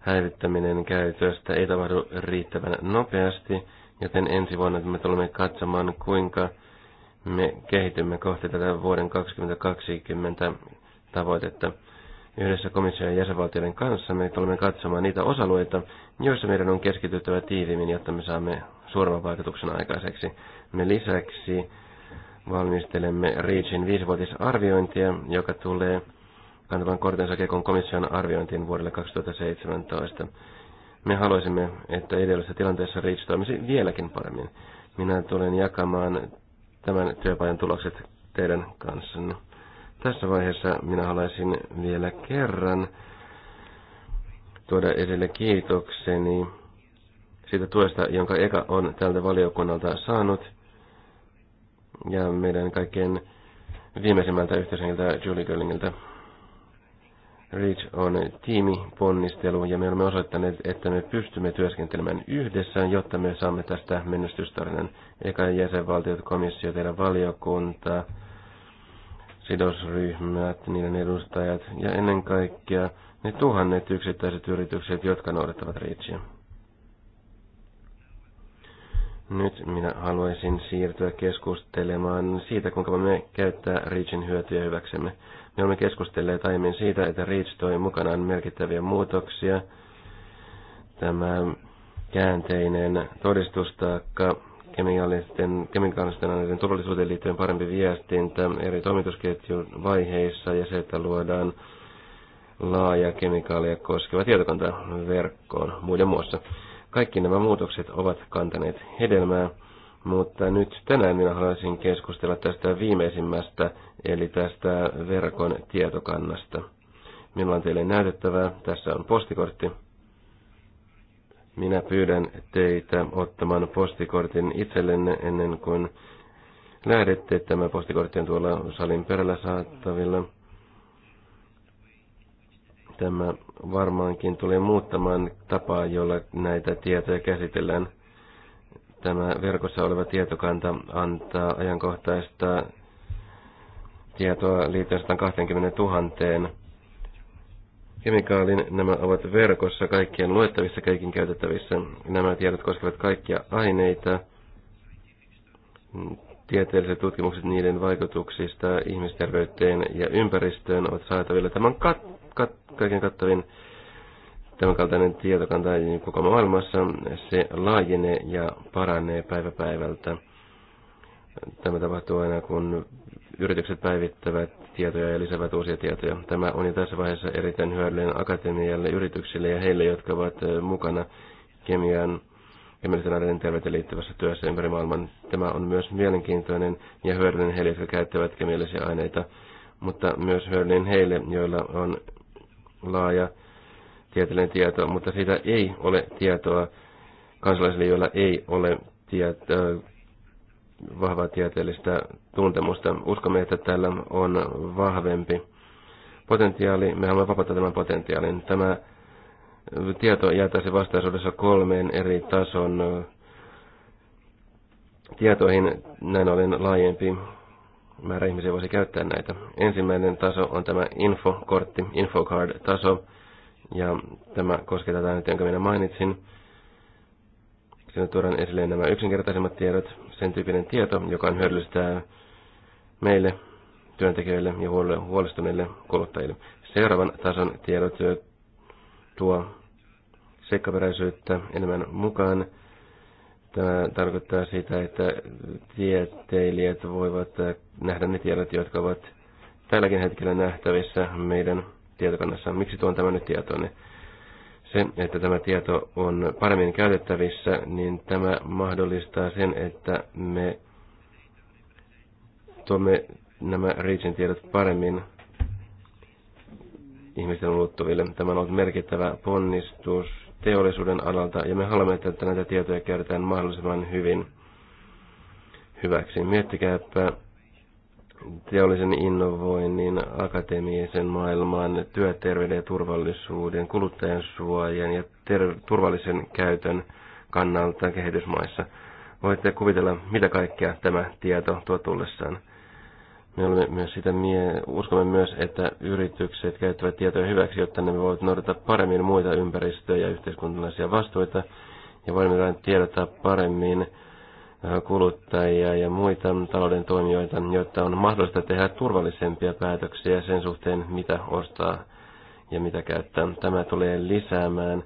[SPEAKER 4] häivyttäminen käytöstä ei tapahdu riittävän nopeasti, joten ensi vuonna me tulemme katsomaan, kuinka me kehitymme kohti tätä vuoden 2020 tavoitetta. Yhdessä komission ja jäsenvaltioiden kanssa me tulemme katsomaan niitä osalueita, joissa meidän on keskityttävä tiiviimmin, jotta me saamme suuremman vaikutuksen aikaiseksi. Me lisäksi valmistelemme REACHin viisivuotisarviointia, joka tulee antavan kortensa kekon komission arviointiin vuodelle 2017. Me haluaisimme, että edellisessä tilanteessa REACH toimisi vieläkin paremmin. Minä tulen jakamaan tämän työpajan tulokset teidän kanssanne. Tässä vaiheessa minä haluaisin vielä kerran tuoda esille kiitokseni siitä tuesta, jonka Eka on tältä valiokunnalta saanut. Ja meidän kaikkien viimeisimmältä yhteisöltä Julie Göllingiltä REACH on tiimiponnistelu ja me olemme osoittaneet, että me pystymme työskentelemään yhdessä, jotta me saamme tästä menestystarinan. Eka jäsenvaltiot, komissio, teidän valiokunta, sidosryhmät, niiden edustajat ja ennen kaikkea ne tuhannet yksittäiset yritykset, jotka noudattavat REACHia. Nyt minä haluaisin siirtyä keskustelemaan siitä, kuinka me käyttää REACHin hyötyjä hyväksemme. Me olemme keskustelleet aiemmin siitä, että REACH toi mukanaan merkittäviä muutoksia. Tämä käänteinen todistustaakka, kemiallisten, kemikaalisten aineiden turvallisuuteen liittyen parempi viestintä eri toimitusketjun vaiheissa ja se, että luodaan laaja kemikaalia koskeva tietokanta verkkoon muiden muassa. Kaikki nämä muutokset ovat kantaneet hedelmää mutta nyt tänään minä haluaisin keskustella tästä viimeisimmästä, eli tästä verkon tietokannasta. Minulla on teille näytettävää. Tässä on postikortti. Minä pyydän teitä ottamaan postikortin itsellenne ennen kuin lähdette. Tämä postikortti on tuolla salin perällä saattavilla. Tämä varmaankin tulee muuttamaan tapaa, jolla näitä tietoja käsitellään – Tämä verkossa oleva tietokanta antaa ajankohtaista tietoa liittyen 120 000 kemikaalin. Nämä ovat verkossa kaikkien luettavissa, kaikin käytettävissä. Nämä tiedot koskevat kaikkia aineita, tieteelliset tutkimukset niiden vaikutuksista ihmisterveyteen ja ympäristöön ovat saatavilla. Tämän kat- kat- kaiken kattavin kaltainen tietokanta koko maailmassa, se laajenee ja paranee päivä päivältä. Tämä tapahtuu aina, kun yritykset päivittävät tietoja ja lisäävät uusia tietoja. Tämä on jo tässä vaiheessa erittäin hyödyllinen akatemialle, yrityksille ja heille, jotka ovat mukana kemian kemiallisten aineiden terveyteen liittyvässä työssä ympäri maailman. Tämä on myös mielenkiintoinen ja hyödyllinen heille, jotka käyttävät kemiallisia aineita, mutta myös hyödyllinen heille, joilla on laaja tieteellinen tieto, mutta siitä ei ole tietoa kansalaisille, joilla ei ole tieto, vahvaa tieteellistä tuntemusta. Uskomme, että tällä on vahvempi potentiaali. Me haluamme vapauttaa tämän potentiaalin. Tämä tieto jäätäisi vastaisuudessa kolmeen eri tason tietoihin. Näin ollen laajempi määrä ihmisiä voisi käyttää näitä. Ensimmäinen taso on tämä infokortti, infocard-taso, ja tämä koskee tätä nyt, jonka minä mainitsin. Siinä tuodaan esille nämä yksinkertaisemmat tiedot, sen tyyppinen tieto, joka on hyödyllistä meille, työntekijöille ja huolestuneille kuluttajille. Seuraavan tason tiedot tuo seikkaperäisyyttä enemmän mukaan. Tämä tarkoittaa sitä, että tieteilijät voivat nähdä ne tiedot, jotka ovat tälläkin hetkellä nähtävissä meidän tietokannassa. Miksi tuon tämän nyt Niin Se, että tämä tieto on paremmin käytettävissä, niin tämä mahdollistaa sen, että me tuomme nämä Reachin tiedot paremmin ihmisten ulottuville. Tämä on ollut merkittävä ponnistus teollisuuden alalta, ja me haluamme, että näitä tietoja käytetään mahdollisimman hyvin hyväksi. Miettikääpä teollisen innovoinnin, akateemisen maailman, työterveyden ja turvallisuuden, kuluttajan suojan ja ter- turvallisen käytön kannalta kehitysmaissa. Voitte kuvitella, mitä kaikkea tämä tieto tuo tullessaan. Me olemme myös sitä mie- uskomme myös, että yritykset käyttävät tietoja hyväksi, jotta ne voivat noudattaa paremmin muita ympäristöä ja yhteiskunnallisia vastuita ja voimme tiedottaa paremmin kuluttajia ja muita talouden toimijoita, jotta on mahdollista tehdä turvallisempia päätöksiä sen suhteen, mitä ostaa ja mitä käyttää. Tämä tulee lisäämään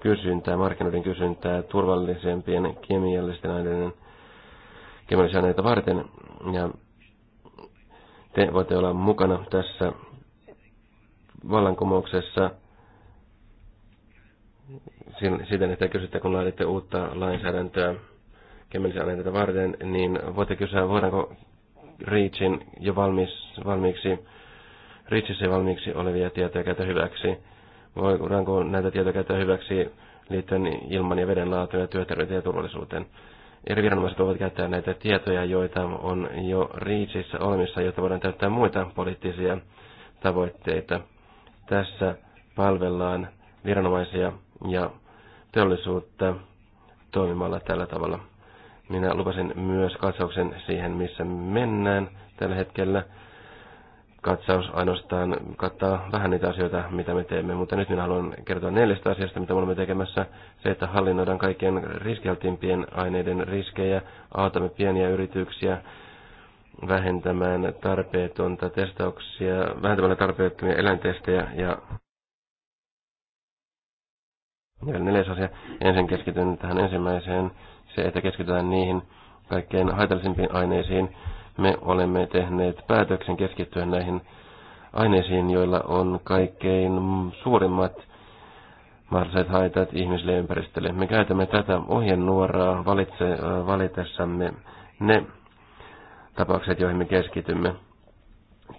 [SPEAKER 4] kysyntää, markkinoiden kysyntää turvallisempien kemiallisten aineiden kemiallisia aineita varten. Ja te voitte olla mukana tässä vallankumouksessa siten, että kysytte, kun laaditte uutta lainsäädäntöä kemellisiä aineita varten, niin voitte kysyä, voidaanko REACHin jo valmis, valmiiksi, REACHissa valmiiksi olevia tietoja käyttää hyväksi. Voidaanko näitä tietoja käyttää hyväksi liittyen ilman ja veden laatuun ja työterveyteen ja turvallisuuteen. Eri viranomaiset voivat käyttää näitä tietoja, joita on jo REACHissa olemissa, jotta voidaan täyttää muita poliittisia tavoitteita. Tässä palvellaan viranomaisia ja teollisuutta toimimalla tällä tavalla. Minä lupasin myös katsauksen siihen, missä mennään tällä hetkellä. Katsaus ainoastaan kattaa vähän niitä asioita, mitä me teemme, mutta nyt minä haluan kertoa neljästä asiasta, mitä me olemme tekemässä. Se, että hallinnoidaan kaikkien riskialtimpien aineiden riskejä, autamme pieniä yrityksiä, vähentämään tarpeetonta testauksia, vähentämällä tarpeettomia eläintestejä ja ja neljäs asia. Ensin keskityn tähän ensimmäiseen se, että keskitytään niihin kaikkein haitallisimpiin aineisiin. Me olemme tehneet päätöksen keskittyä näihin aineisiin, joilla on kaikkein suurimmat mahdolliset haitat ihmisille ja ympäristölle. Me käytämme tätä ohjenuoraa valitse, äh, valitessamme ne tapaukset, joihin me keskitymme.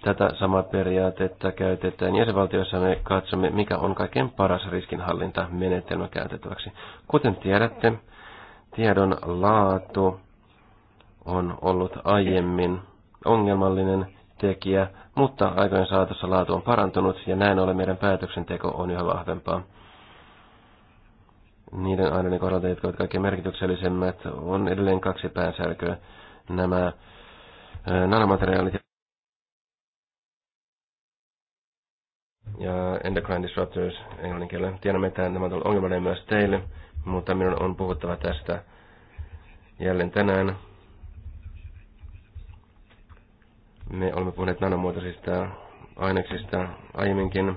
[SPEAKER 4] Tätä samaa periaatetta käytetään jäsenvaltioissa. Me katsomme, mikä on kaikkein paras riskinhallintamenetelmä käytettäväksi. Kuten tiedätte, tiedon laatu on ollut aiemmin ongelmallinen tekijä, mutta aikojen saatossa laatu on parantunut ja näin ollen meidän päätöksenteko on yhä vahvempaa. Niiden aineiden kohdalta, jotka ovat kaikkein merkityksellisemmät, on edelleen kaksi päänsärkyä. Nämä nanomateriaalit ja endocrine disruptors englannin kielellä. Tiedämme, että nämä ovat ongelmallinen myös teille mutta minun on puhuttava tästä jälleen tänään. Me olemme puhuneet nanomuotoisista aineksista aiemminkin.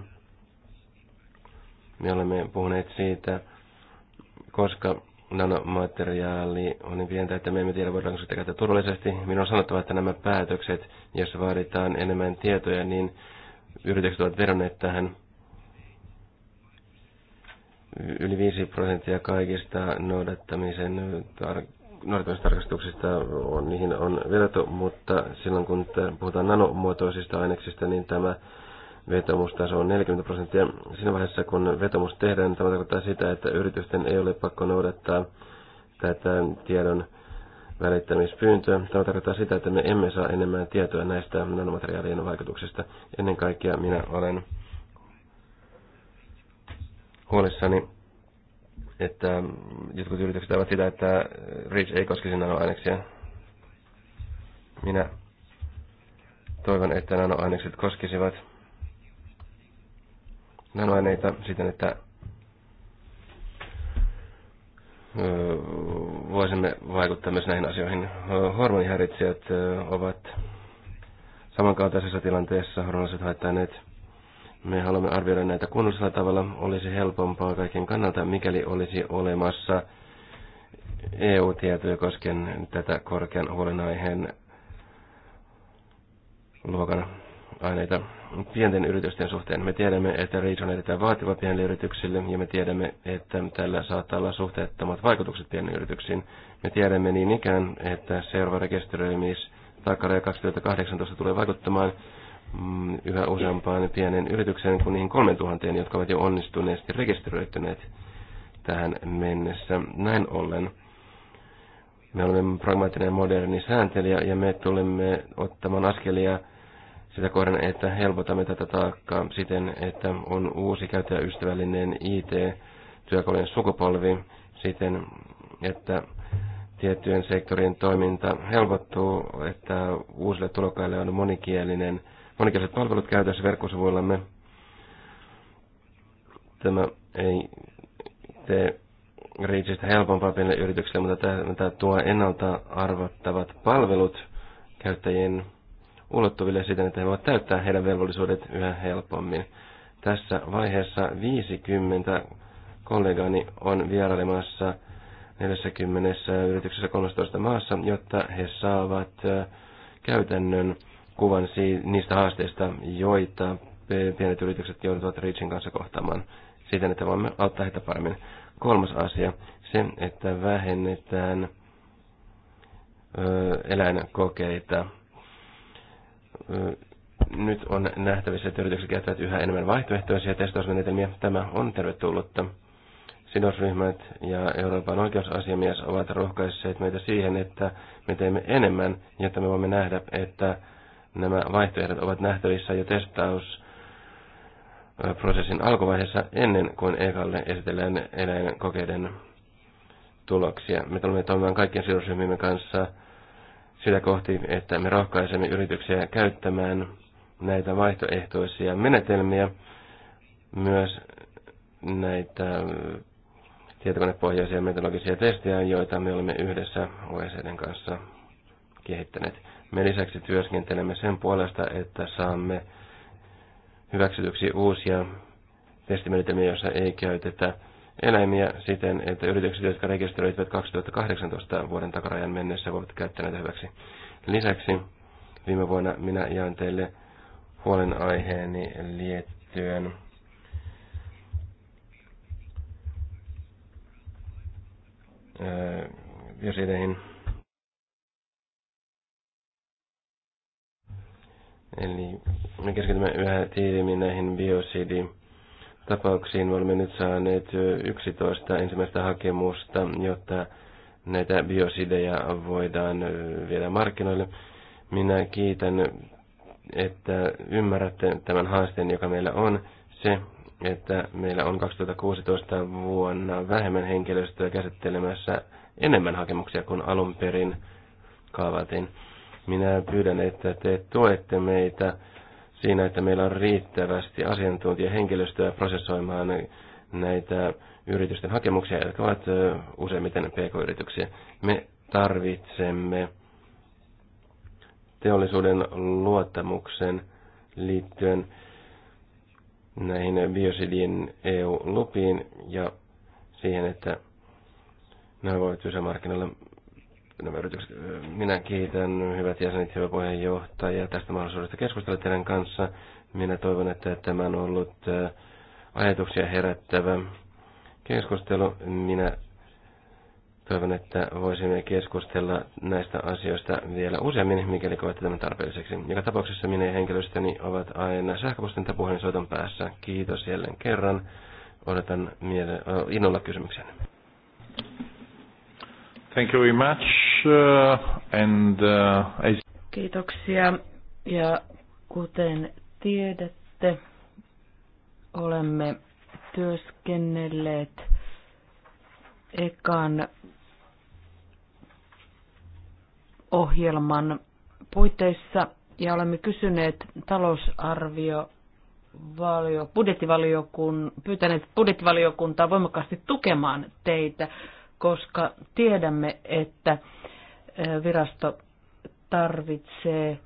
[SPEAKER 4] Me olemme puhuneet siitä, koska nanomateriaali on niin pientä, että me emme tiedä, voidaanko sitä käyttää turvallisesti. Minun on sanottava, että nämä päätökset, jos vaaditaan enemmän tietoja, niin yritykset ovat vedonneet tähän yli 5 prosenttia kaikista noudattamisen tar- noudattamistarkastuksista on, niihin on vedottu, mutta silloin kun puhutaan nanomuotoisista aineksista, niin tämä vetomustaso on 40 prosenttia. Siinä vaiheessa, kun vetomus tehdään, niin tämä tarkoittaa sitä, että yritysten ei ole pakko noudattaa tätä tiedon välittämispyyntöä. Tämä tarkoittaa sitä, että me emme saa enemmän tietoa näistä nanomateriaalien vaikutuksista. Ennen kaikkea minä olen huolissani, että jotkut yritykset ovat sitä, että Rich ei koskisi nanoaineksia. Minä toivon, että nanoainekset koskisivat nanoaineita siten, että voisimme vaikuttaa myös näihin asioihin. Hormonihäiritsijät ovat samankaltaisessa tilanteessa, hormoniset haittaneet me haluamme arvioida näitä kunnollisella tavalla. Olisi helpompaa kaiken kannalta, mikäli olisi olemassa EU-tietoja koskien tätä korkean huolenaiheen luokan aineita pienten yritysten suhteen. Me tiedämme, että REACH on erittäin vaativa pienille yrityksille ja me tiedämme, että tällä saattaa olla suhteettomat vaikutukset pieniin yrityksiin. Me tiedämme niin ikään, että seuraava rekisteröimis takaraja 2018 tulee vaikuttamaan Mm, yhä useampaan pienen yritykseen kuin niihin 3000, jotka ovat jo onnistuneesti rekisteröityneet tähän mennessä. Näin ollen me olemme pragmaattinen moderni sääntelijä ja me tulemme ottamaan askelia sitä kohden, että helpotamme tätä taakkaa siten, että on uusi käyttäjäystävällinen IT-työkalujen sukupolvi siten, että tiettyjen sektorien toiminta helpottuu, että uusille tulokkaille on monikielinen monikäiset palvelut käytössä verkkosivuillamme. Tämä ei tee Reachistä helpompaa pienille yrityksille, mutta tämä tuo ennalta arvattavat palvelut käyttäjien ulottuville siten, että he voivat täyttää heidän velvollisuudet yhä helpommin. Tässä vaiheessa 50 kollegani on vierailemassa 40 yrityksessä 13 maassa, jotta he saavat äh, käytännön kuvan niistä haasteista, joita pienet yritykset joutuvat Reachin kanssa kohtaamaan siten, että voimme auttaa heitä paremmin. Kolmas asia, se, että vähennetään eläinkokeita. Nyt on nähtävissä, että yritykset käyttävät yhä enemmän vaihtoehtoisia testausmenetelmiä. Tämä on tervetullutta. Sidosryhmät ja Euroopan oikeusasiamies ovat rohkaisseet meitä siihen, että me teemme enemmän, jotta me voimme nähdä, että Nämä vaihtoehdot ovat nähtävissä jo prosessin alkuvaiheessa ennen kuin EKAlle esitellään eläinkokeiden tuloksia. Me tulemme toimimaan kaikkien sidosryhmien kanssa sitä kohti, että me rohkaisemme yrityksiä käyttämään näitä vaihtoehtoisia menetelmiä, myös näitä tietokonepohjaisia metodologisia testejä, joita me olemme yhdessä OECDn kanssa kehittäneet. Me lisäksi työskentelemme sen puolesta, että saamme hyväksytyksi uusia testimenetelmiä, joissa ei käytetä eläimiä siten, että yritykset, jotka rekisteröityvät 2018 vuoden takarajan mennessä, voivat käyttää näitä hyväksi. Lisäksi viime vuonna minä jaan teille huolenaiheeni liittyen viesiteihin Eli me keskitymme yhä tiiviimmin näihin biosidi-tapauksiin. Me olemme nyt saaneet 11 ensimmäistä hakemusta, jotta näitä biosideja voidaan viedä markkinoille. Minä kiitän, että ymmärrätte tämän haasteen, joka meillä on. Se, että meillä on 2016 vuonna vähemmän henkilöstöä käsittelemässä enemmän hakemuksia kuin alun perin kaavailtiin. Minä pyydän, että te tuette meitä siinä, että meillä on riittävästi asiantuntijahenkilöstöä prosessoimaan näitä yritysten hakemuksia, jotka ovat useimmiten pk-yrityksiä. Me tarvitsemme teollisuuden luottamuksen liittyen näihin biosidien EU-lupiin ja siihen, että nämä voivat sisämarkkinoilla nämä yritykset. Minä kiitän hyvät jäsenet, ja puheenjohtaja tästä mahdollisuudesta keskustella teidän kanssa. Minä toivon, että tämä on ollut ajatuksia herättävä keskustelu. Minä toivon, että voisimme keskustella näistä asioista vielä useammin, mikäli koette tämän tarpeelliseksi. Joka tapauksessa minä ja henkilöstöni ovat aina sähköpostin tai puhelinsoiton päässä. Kiitos jälleen kerran. Odotan mielen innolla
[SPEAKER 2] kysymyksen. Thank you very much. Uh, and, uh, as...
[SPEAKER 1] Kiitoksia. Ja kuten tiedätte, olemme työskennelleet ekan ohjelman puitteissa ja olemme kysyneet talousarvio valio, pyytäneet budjettivaliokuntaa voimakkaasti tukemaan teitä koska tiedämme, että virasto tarvitsee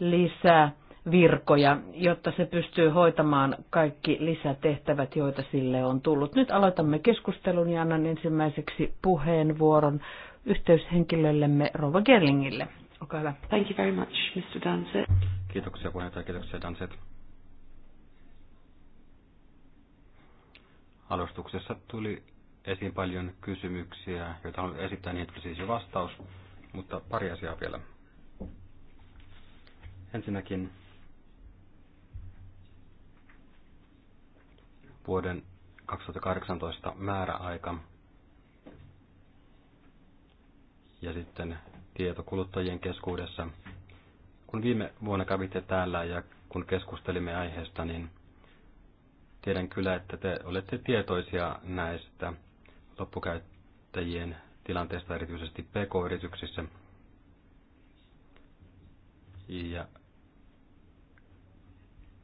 [SPEAKER 1] lisää virkoja, jotta se pystyy hoitamaan kaikki lisätehtävät, joita sille on tullut. Nyt aloitamme keskustelun ja annan ensimmäiseksi puheenvuoron yhteyshenkilöllemme Rova Gerlingille. Olkaa hyvä. Thank you very much, Mr. Danset.
[SPEAKER 3] Kiitoksia puheenjohtaja, kiitoksia Danset. Alustuksessa tuli esiin paljon kysymyksiä, joita haluan esittää, niin tuli siis jo vastaus, mutta pari asiaa vielä. Ensinnäkin vuoden 2018 määräaika ja sitten tieto kuluttajien keskuudessa. Kun viime vuonna kävitte täällä ja kun keskustelimme aiheesta, niin tiedän kyllä, että te olette tietoisia näistä loppukäyttäjien tilanteesta erityisesti PK-yrityksissä. Ja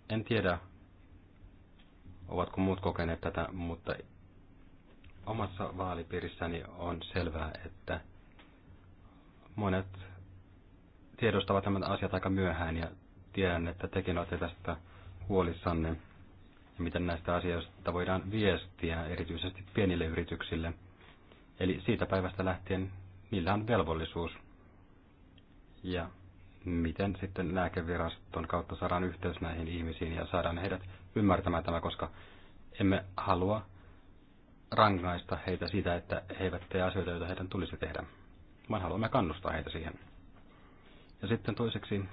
[SPEAKER 3] en tiedä, ovatko muut kokeneet tätä, mutta omassa vaalipiirissäni on selvää, että monet tiedostavat tämän asiat aika myöhään ja tiedän, että tekin olette tästä huolissanne miten näistä asioista voidaan viestiä erityisesti pienille yrityksille. Eli siitä päivästä lähtien niillä on velvollisuus. Ja miten sitten lääkeviraston kautta saadaan yhteys näihin ihmisiin ja saadaan heidät ymmärtämään tämä, koska emme halua rangaista heitä siitä, että he eivät tee asioita, joita heidän tulisi tehdä, vaan haluamme kannustaa heitä siihen. Ja sitten toiseksi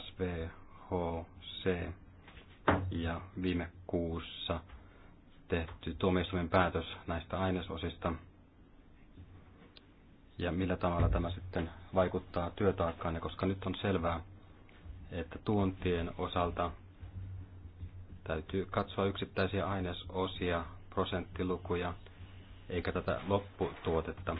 [SPEAKER 3] SVHC ja viime kuussa tehty tuomioistuimen päätös näistä ainesosista ja millä tavalla tämä sitten vaikuttaa työtaakkaan, koska nyt on selvää, että tuontien osalta täytyy katsoa yksittäisiä ainesosia, prosenttilukuja, eikä tätä lopputuotetta.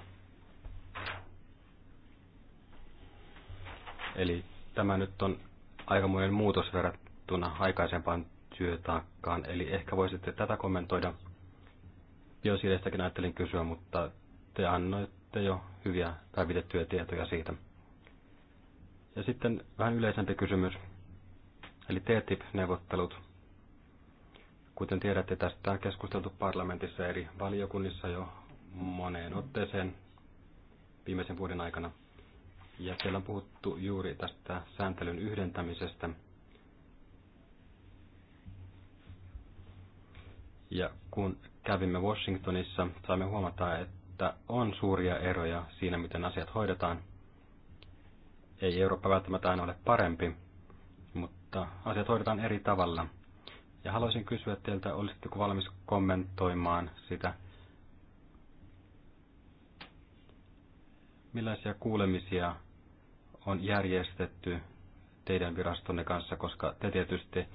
[SPEAKER 3] Eli Tämä nyt on aikamoinen muutos verrattuna aikaisempaan työtaakkaan, eli ehkä voisitte tätä kommentoida. Biosideistäkin ajattelin kysyä, mutta te annoitte jo hyviä päivitettyjä tietoja siitä. Ja sitten vähän yleisempi kysymys, eli TTIP-neuvottelut. Kuten tiedätte, tästä on keskusteltu parlamentissa eri valiokunnissa jo moneen otteeseen viimeisen vuoden aikana. Ja siellä on puhuttu juuri tästä sääntelyn yhdentämisestä. Ja kun kävimme Washingtonissa, saimme huomata, että on suuria eroja siinä, miten asiat hoidetaan. Ei Eurooppa välttämättä aina ole parempi, mutta asiat hoidetaan eri tavalla. Ja haluaisin kysyä teiltä, olisitteko valmis kommentoimaan sitä, millaisia kuulemisia on järjestetty teidän virastonne kanssa, koska te tietysti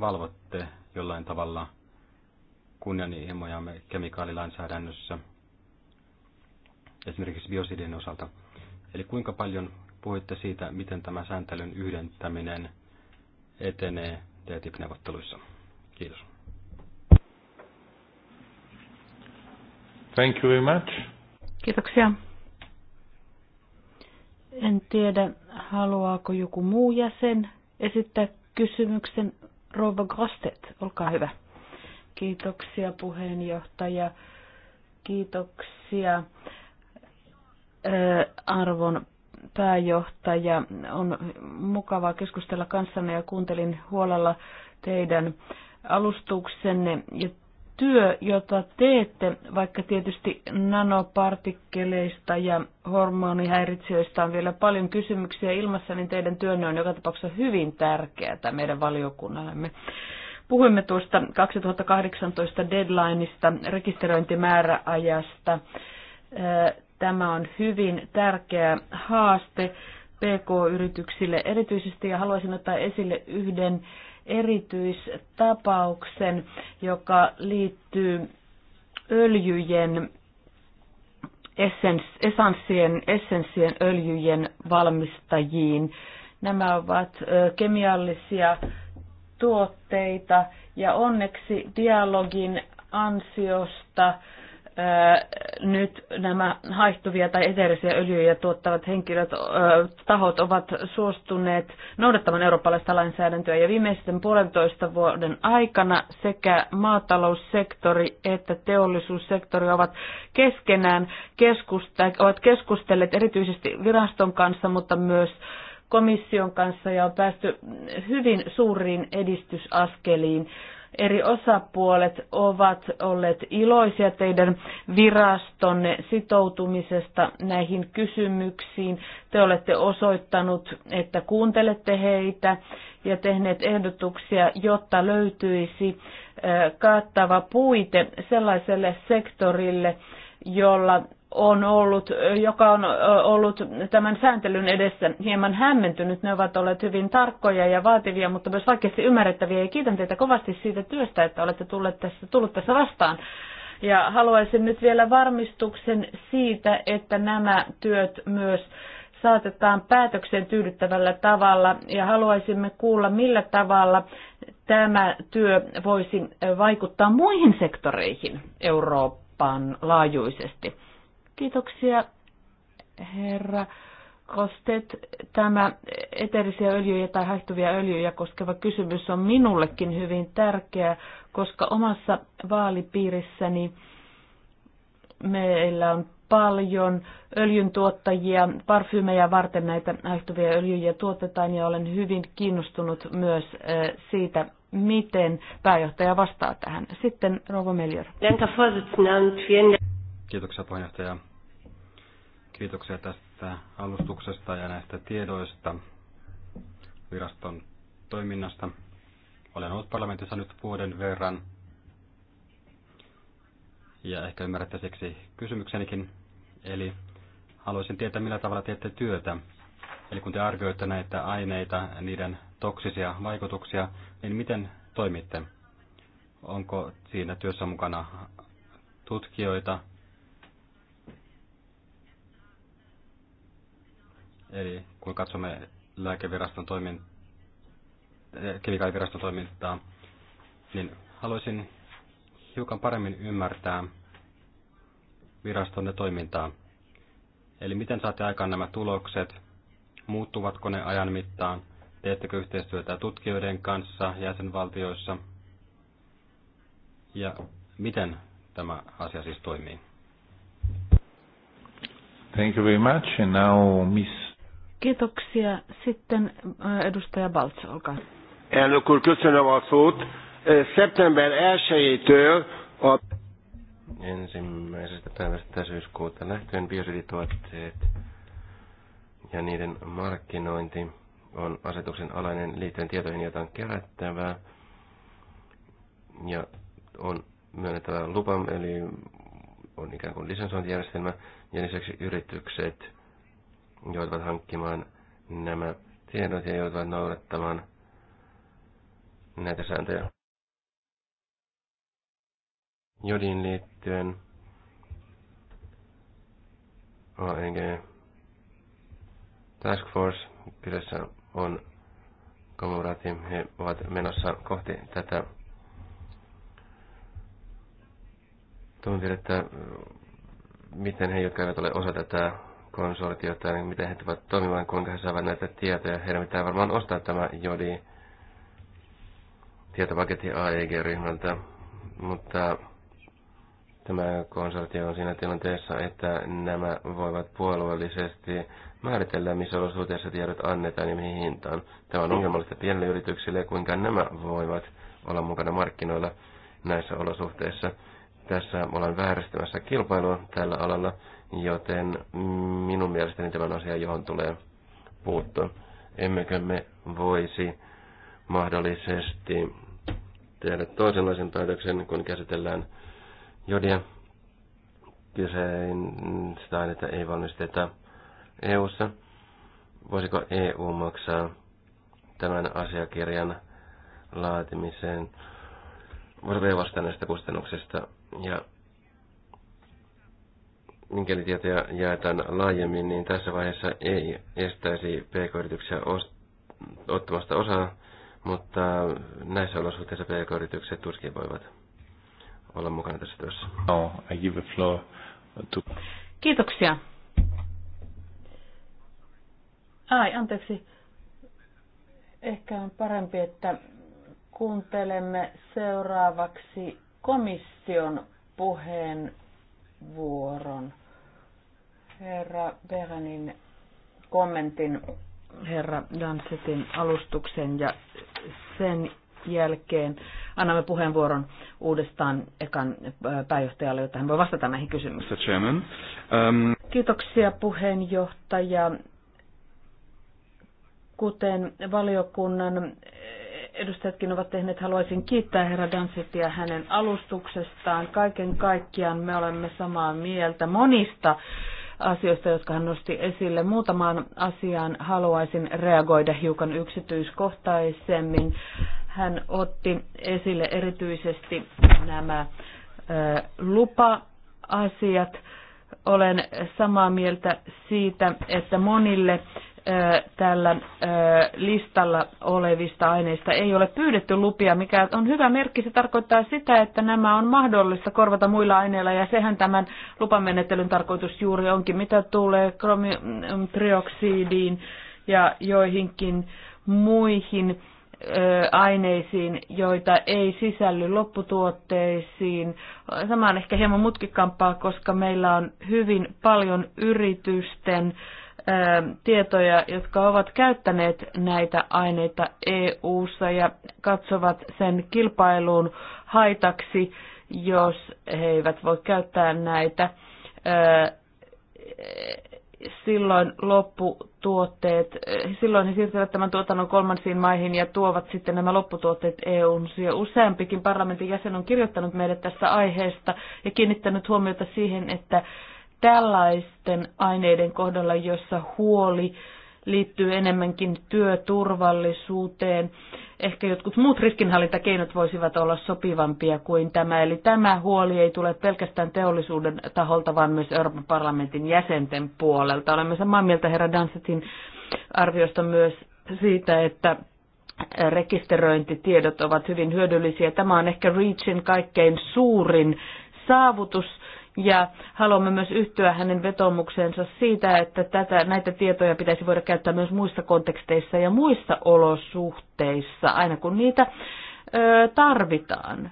[SPEAKER 3] valvotte jollain tavalla kunnianhimojamme kemikaalilainsäädännössä, esimerkiksi biosidien osalta. Eli kuinka paljon puhuitte siitä, miten tämä sääntelyn yhdentäminen etenee TTIP-neuvotteluissa? Kiitos.
[SPEAKER 2] Thank you very much.
[SPEAKER 1] Kiitoksia. En tiedä, haluaako joku muu jäsen esittää kysymyksen. Rova Grostet, olkaa hyvä. Kiitoksia puheenjohtaja. Kiitoksia arvon pääjohtaja. On mukavaa keskustella kanssanne ja kuuntelin huolella teidän alustuksenne ja työ, jota teette, vaikka tietysti nanopartikkeleista ja hormonihäiritsijöistä on vielä paljon kysymyksiä ilmassa, niin teidän työnne on joka tapauksessa hyvin tärkeää meidän valiokunnallemme. Puhuimme tuosta 2018 deadlineista, rekisteröintimääräajasta. Äh, tämä on hyvin tärkeä haaste PK-yrityksille erityisesti ja haluaisin ottaa esille yhden erityistapauksen, joka liittyy öljyjen, essens, essanssien, essenssien öljyjen valmistajiin. Nämä ovat kemiallisia tuotteita ja onneksi dialogin ansiosta nyt nämä haihtuvia tai eteerisiä öljyjä tuottavat henkilöt, tahot ovat suostuneet noudattamaan eurooppalaista lainsäädäntöä ja viimeisten puolentoista vuoden aikana sekä maataloussektori että teollisuussektori ovat keskenään keskusta, ovat keskustelleet erityisesti viraston kanssa, mutta myös komission kanssa ja on päästy hyvin suuriin edistysaskeliin eri osapuolet ovat olleet iloisia teidän virastonne sitoutumisesta näihin kysymyksiin. Te olette osoittanut, että kuuntelette heitä ja tehneet ehdotuksia, jotta löytyisi eh, kattava puite sellaiselle sektorille, jolla on ollut, joka on ollut tämän sääntelyn edessä hieman hämmentynyt. Ne ovat olleet hyvin tarkkoja ja vaativia, mutta myös vaikeasti ymmärrettäviä. Ja kiitän teitä kovasti siitä työstä, että olette tulleet tässä, tullut tässä vastaan. Ja haluaisin nyt vielä varmistuksen siitä, että nämä työt myös saatetaan päätöksen tyydyttävällä tavalla ja haluaisimme kuulla, millä tavalla tämä työ voisi vaikuttaa muihin sektoreihin Eurooppaan laajuisesti. Kiitoksia, herra Kostet. Tämä eteerisiä öljyjä tai haihtuvia öljyjä koskeva kysymys on minullekin hyvin tärkeä, koska omassa vaalipiirissäni meillä on paljon öljyntuottajia, parfyymejä varten näitä haihtuvia öljyjä tuotetaan ja olen hyvin kiinnostunut myös eh, siitä, miten pääjohtaja vastaa tähän. Sitten Rouva Melior.
[SPEAKER 3] Kiitoksia puheenjohtaja. Kiitoksia tästä alustuksesta ja näistä tiedoista viraston toiminnasta. Olen ollut parlamentissa nyt vuoden verran ja ehkä ymmärrätte siksi kysymyksenikin. Eli haluaisin tietää, millä tavalla teette työtä. Eli kun te arvioitte näitä aineita, niiden toksisia vaikutuksia, niin miten toimitte? Onko siinä työssä mukana tutkijoita, Eli kun katsomme lääkeviraston toimin, eh, kemikaaliviraston toimintaa, niin haluaisin hiukan paremmin ymmärtää virastonne toimintaa. Eli miten saatte aikaan nämä tulokset, muuttuvatko ne ajan mittaan, teettekö yhteistyötä tutkijoiden kanssa jäsenvaltioissa ja miten tämä asia siis toimii.
[SPEAKER 2] Thank you very much. And now Miss
[SPEAKER 1] Kiitoksia. Sitten äh, edustaja Baltz, olkaa.
[SPEAKER 2] Elnök úr, köszönöm
[SPEAKER 5] a szót. Szeptember 1-től a...
[SPEAKER 4] Ensimmäisestä päivästä syyskuuta lähtöön biosidituotteet ja niiden markkinointi on asetuksen alainen liittyen tietoihin, joita on kerättävää ja on myönnettävä lupa, eli on ikään kuin lisensointijärjestelmä, ja lisäksi yritykset joutuvat hankkimaan nämä tiedot ja joutuvat noudattamaan näitä sääntöjä. Jodin liittyen ONG e Task Force, kyseessä on komuraati. he ovat menossa kohti tätä tuntia, että miten he, jotka eivät ole osa tätä konsortiota, niin miten he tulevat toimimaan, kuinka he saavat näitä tietoja. Heidän pitää varmaan ostaa tämä jodi tietopaketti AEG-ryhmältä, mutta tämä konsortio on siinä tilanteessa, että nämä voivat puolueellisesti määritellä, missä olosuhteissa tiedot annetaan ja mihin hintaan. Tämä on ongelmallista pienille yrityksille, kuinka nämä voivat olla mukana markkinoilla näissä olosuhteissa. Tässä ollaan vääristämässä kilpailua tällä alalla joten minun mielestäni tämän asian, johon tulee puuttua. Emmekö me voisi mahdollisesti tehdä toisenlaisen päätöksen, kun käsitellään jodia. Kyseistä että ei valmisteta EU-ssa. Voisiko EU maksaa tämän asiakirjan laatimiseen? Voisiko EU vastaa näistä kustannuksista? Ja mikäli tietoja jaetaan laajemmin, niin tässä vaiheessa ei estäisi pk-yrityksiä ottamasta osaa, mutta näissä olosuhteissa pk-yritykset tuskin voivat olla mukana tässä työssä. No, I give
[SPEAKER 2] the floor to...
[SPEAKER 1] Kiitoksia. Ai, anteeksi. Ehkä on parempi, että kuuntelemme seuraavaksi komission puheenvuoron herra Beranin kommentin herra Dansetin alustuksen ja sen jälkeen annamme puheenvuoron uudestaan ekan pääjohtajalle, jotta hän voi vastata näihin kysymyksiin.
[SPEAKER 2] um...
[SPEAKER 1] Kiitoksia puheenjohtaja. Kuten valiokunnan edustajatkin ovat tehneet, haluaisin kiittää herra Dansetia hänen alustuksestaan. Kaiken kaikkiaan me olemme samaa mieltä monista asioista, jotka hän nosti esille. Muutamaan asiaan haluaisin reagoida hiukan yksityiskohtaisemmin. Hän otti esille erityisesti nämä lupa-asiat. Olen samaa mieltä siitä, että monille tällä listalla olevista aineista ei ole pyydetty lupia, mikä on hyvä merkki. Se tarkoittaa sitä, että nämä on mahdollista korvata muilla aineilla ja sehän tämän lupamenettelyn tarkoitus juuri onkin, mitä tulee kromitrioksidiin ja joihinkin muihin aineisiin, joita ei sisälly lopputuotteisiin. Sama on ehkä hieman mutkikampaa, koska meillä on hyvin paljon yritysten tietoja, jotka ovat käyttäneet näitä aineita EU-ssa ja katsovat sen kilpailuun haitaksi, jos he eivät voi käyttää näitä. Silloin lopputuotteet, silloin he siirtävät tämän tuotannon kolmansiin maihin ja tuovat sitten nämä lopputuotteet EUn. Ja useampikin parlamentin jäsen on kirjoittanut meille tästä aiheesta ja kiinnittänyt huomiota siihen, että tällaisten aineiden kohdalla, jossa huoli liittyy enemmänkin työturvallisuuteen. Ehkä jotkut muut riskinhallintakeinot voisivat olla sopivampia kuin tämä. Eli tämä huoli ei tule pelkästään teollisuuden taholta, vaan myös Euroopan parlamentin jäsenten puolelta. Olemme samaa mieltä herra Dansetin arviosta myös siitä, että rekisteröintitiedot ovat hyvin hyödyllisiä. Tämä on ehkä REACHin kaikkein suurin saavutus ja haluamme myös yhtyä hänen vetomukseensa siitä, että tätä, näitä tietoja pitäisi voida käyttää myös muissa konteksteissa ja muissa olosuhteissa, aina kun niitä ö, tarvitaan.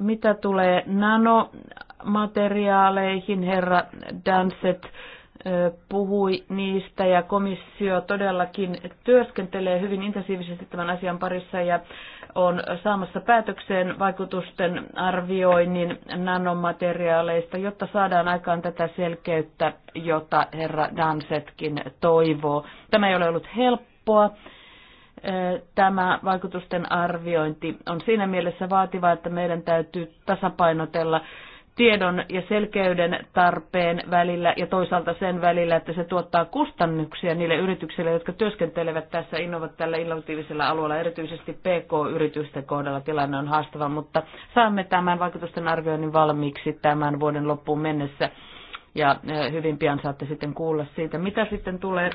[SPEAKER 1] Mitä tulee nanomateriaaleihin, herra Danset puhui niistä ja komissio todellakin työskentelee hyvin intensiivisesti tämän asian parissa ja on saamassa päätökseen vaikutusten arvioinnin nanomateriaaleista, jotta saadaan aikaan tätä selkeyttä, jota herra Dansetkin toivoo. Tämä ei ole ollut helppoa. Tämä vaikutusten arviointi on siinä mielessä vaativa, että meidän täytyy tasapainotella tiedon ja selkeyden tarpeen välillä ja toisaalta sen välillä, että se tuottaa kustannuksia niille yrityksille, jotka työskentelevät tässä innovat tällä innovatiivisella alueella. Erityisesti PK-yritysten kohdalla tilanne on haastava, mutta saamme tämän vaikutusten arvioinnin valmiiksi tämän vuoden loppuun mennessä. Ja hyvin pian saatte sitten kuulla siitä, mitä sitten tulee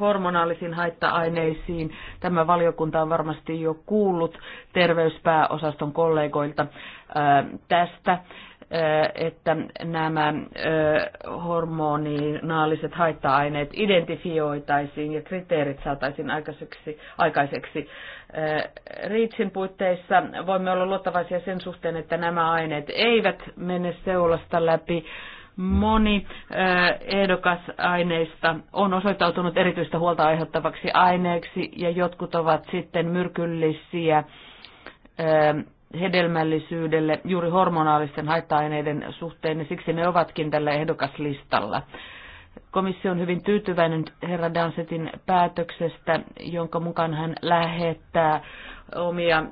[SPEAKER 1] hormonaalisiin haitta-aineisiin. Tämä valiokunta on varmasti jo kuullut terveyspääosaston kollegoilta tästä että nämä hormoninaaliset haitta-aineet identifioitaisiin ja kriteerit saataisiin aikaiseksi. aikaiseksi. Riitsin puitteissa voimme olla luottavaisia sen suhteen, että nämä aineet eivät mene seulasta läpi. Moni aineista on osoittautunut erityistä huolta aiheuttavaksi aineeksi ja jotkut ovat sitten myrkyllisiä hedelmällisyydelle juuri hormonaalisten haitta-aineiden suhteen, ja niin siksi ne ovatkin tällä ehdokaslistalla. Komissio on hyvin tyytyväinen herra Dansetin päätöksestä, jonka mukaan hän lähettää omia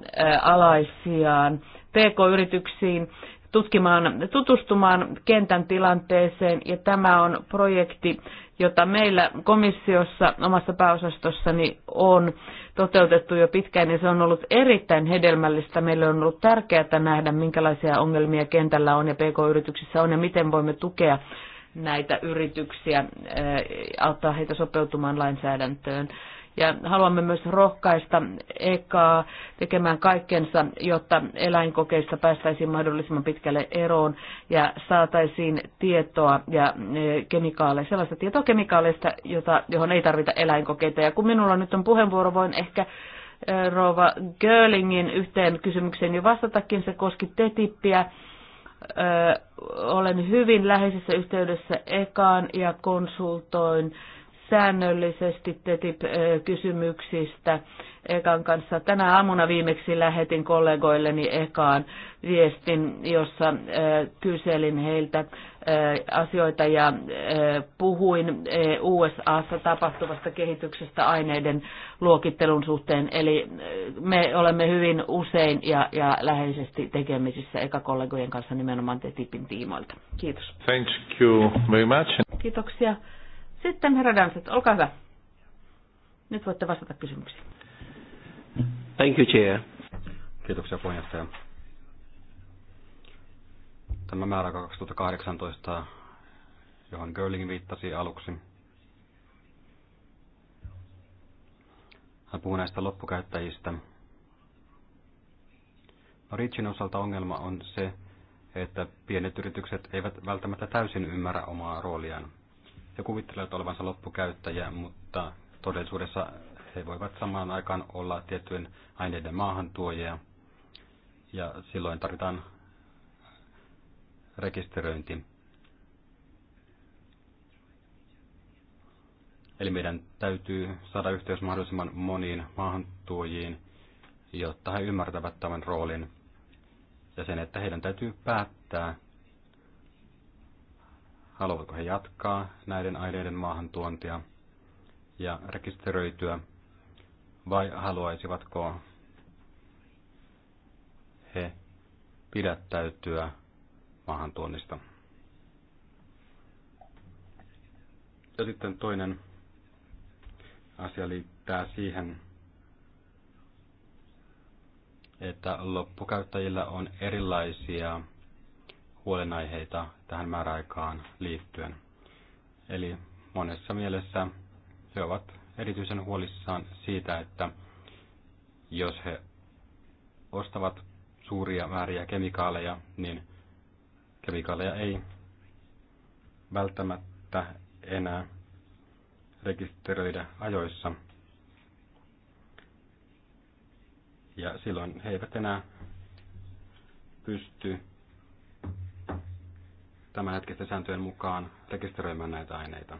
[SPEAKER 1] alaisiaan PK-yrityksiin tutkimaan, tutustumaan kentän tilanteeseen ja tämä on projekti, jota meillä komissiossa omassa pääosastossani on toteutettu jo pitkään ja se on ollut erittäin hedelmällistä. Meillä on ollut tärkeää nähdä, minkälaisia ongelmia kentällä on ja pk-yrityksissä on ja miten voimme tukea näitä yrityksiä, auttaa heitä sopeutumaan lainsäädäntöön. Ja haluamme myös rohkaista EKAa tekemään kaikkensa, jotta eläinkokeissa päästäisiin mahdollisimman pitkälle eroon ja saataisiin tietoa ja e, kemikaaleista, sellaista tietoa kemikaaleista, jota, johon ei tarvita eläinkokeita. Ja kun minulla nyt on puheenvuoro, voin ehkä e, Rova Görlingin yhteen kysymykseen jo vastatakin. Se koski tetippiä. Öö, e, olen hyvin läheisessä yhteydessä ekaan ja konsultoin säännöllisesti TTIP-kysymyksistä Ekan kanssa. Tänä aamuna viimeksi lähetin kollegoilleni Ekaan viestin, jossa äh, kyselin heiltä äh, asioita ja äh, puhuin USAssa tapahtuvasta kehityksestä aineiden luokittelun suhteen. Eli me olemme hyvin usein ja, ja läheisesti tekemisissä kollegojen kanssa nimenomaan TTIPin tiimoilta. Kiitos.
[SPEAKER 2] Thank you very much.
[SPEAKER 1] Kiitoksia. Sitten herra Danset, olkaa hyvä. Nyt voitte vastata kysymyksiin.
[SPEAKER 2] Thank you, Chair.
[SPEAKER 3] Kiitoksia puheenjohtaja. Tämä määrä 2018, johon Görling viittasi aluksi. Hän puhuu näistä loppukäyttäjistä. No osalta ongelma on se, että pienet yritykset eivät välttämättä täysin ymmärrä omaa rooliaan he kuvittelevat olevansa loppukäyttäjiä, mutta todellisuudessa he voivat samaan aikaan olla tiettyjen aineiden maahantuojia, ja silloin tarvitaan rekisteröinti. Eli meidän täytyy saada yhteys mahdollisimman moniin maahantuojiin, jotta he ymmärtävät tämän roolin ja sen, että heidän täytyy päättää, haluavatko he jatkaa näiden aineiden maahantuontia ja rekisteröityä, vai haluaisivatko he pidättäytyä maahantuonnista. Ja sitten toinen asia liittää siihen, että loppukäyttäjillä on erilaisia huolenaiheita tähän määräaikaan liittyen. Eli monessa mielessä he ovat erityisen huolissaan siitä, että jos he ostavat suuria määriä kemikaaleja, niin kemikaaleja ei välttämättä enää rekisteröidä ajoissa. Ja silloin he eivät enää pysty Tämän hetkisten sääntöjen mukaan rekisteröimään näitä aineita.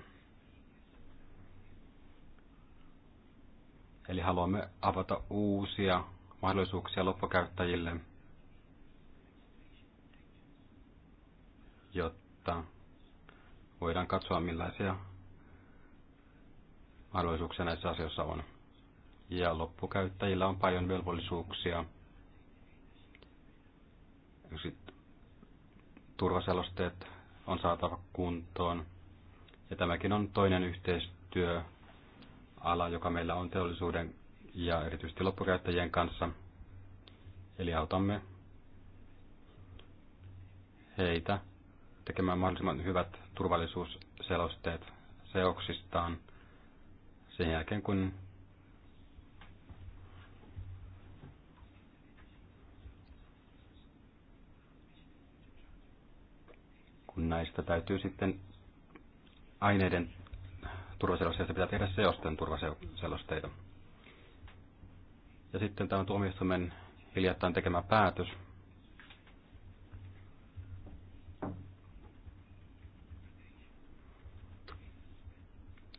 [SPEAKER 3] Eli haluamme avata uusia mahdollisuuksia loppukäyttäjille, jotta voidaan katsoa millaisia mahdollisuuksia näissä asioissa on. Ja loppukäyttäjillä on paljon velvollisuuksia turvaselosteet on saatava kuntoon. Ja tämäkin on toinen yhteistyöala, joka meillä on teollisuuden ja erityisesti loppukäyttäjien kanssa. Eli autamme heitä tekemään mahdollisimman hyvät turvallisuusselosteet seoksistaan sen jälkeen, kun kun näistä täytyy sitten aineiden turvaselosteista pitää tehdä seosten turvaselosteita. Ja sitten tämä tuomioistuimen hiljattain tekemä päätös.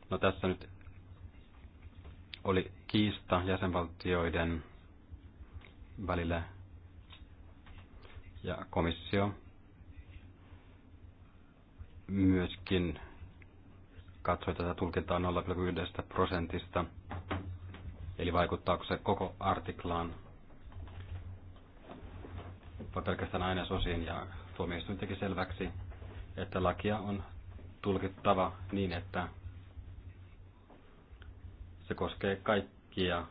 [SPEAKER 3] No tässä nyt oli kiista jäsenvaltioiden välillä ja komissio myöskin katsoi tätä tulkintaa 0,1 prosentista, eli vaikuttaako se koko artiklaan vai pelkästään ainesosiin, ja tuomioistuin teki selväksi, että lakia on tulkittava niin, että se koskee kaikkia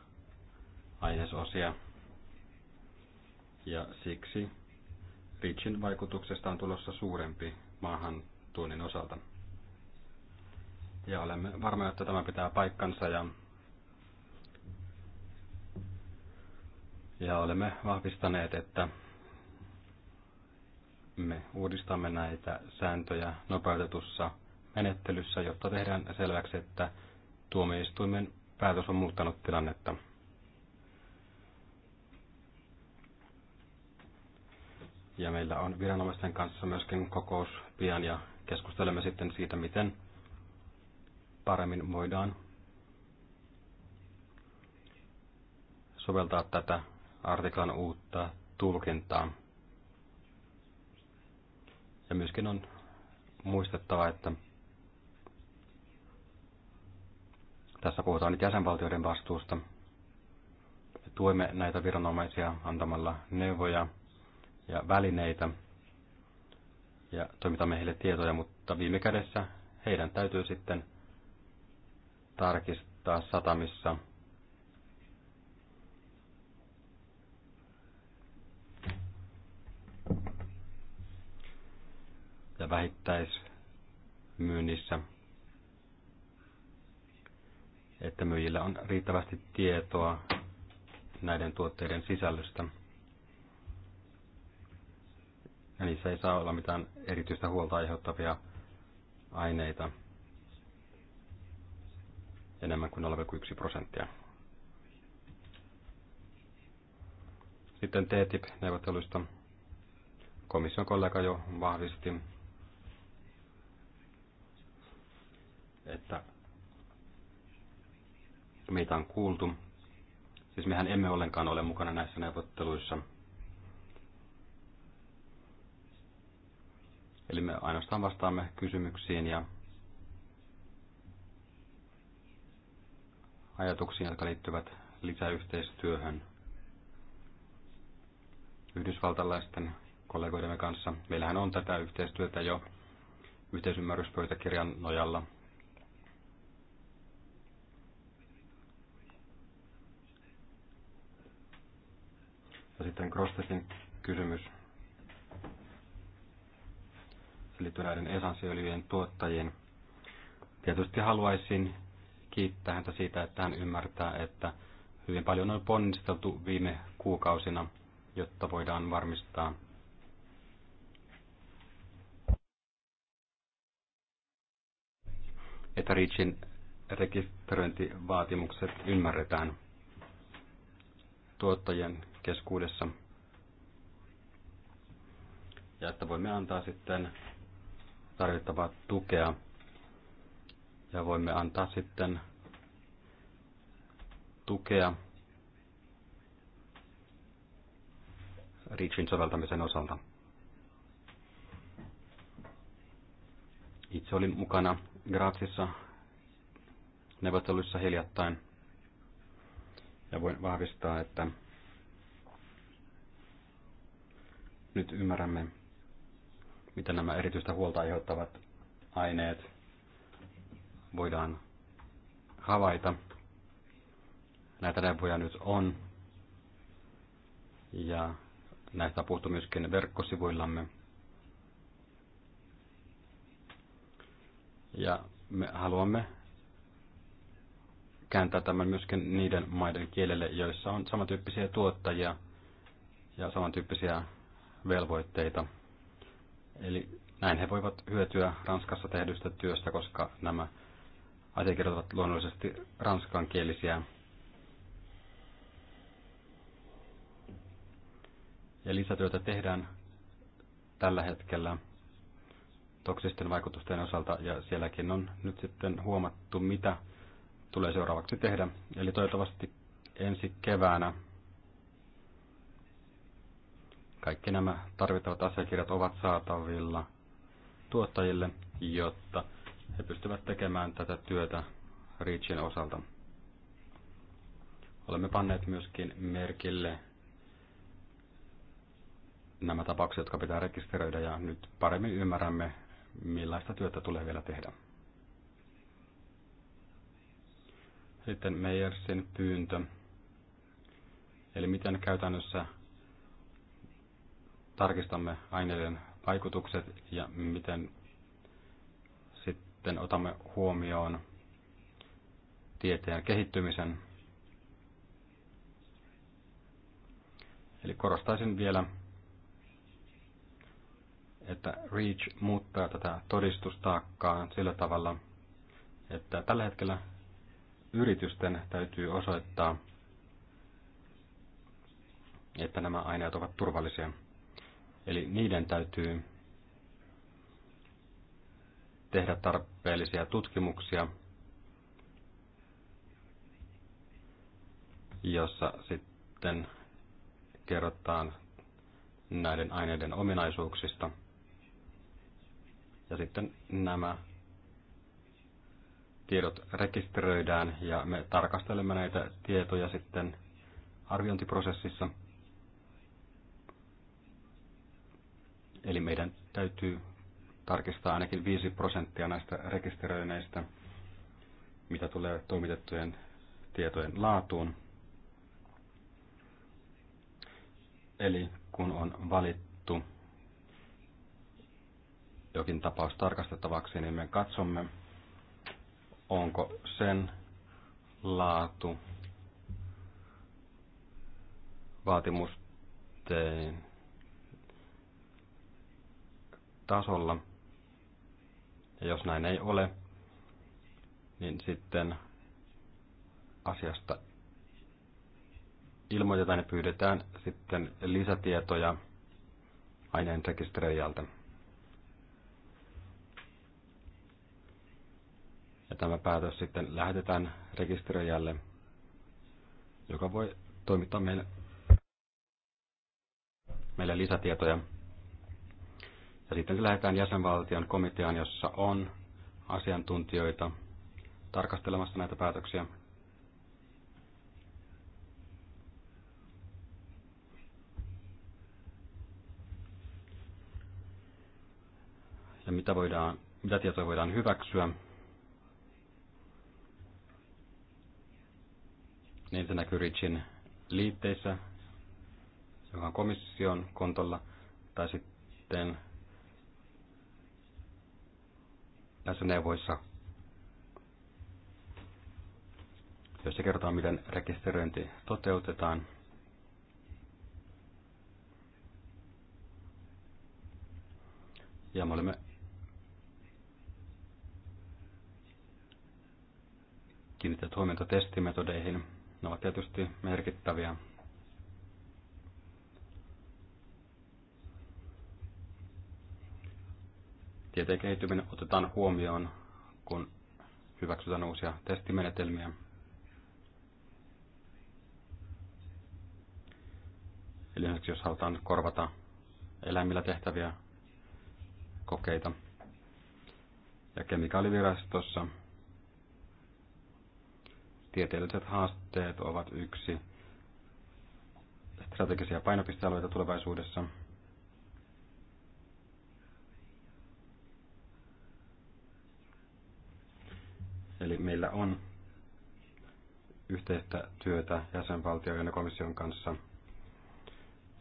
[SPEAKER 3] ainesosia. Ja siksi Richin vaikutuksesta on tulossa suurempi maahan tuonnin osalta. Ja olemme varmoja, että tämä pitää paikkansa ja, ja olemme vahvistaneet, että me uudistamme näitä sääntöjä nopeutetussa menettelyssä, jotta tehdään selväksi, että tuomioistuimen päätös on muuttanut tilannetta. Ja meillä on viranomaisten kanssa myöskin kokous pian ja keskustelemme sitten siitä, miten paremmin voidaan soveltaa tätä artiklan uutta tulkintaa. Ja myöskin on muistettava, että tässä puhutaan nyt jäsenvaltioiden vastuusta. Me tuemme näitä viranomaisia antamalla neuvoja ja välineitä – ja toimitamme heille tietoja, mutta viime kädessä heidän täytyy sitten tarkistaa satamissa ja vähittäismyynnissä, että myyjillä on riittävästi tietoa näiden tuotteiden sisällöstä ja niissä ei saa olla mitään erityistä huolta aiheuttavia aineita enemmän kuin 0,1 prosenttia. Sitten TTIP-neuvotteluista. Komission kollega jo vahvisti, että meitä on kuultu. Siis mehän emme ollenkaan ole mukana näissä neuvotteluissa – Eli me ainoastaan vastaamme kysymyksiin ja ajatuksiin, jotka liittyvät lisäyhteistyöhön yhdysvaltalaisten kollegoidemme kanssa. Meillähän on tätä yhteistyötä jo yhteisymmärryspöytäkirjan nojalla. Ja sitten Grostesin kysymys. liittyy näiden esanssiöljyjen Tietysti haluaisin kiittää häntä siitä, että hän ymmärtää, että hyvin paljon on ponnisteltu viime kuukausina, jotta voidaan varmistaa että Reachin rekisteröintivaatimukset ymmärretään tuottajien keskuudessa. Ja että voimme antaa sitten tarvittavaa tukea. Ja voimme antaa sitten tukea REACHin soveltamisen osalta. Itse olin mukana Grazissa neuvotteluissa hiljattain ja voin vahvistaa, että nyt ymmärrämme, miten nämä erityistä huolta aiheuttavat aineet voidaan havaita. Näitä neuvoja nyt on. Ja näistä on puhuttu myöskin verkkosivuillamme. Ja me haluamme kääntää tämän myöskin niiden maiden kielelle, joissa on samantyyppisiä tuottajia ja samantyyppisiä velvoitteita Eli näin he voivat hyötyä Ranskassa tehdystä työstä, koska nämä asiakirjat ovat luonnollisesti ranskankielisiä. Ja lisätyötä tehdään tällä hetkellä toksisten vaikutusten osalta, ja sielläkin on nyt sitten huomattu, mitä tulee seuraavaksi tehdä. Eli toivottavasti ensi keväänä kaikki nämä tarvittavat asiakirjat ovat saatavilla tuottajille, jotta he pystyvät tekemään tätä työtä Reachin osalta. Olemme panneet myöskin merkille nämä tapaukset, jotka pitää rekisteröidä ja nyt paremmin ymmärrämme, millaista työtä tulee vielä tehdä. Sitten Meijersin pyyntö. Eli miten käytännössä tarkistamme aineiden vaikutukset ja miten sitten otamme huomioon tieteen kehittymisen. Eli korostaisin vielä, että REACH muuttaa tätä todistustaakkaa sillä tavalla, että tällä hetkellä yritysten täytyy osoittaa, että nämä aineet ovat turvallisia. Eli niiden täytyy tehdä tarpeellisia tutkimuksia, jossa sitten kerrotaan näiden aineiden ominaisuuksista. Ja sitten nämä tiedot rekisteröidään ja me tarkastelemme näitä tietoja sitten arviointiprosessissa – Eli meidän täytyy tarkistaa ainakin 5 prosenttia näistä rekisteröineistä, mitä tulee toimitettujen tietojen laatuun. Eli kun on valittu jokin tapaus tarkastettavaksi, niin me katsomme, onko sen laatu vaatimusten tasolla. Ja jos näin ei ole, niin sitten asiasta ilmoitetaan ja pyydetään sitten lisätietoja aineen rekisteröijältä. Ja tämä päätös sitten lähetetään rekisteröijälle, joka voi toimittaa meille, meille lisätietoja. Ja sitten se lähdetään jäsenvaltion komiteaan, jossa on asiantuntijoita tarkastelemassa näitä päätöksiä. Ja mitä, voidaan, mitä tietoja voidaan hyväksyä, niin se näkyy Richin liitteissä, joka on komission kontolla, tai sitten näissä neuvoissa, jossa kerrotaan, miten rekisteröinti toteutetaan. Ja me olemme kiinnittäneet huomiota testimetodeihin. Ne ovat tietysti merkittäviä tieteen kehittyminen otetaan huomioon, kun hyväksytään uusia testimenetelmiä. Eli esimerkiksi jos halutaan korvata eläimillä tehtäviä kokeita. Ja kemikaalivirastossa tieteelliset haasteet ovat yksi strategisia painopistealueita tulevaisuudessa – Eli meillä on yhteistä työtä jäsenvaltioiden ja komission kanssa.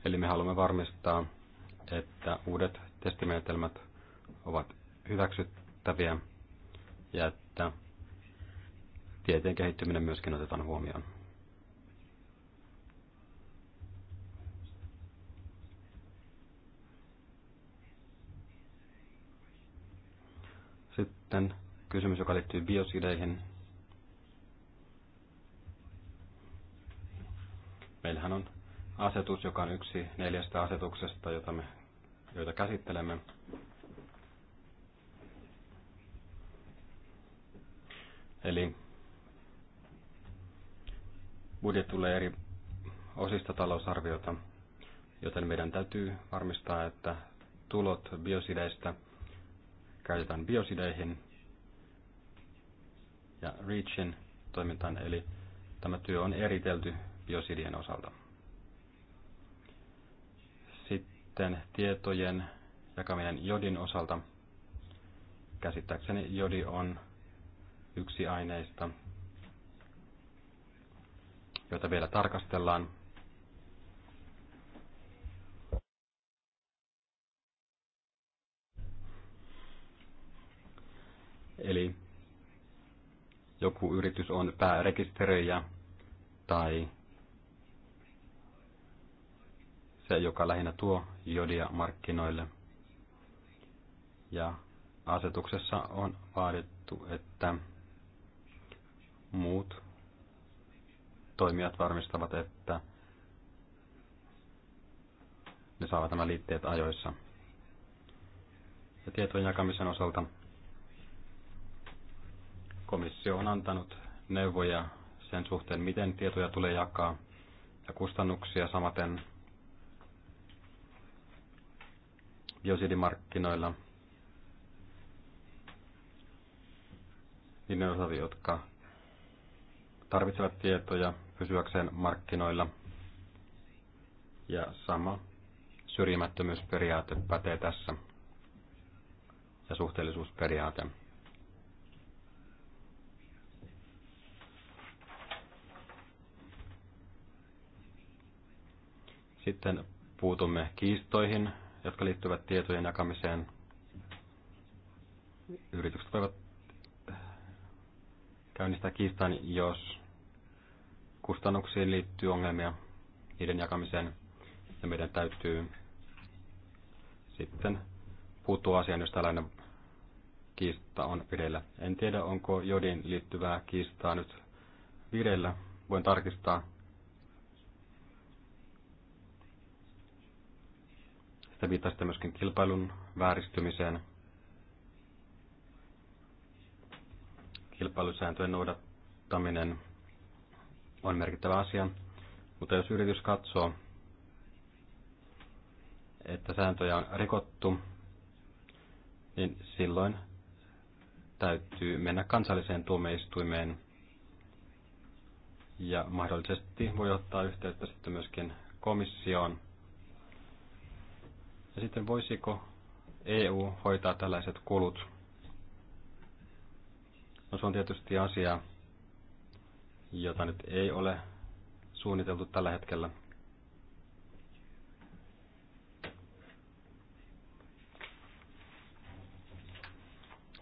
[SPEAKER 3] Eli me haluamme varmistaa, että uudet testimenetelmät ovat hyväksyttäviä ja että tieteen kehittyminen myöskin otetaan huomioon. Sitten kysymys, joka liittyy biosideihin. Meillähän on asetus, joka on yksi neljästä asetuksesta, jota me, joita käsittelemme. Eli budjet tulee eri osista talousarviota, joten meidän täytyy varmistaa, että tulot biosideistä käytetään biosideihin ja REACHin toimintaan, eli tämä työ on eritelty biosidien osalta. Sitten tietojen jakaminen jodin osalta. Käsittääkseni jodi on yksi aineista, joita vielä tarkastellaan. Eli joku yritys on päärekisteröijä tai se, joka lähinnä tuo jodia markkinoille. Ja asetuksessa on vaadittu, että muut toimijat varmistavat, että ne saavat nämä liitteet ajoissa. Ja tietojen jakamisen osalta Komissio on antanut neuvoja sen suhteen, miten tietoja tulee jakaa ja kustannuksia samaten biosidimarkkinoilla ne osat, jotka tarvitsevat tietoja pysyäkseen markkinoilla. Ja sama syrjimättömyysperiaate pätee tässä ja suhteellisuusperiaate. Sitten puutumme kiistoihin, jotka liittyvät tietojen jakamiseen. Yritykset voivat eh, käynnistää kiistan, jos kustannuksiin liittyy ongelmia niiden jakamiseen. Ja meidän täytyy sitten puuttua asiaan, jos tällainen kiista on vireillä. En tiedä, onko jodin liittyvää kiistaa nyt vireillä. Voin tarkistaa. Te viittasitte myöskin kilpailun vääristymiseen. Kilpailusääntöjen noudattaminen on merkittävä asia, mutta jos yritys katsoo, että sääntöjä on rikottu, niin silloin täytyy mennä kansalliseen tuomioistuimeen ja mahdollisesti voi ottaa yhteyttä sitten myöskin komissioon ja sitten voisiko EU hoitaa tällaiset kulut? No se on tietysti asia, jota nyt ei ole suunniteltu tällä hetkellä.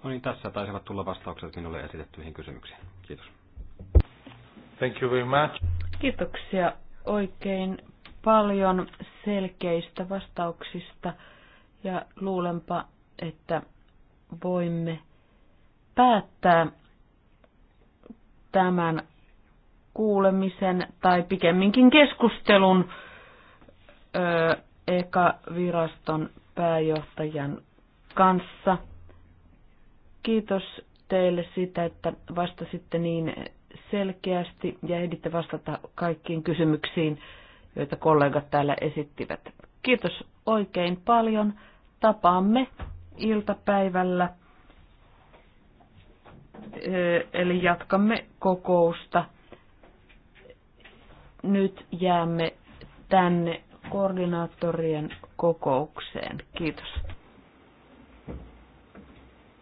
[SPEAKER 3] No niin, tässä taisivat tulla vastaukset minulle esitettyihin kysymyksiin. Kiitos.
[SPEAKER 2] Thank you very much.
[SPEAKER 1] Kiitoksia oikein paljon selkeistä vastauksista ja luulenpa, että voimme päättää tämän kuulemisen tai pikemminkin keskustelun ö, Eka-viraston pääjohtajan kanssa. Kiitos teille siitä, että vastasitte niin selkeästi ja ehditte vastata kaikkiin kysymyksiin joita kollegat täällä esittivät. Kiitos oikein paljon. Tapaamme iltapäivällä. Eli jatkamme kokousta. Nyt jäämme tänne koordinaattorien kokoukseen. Kiitos.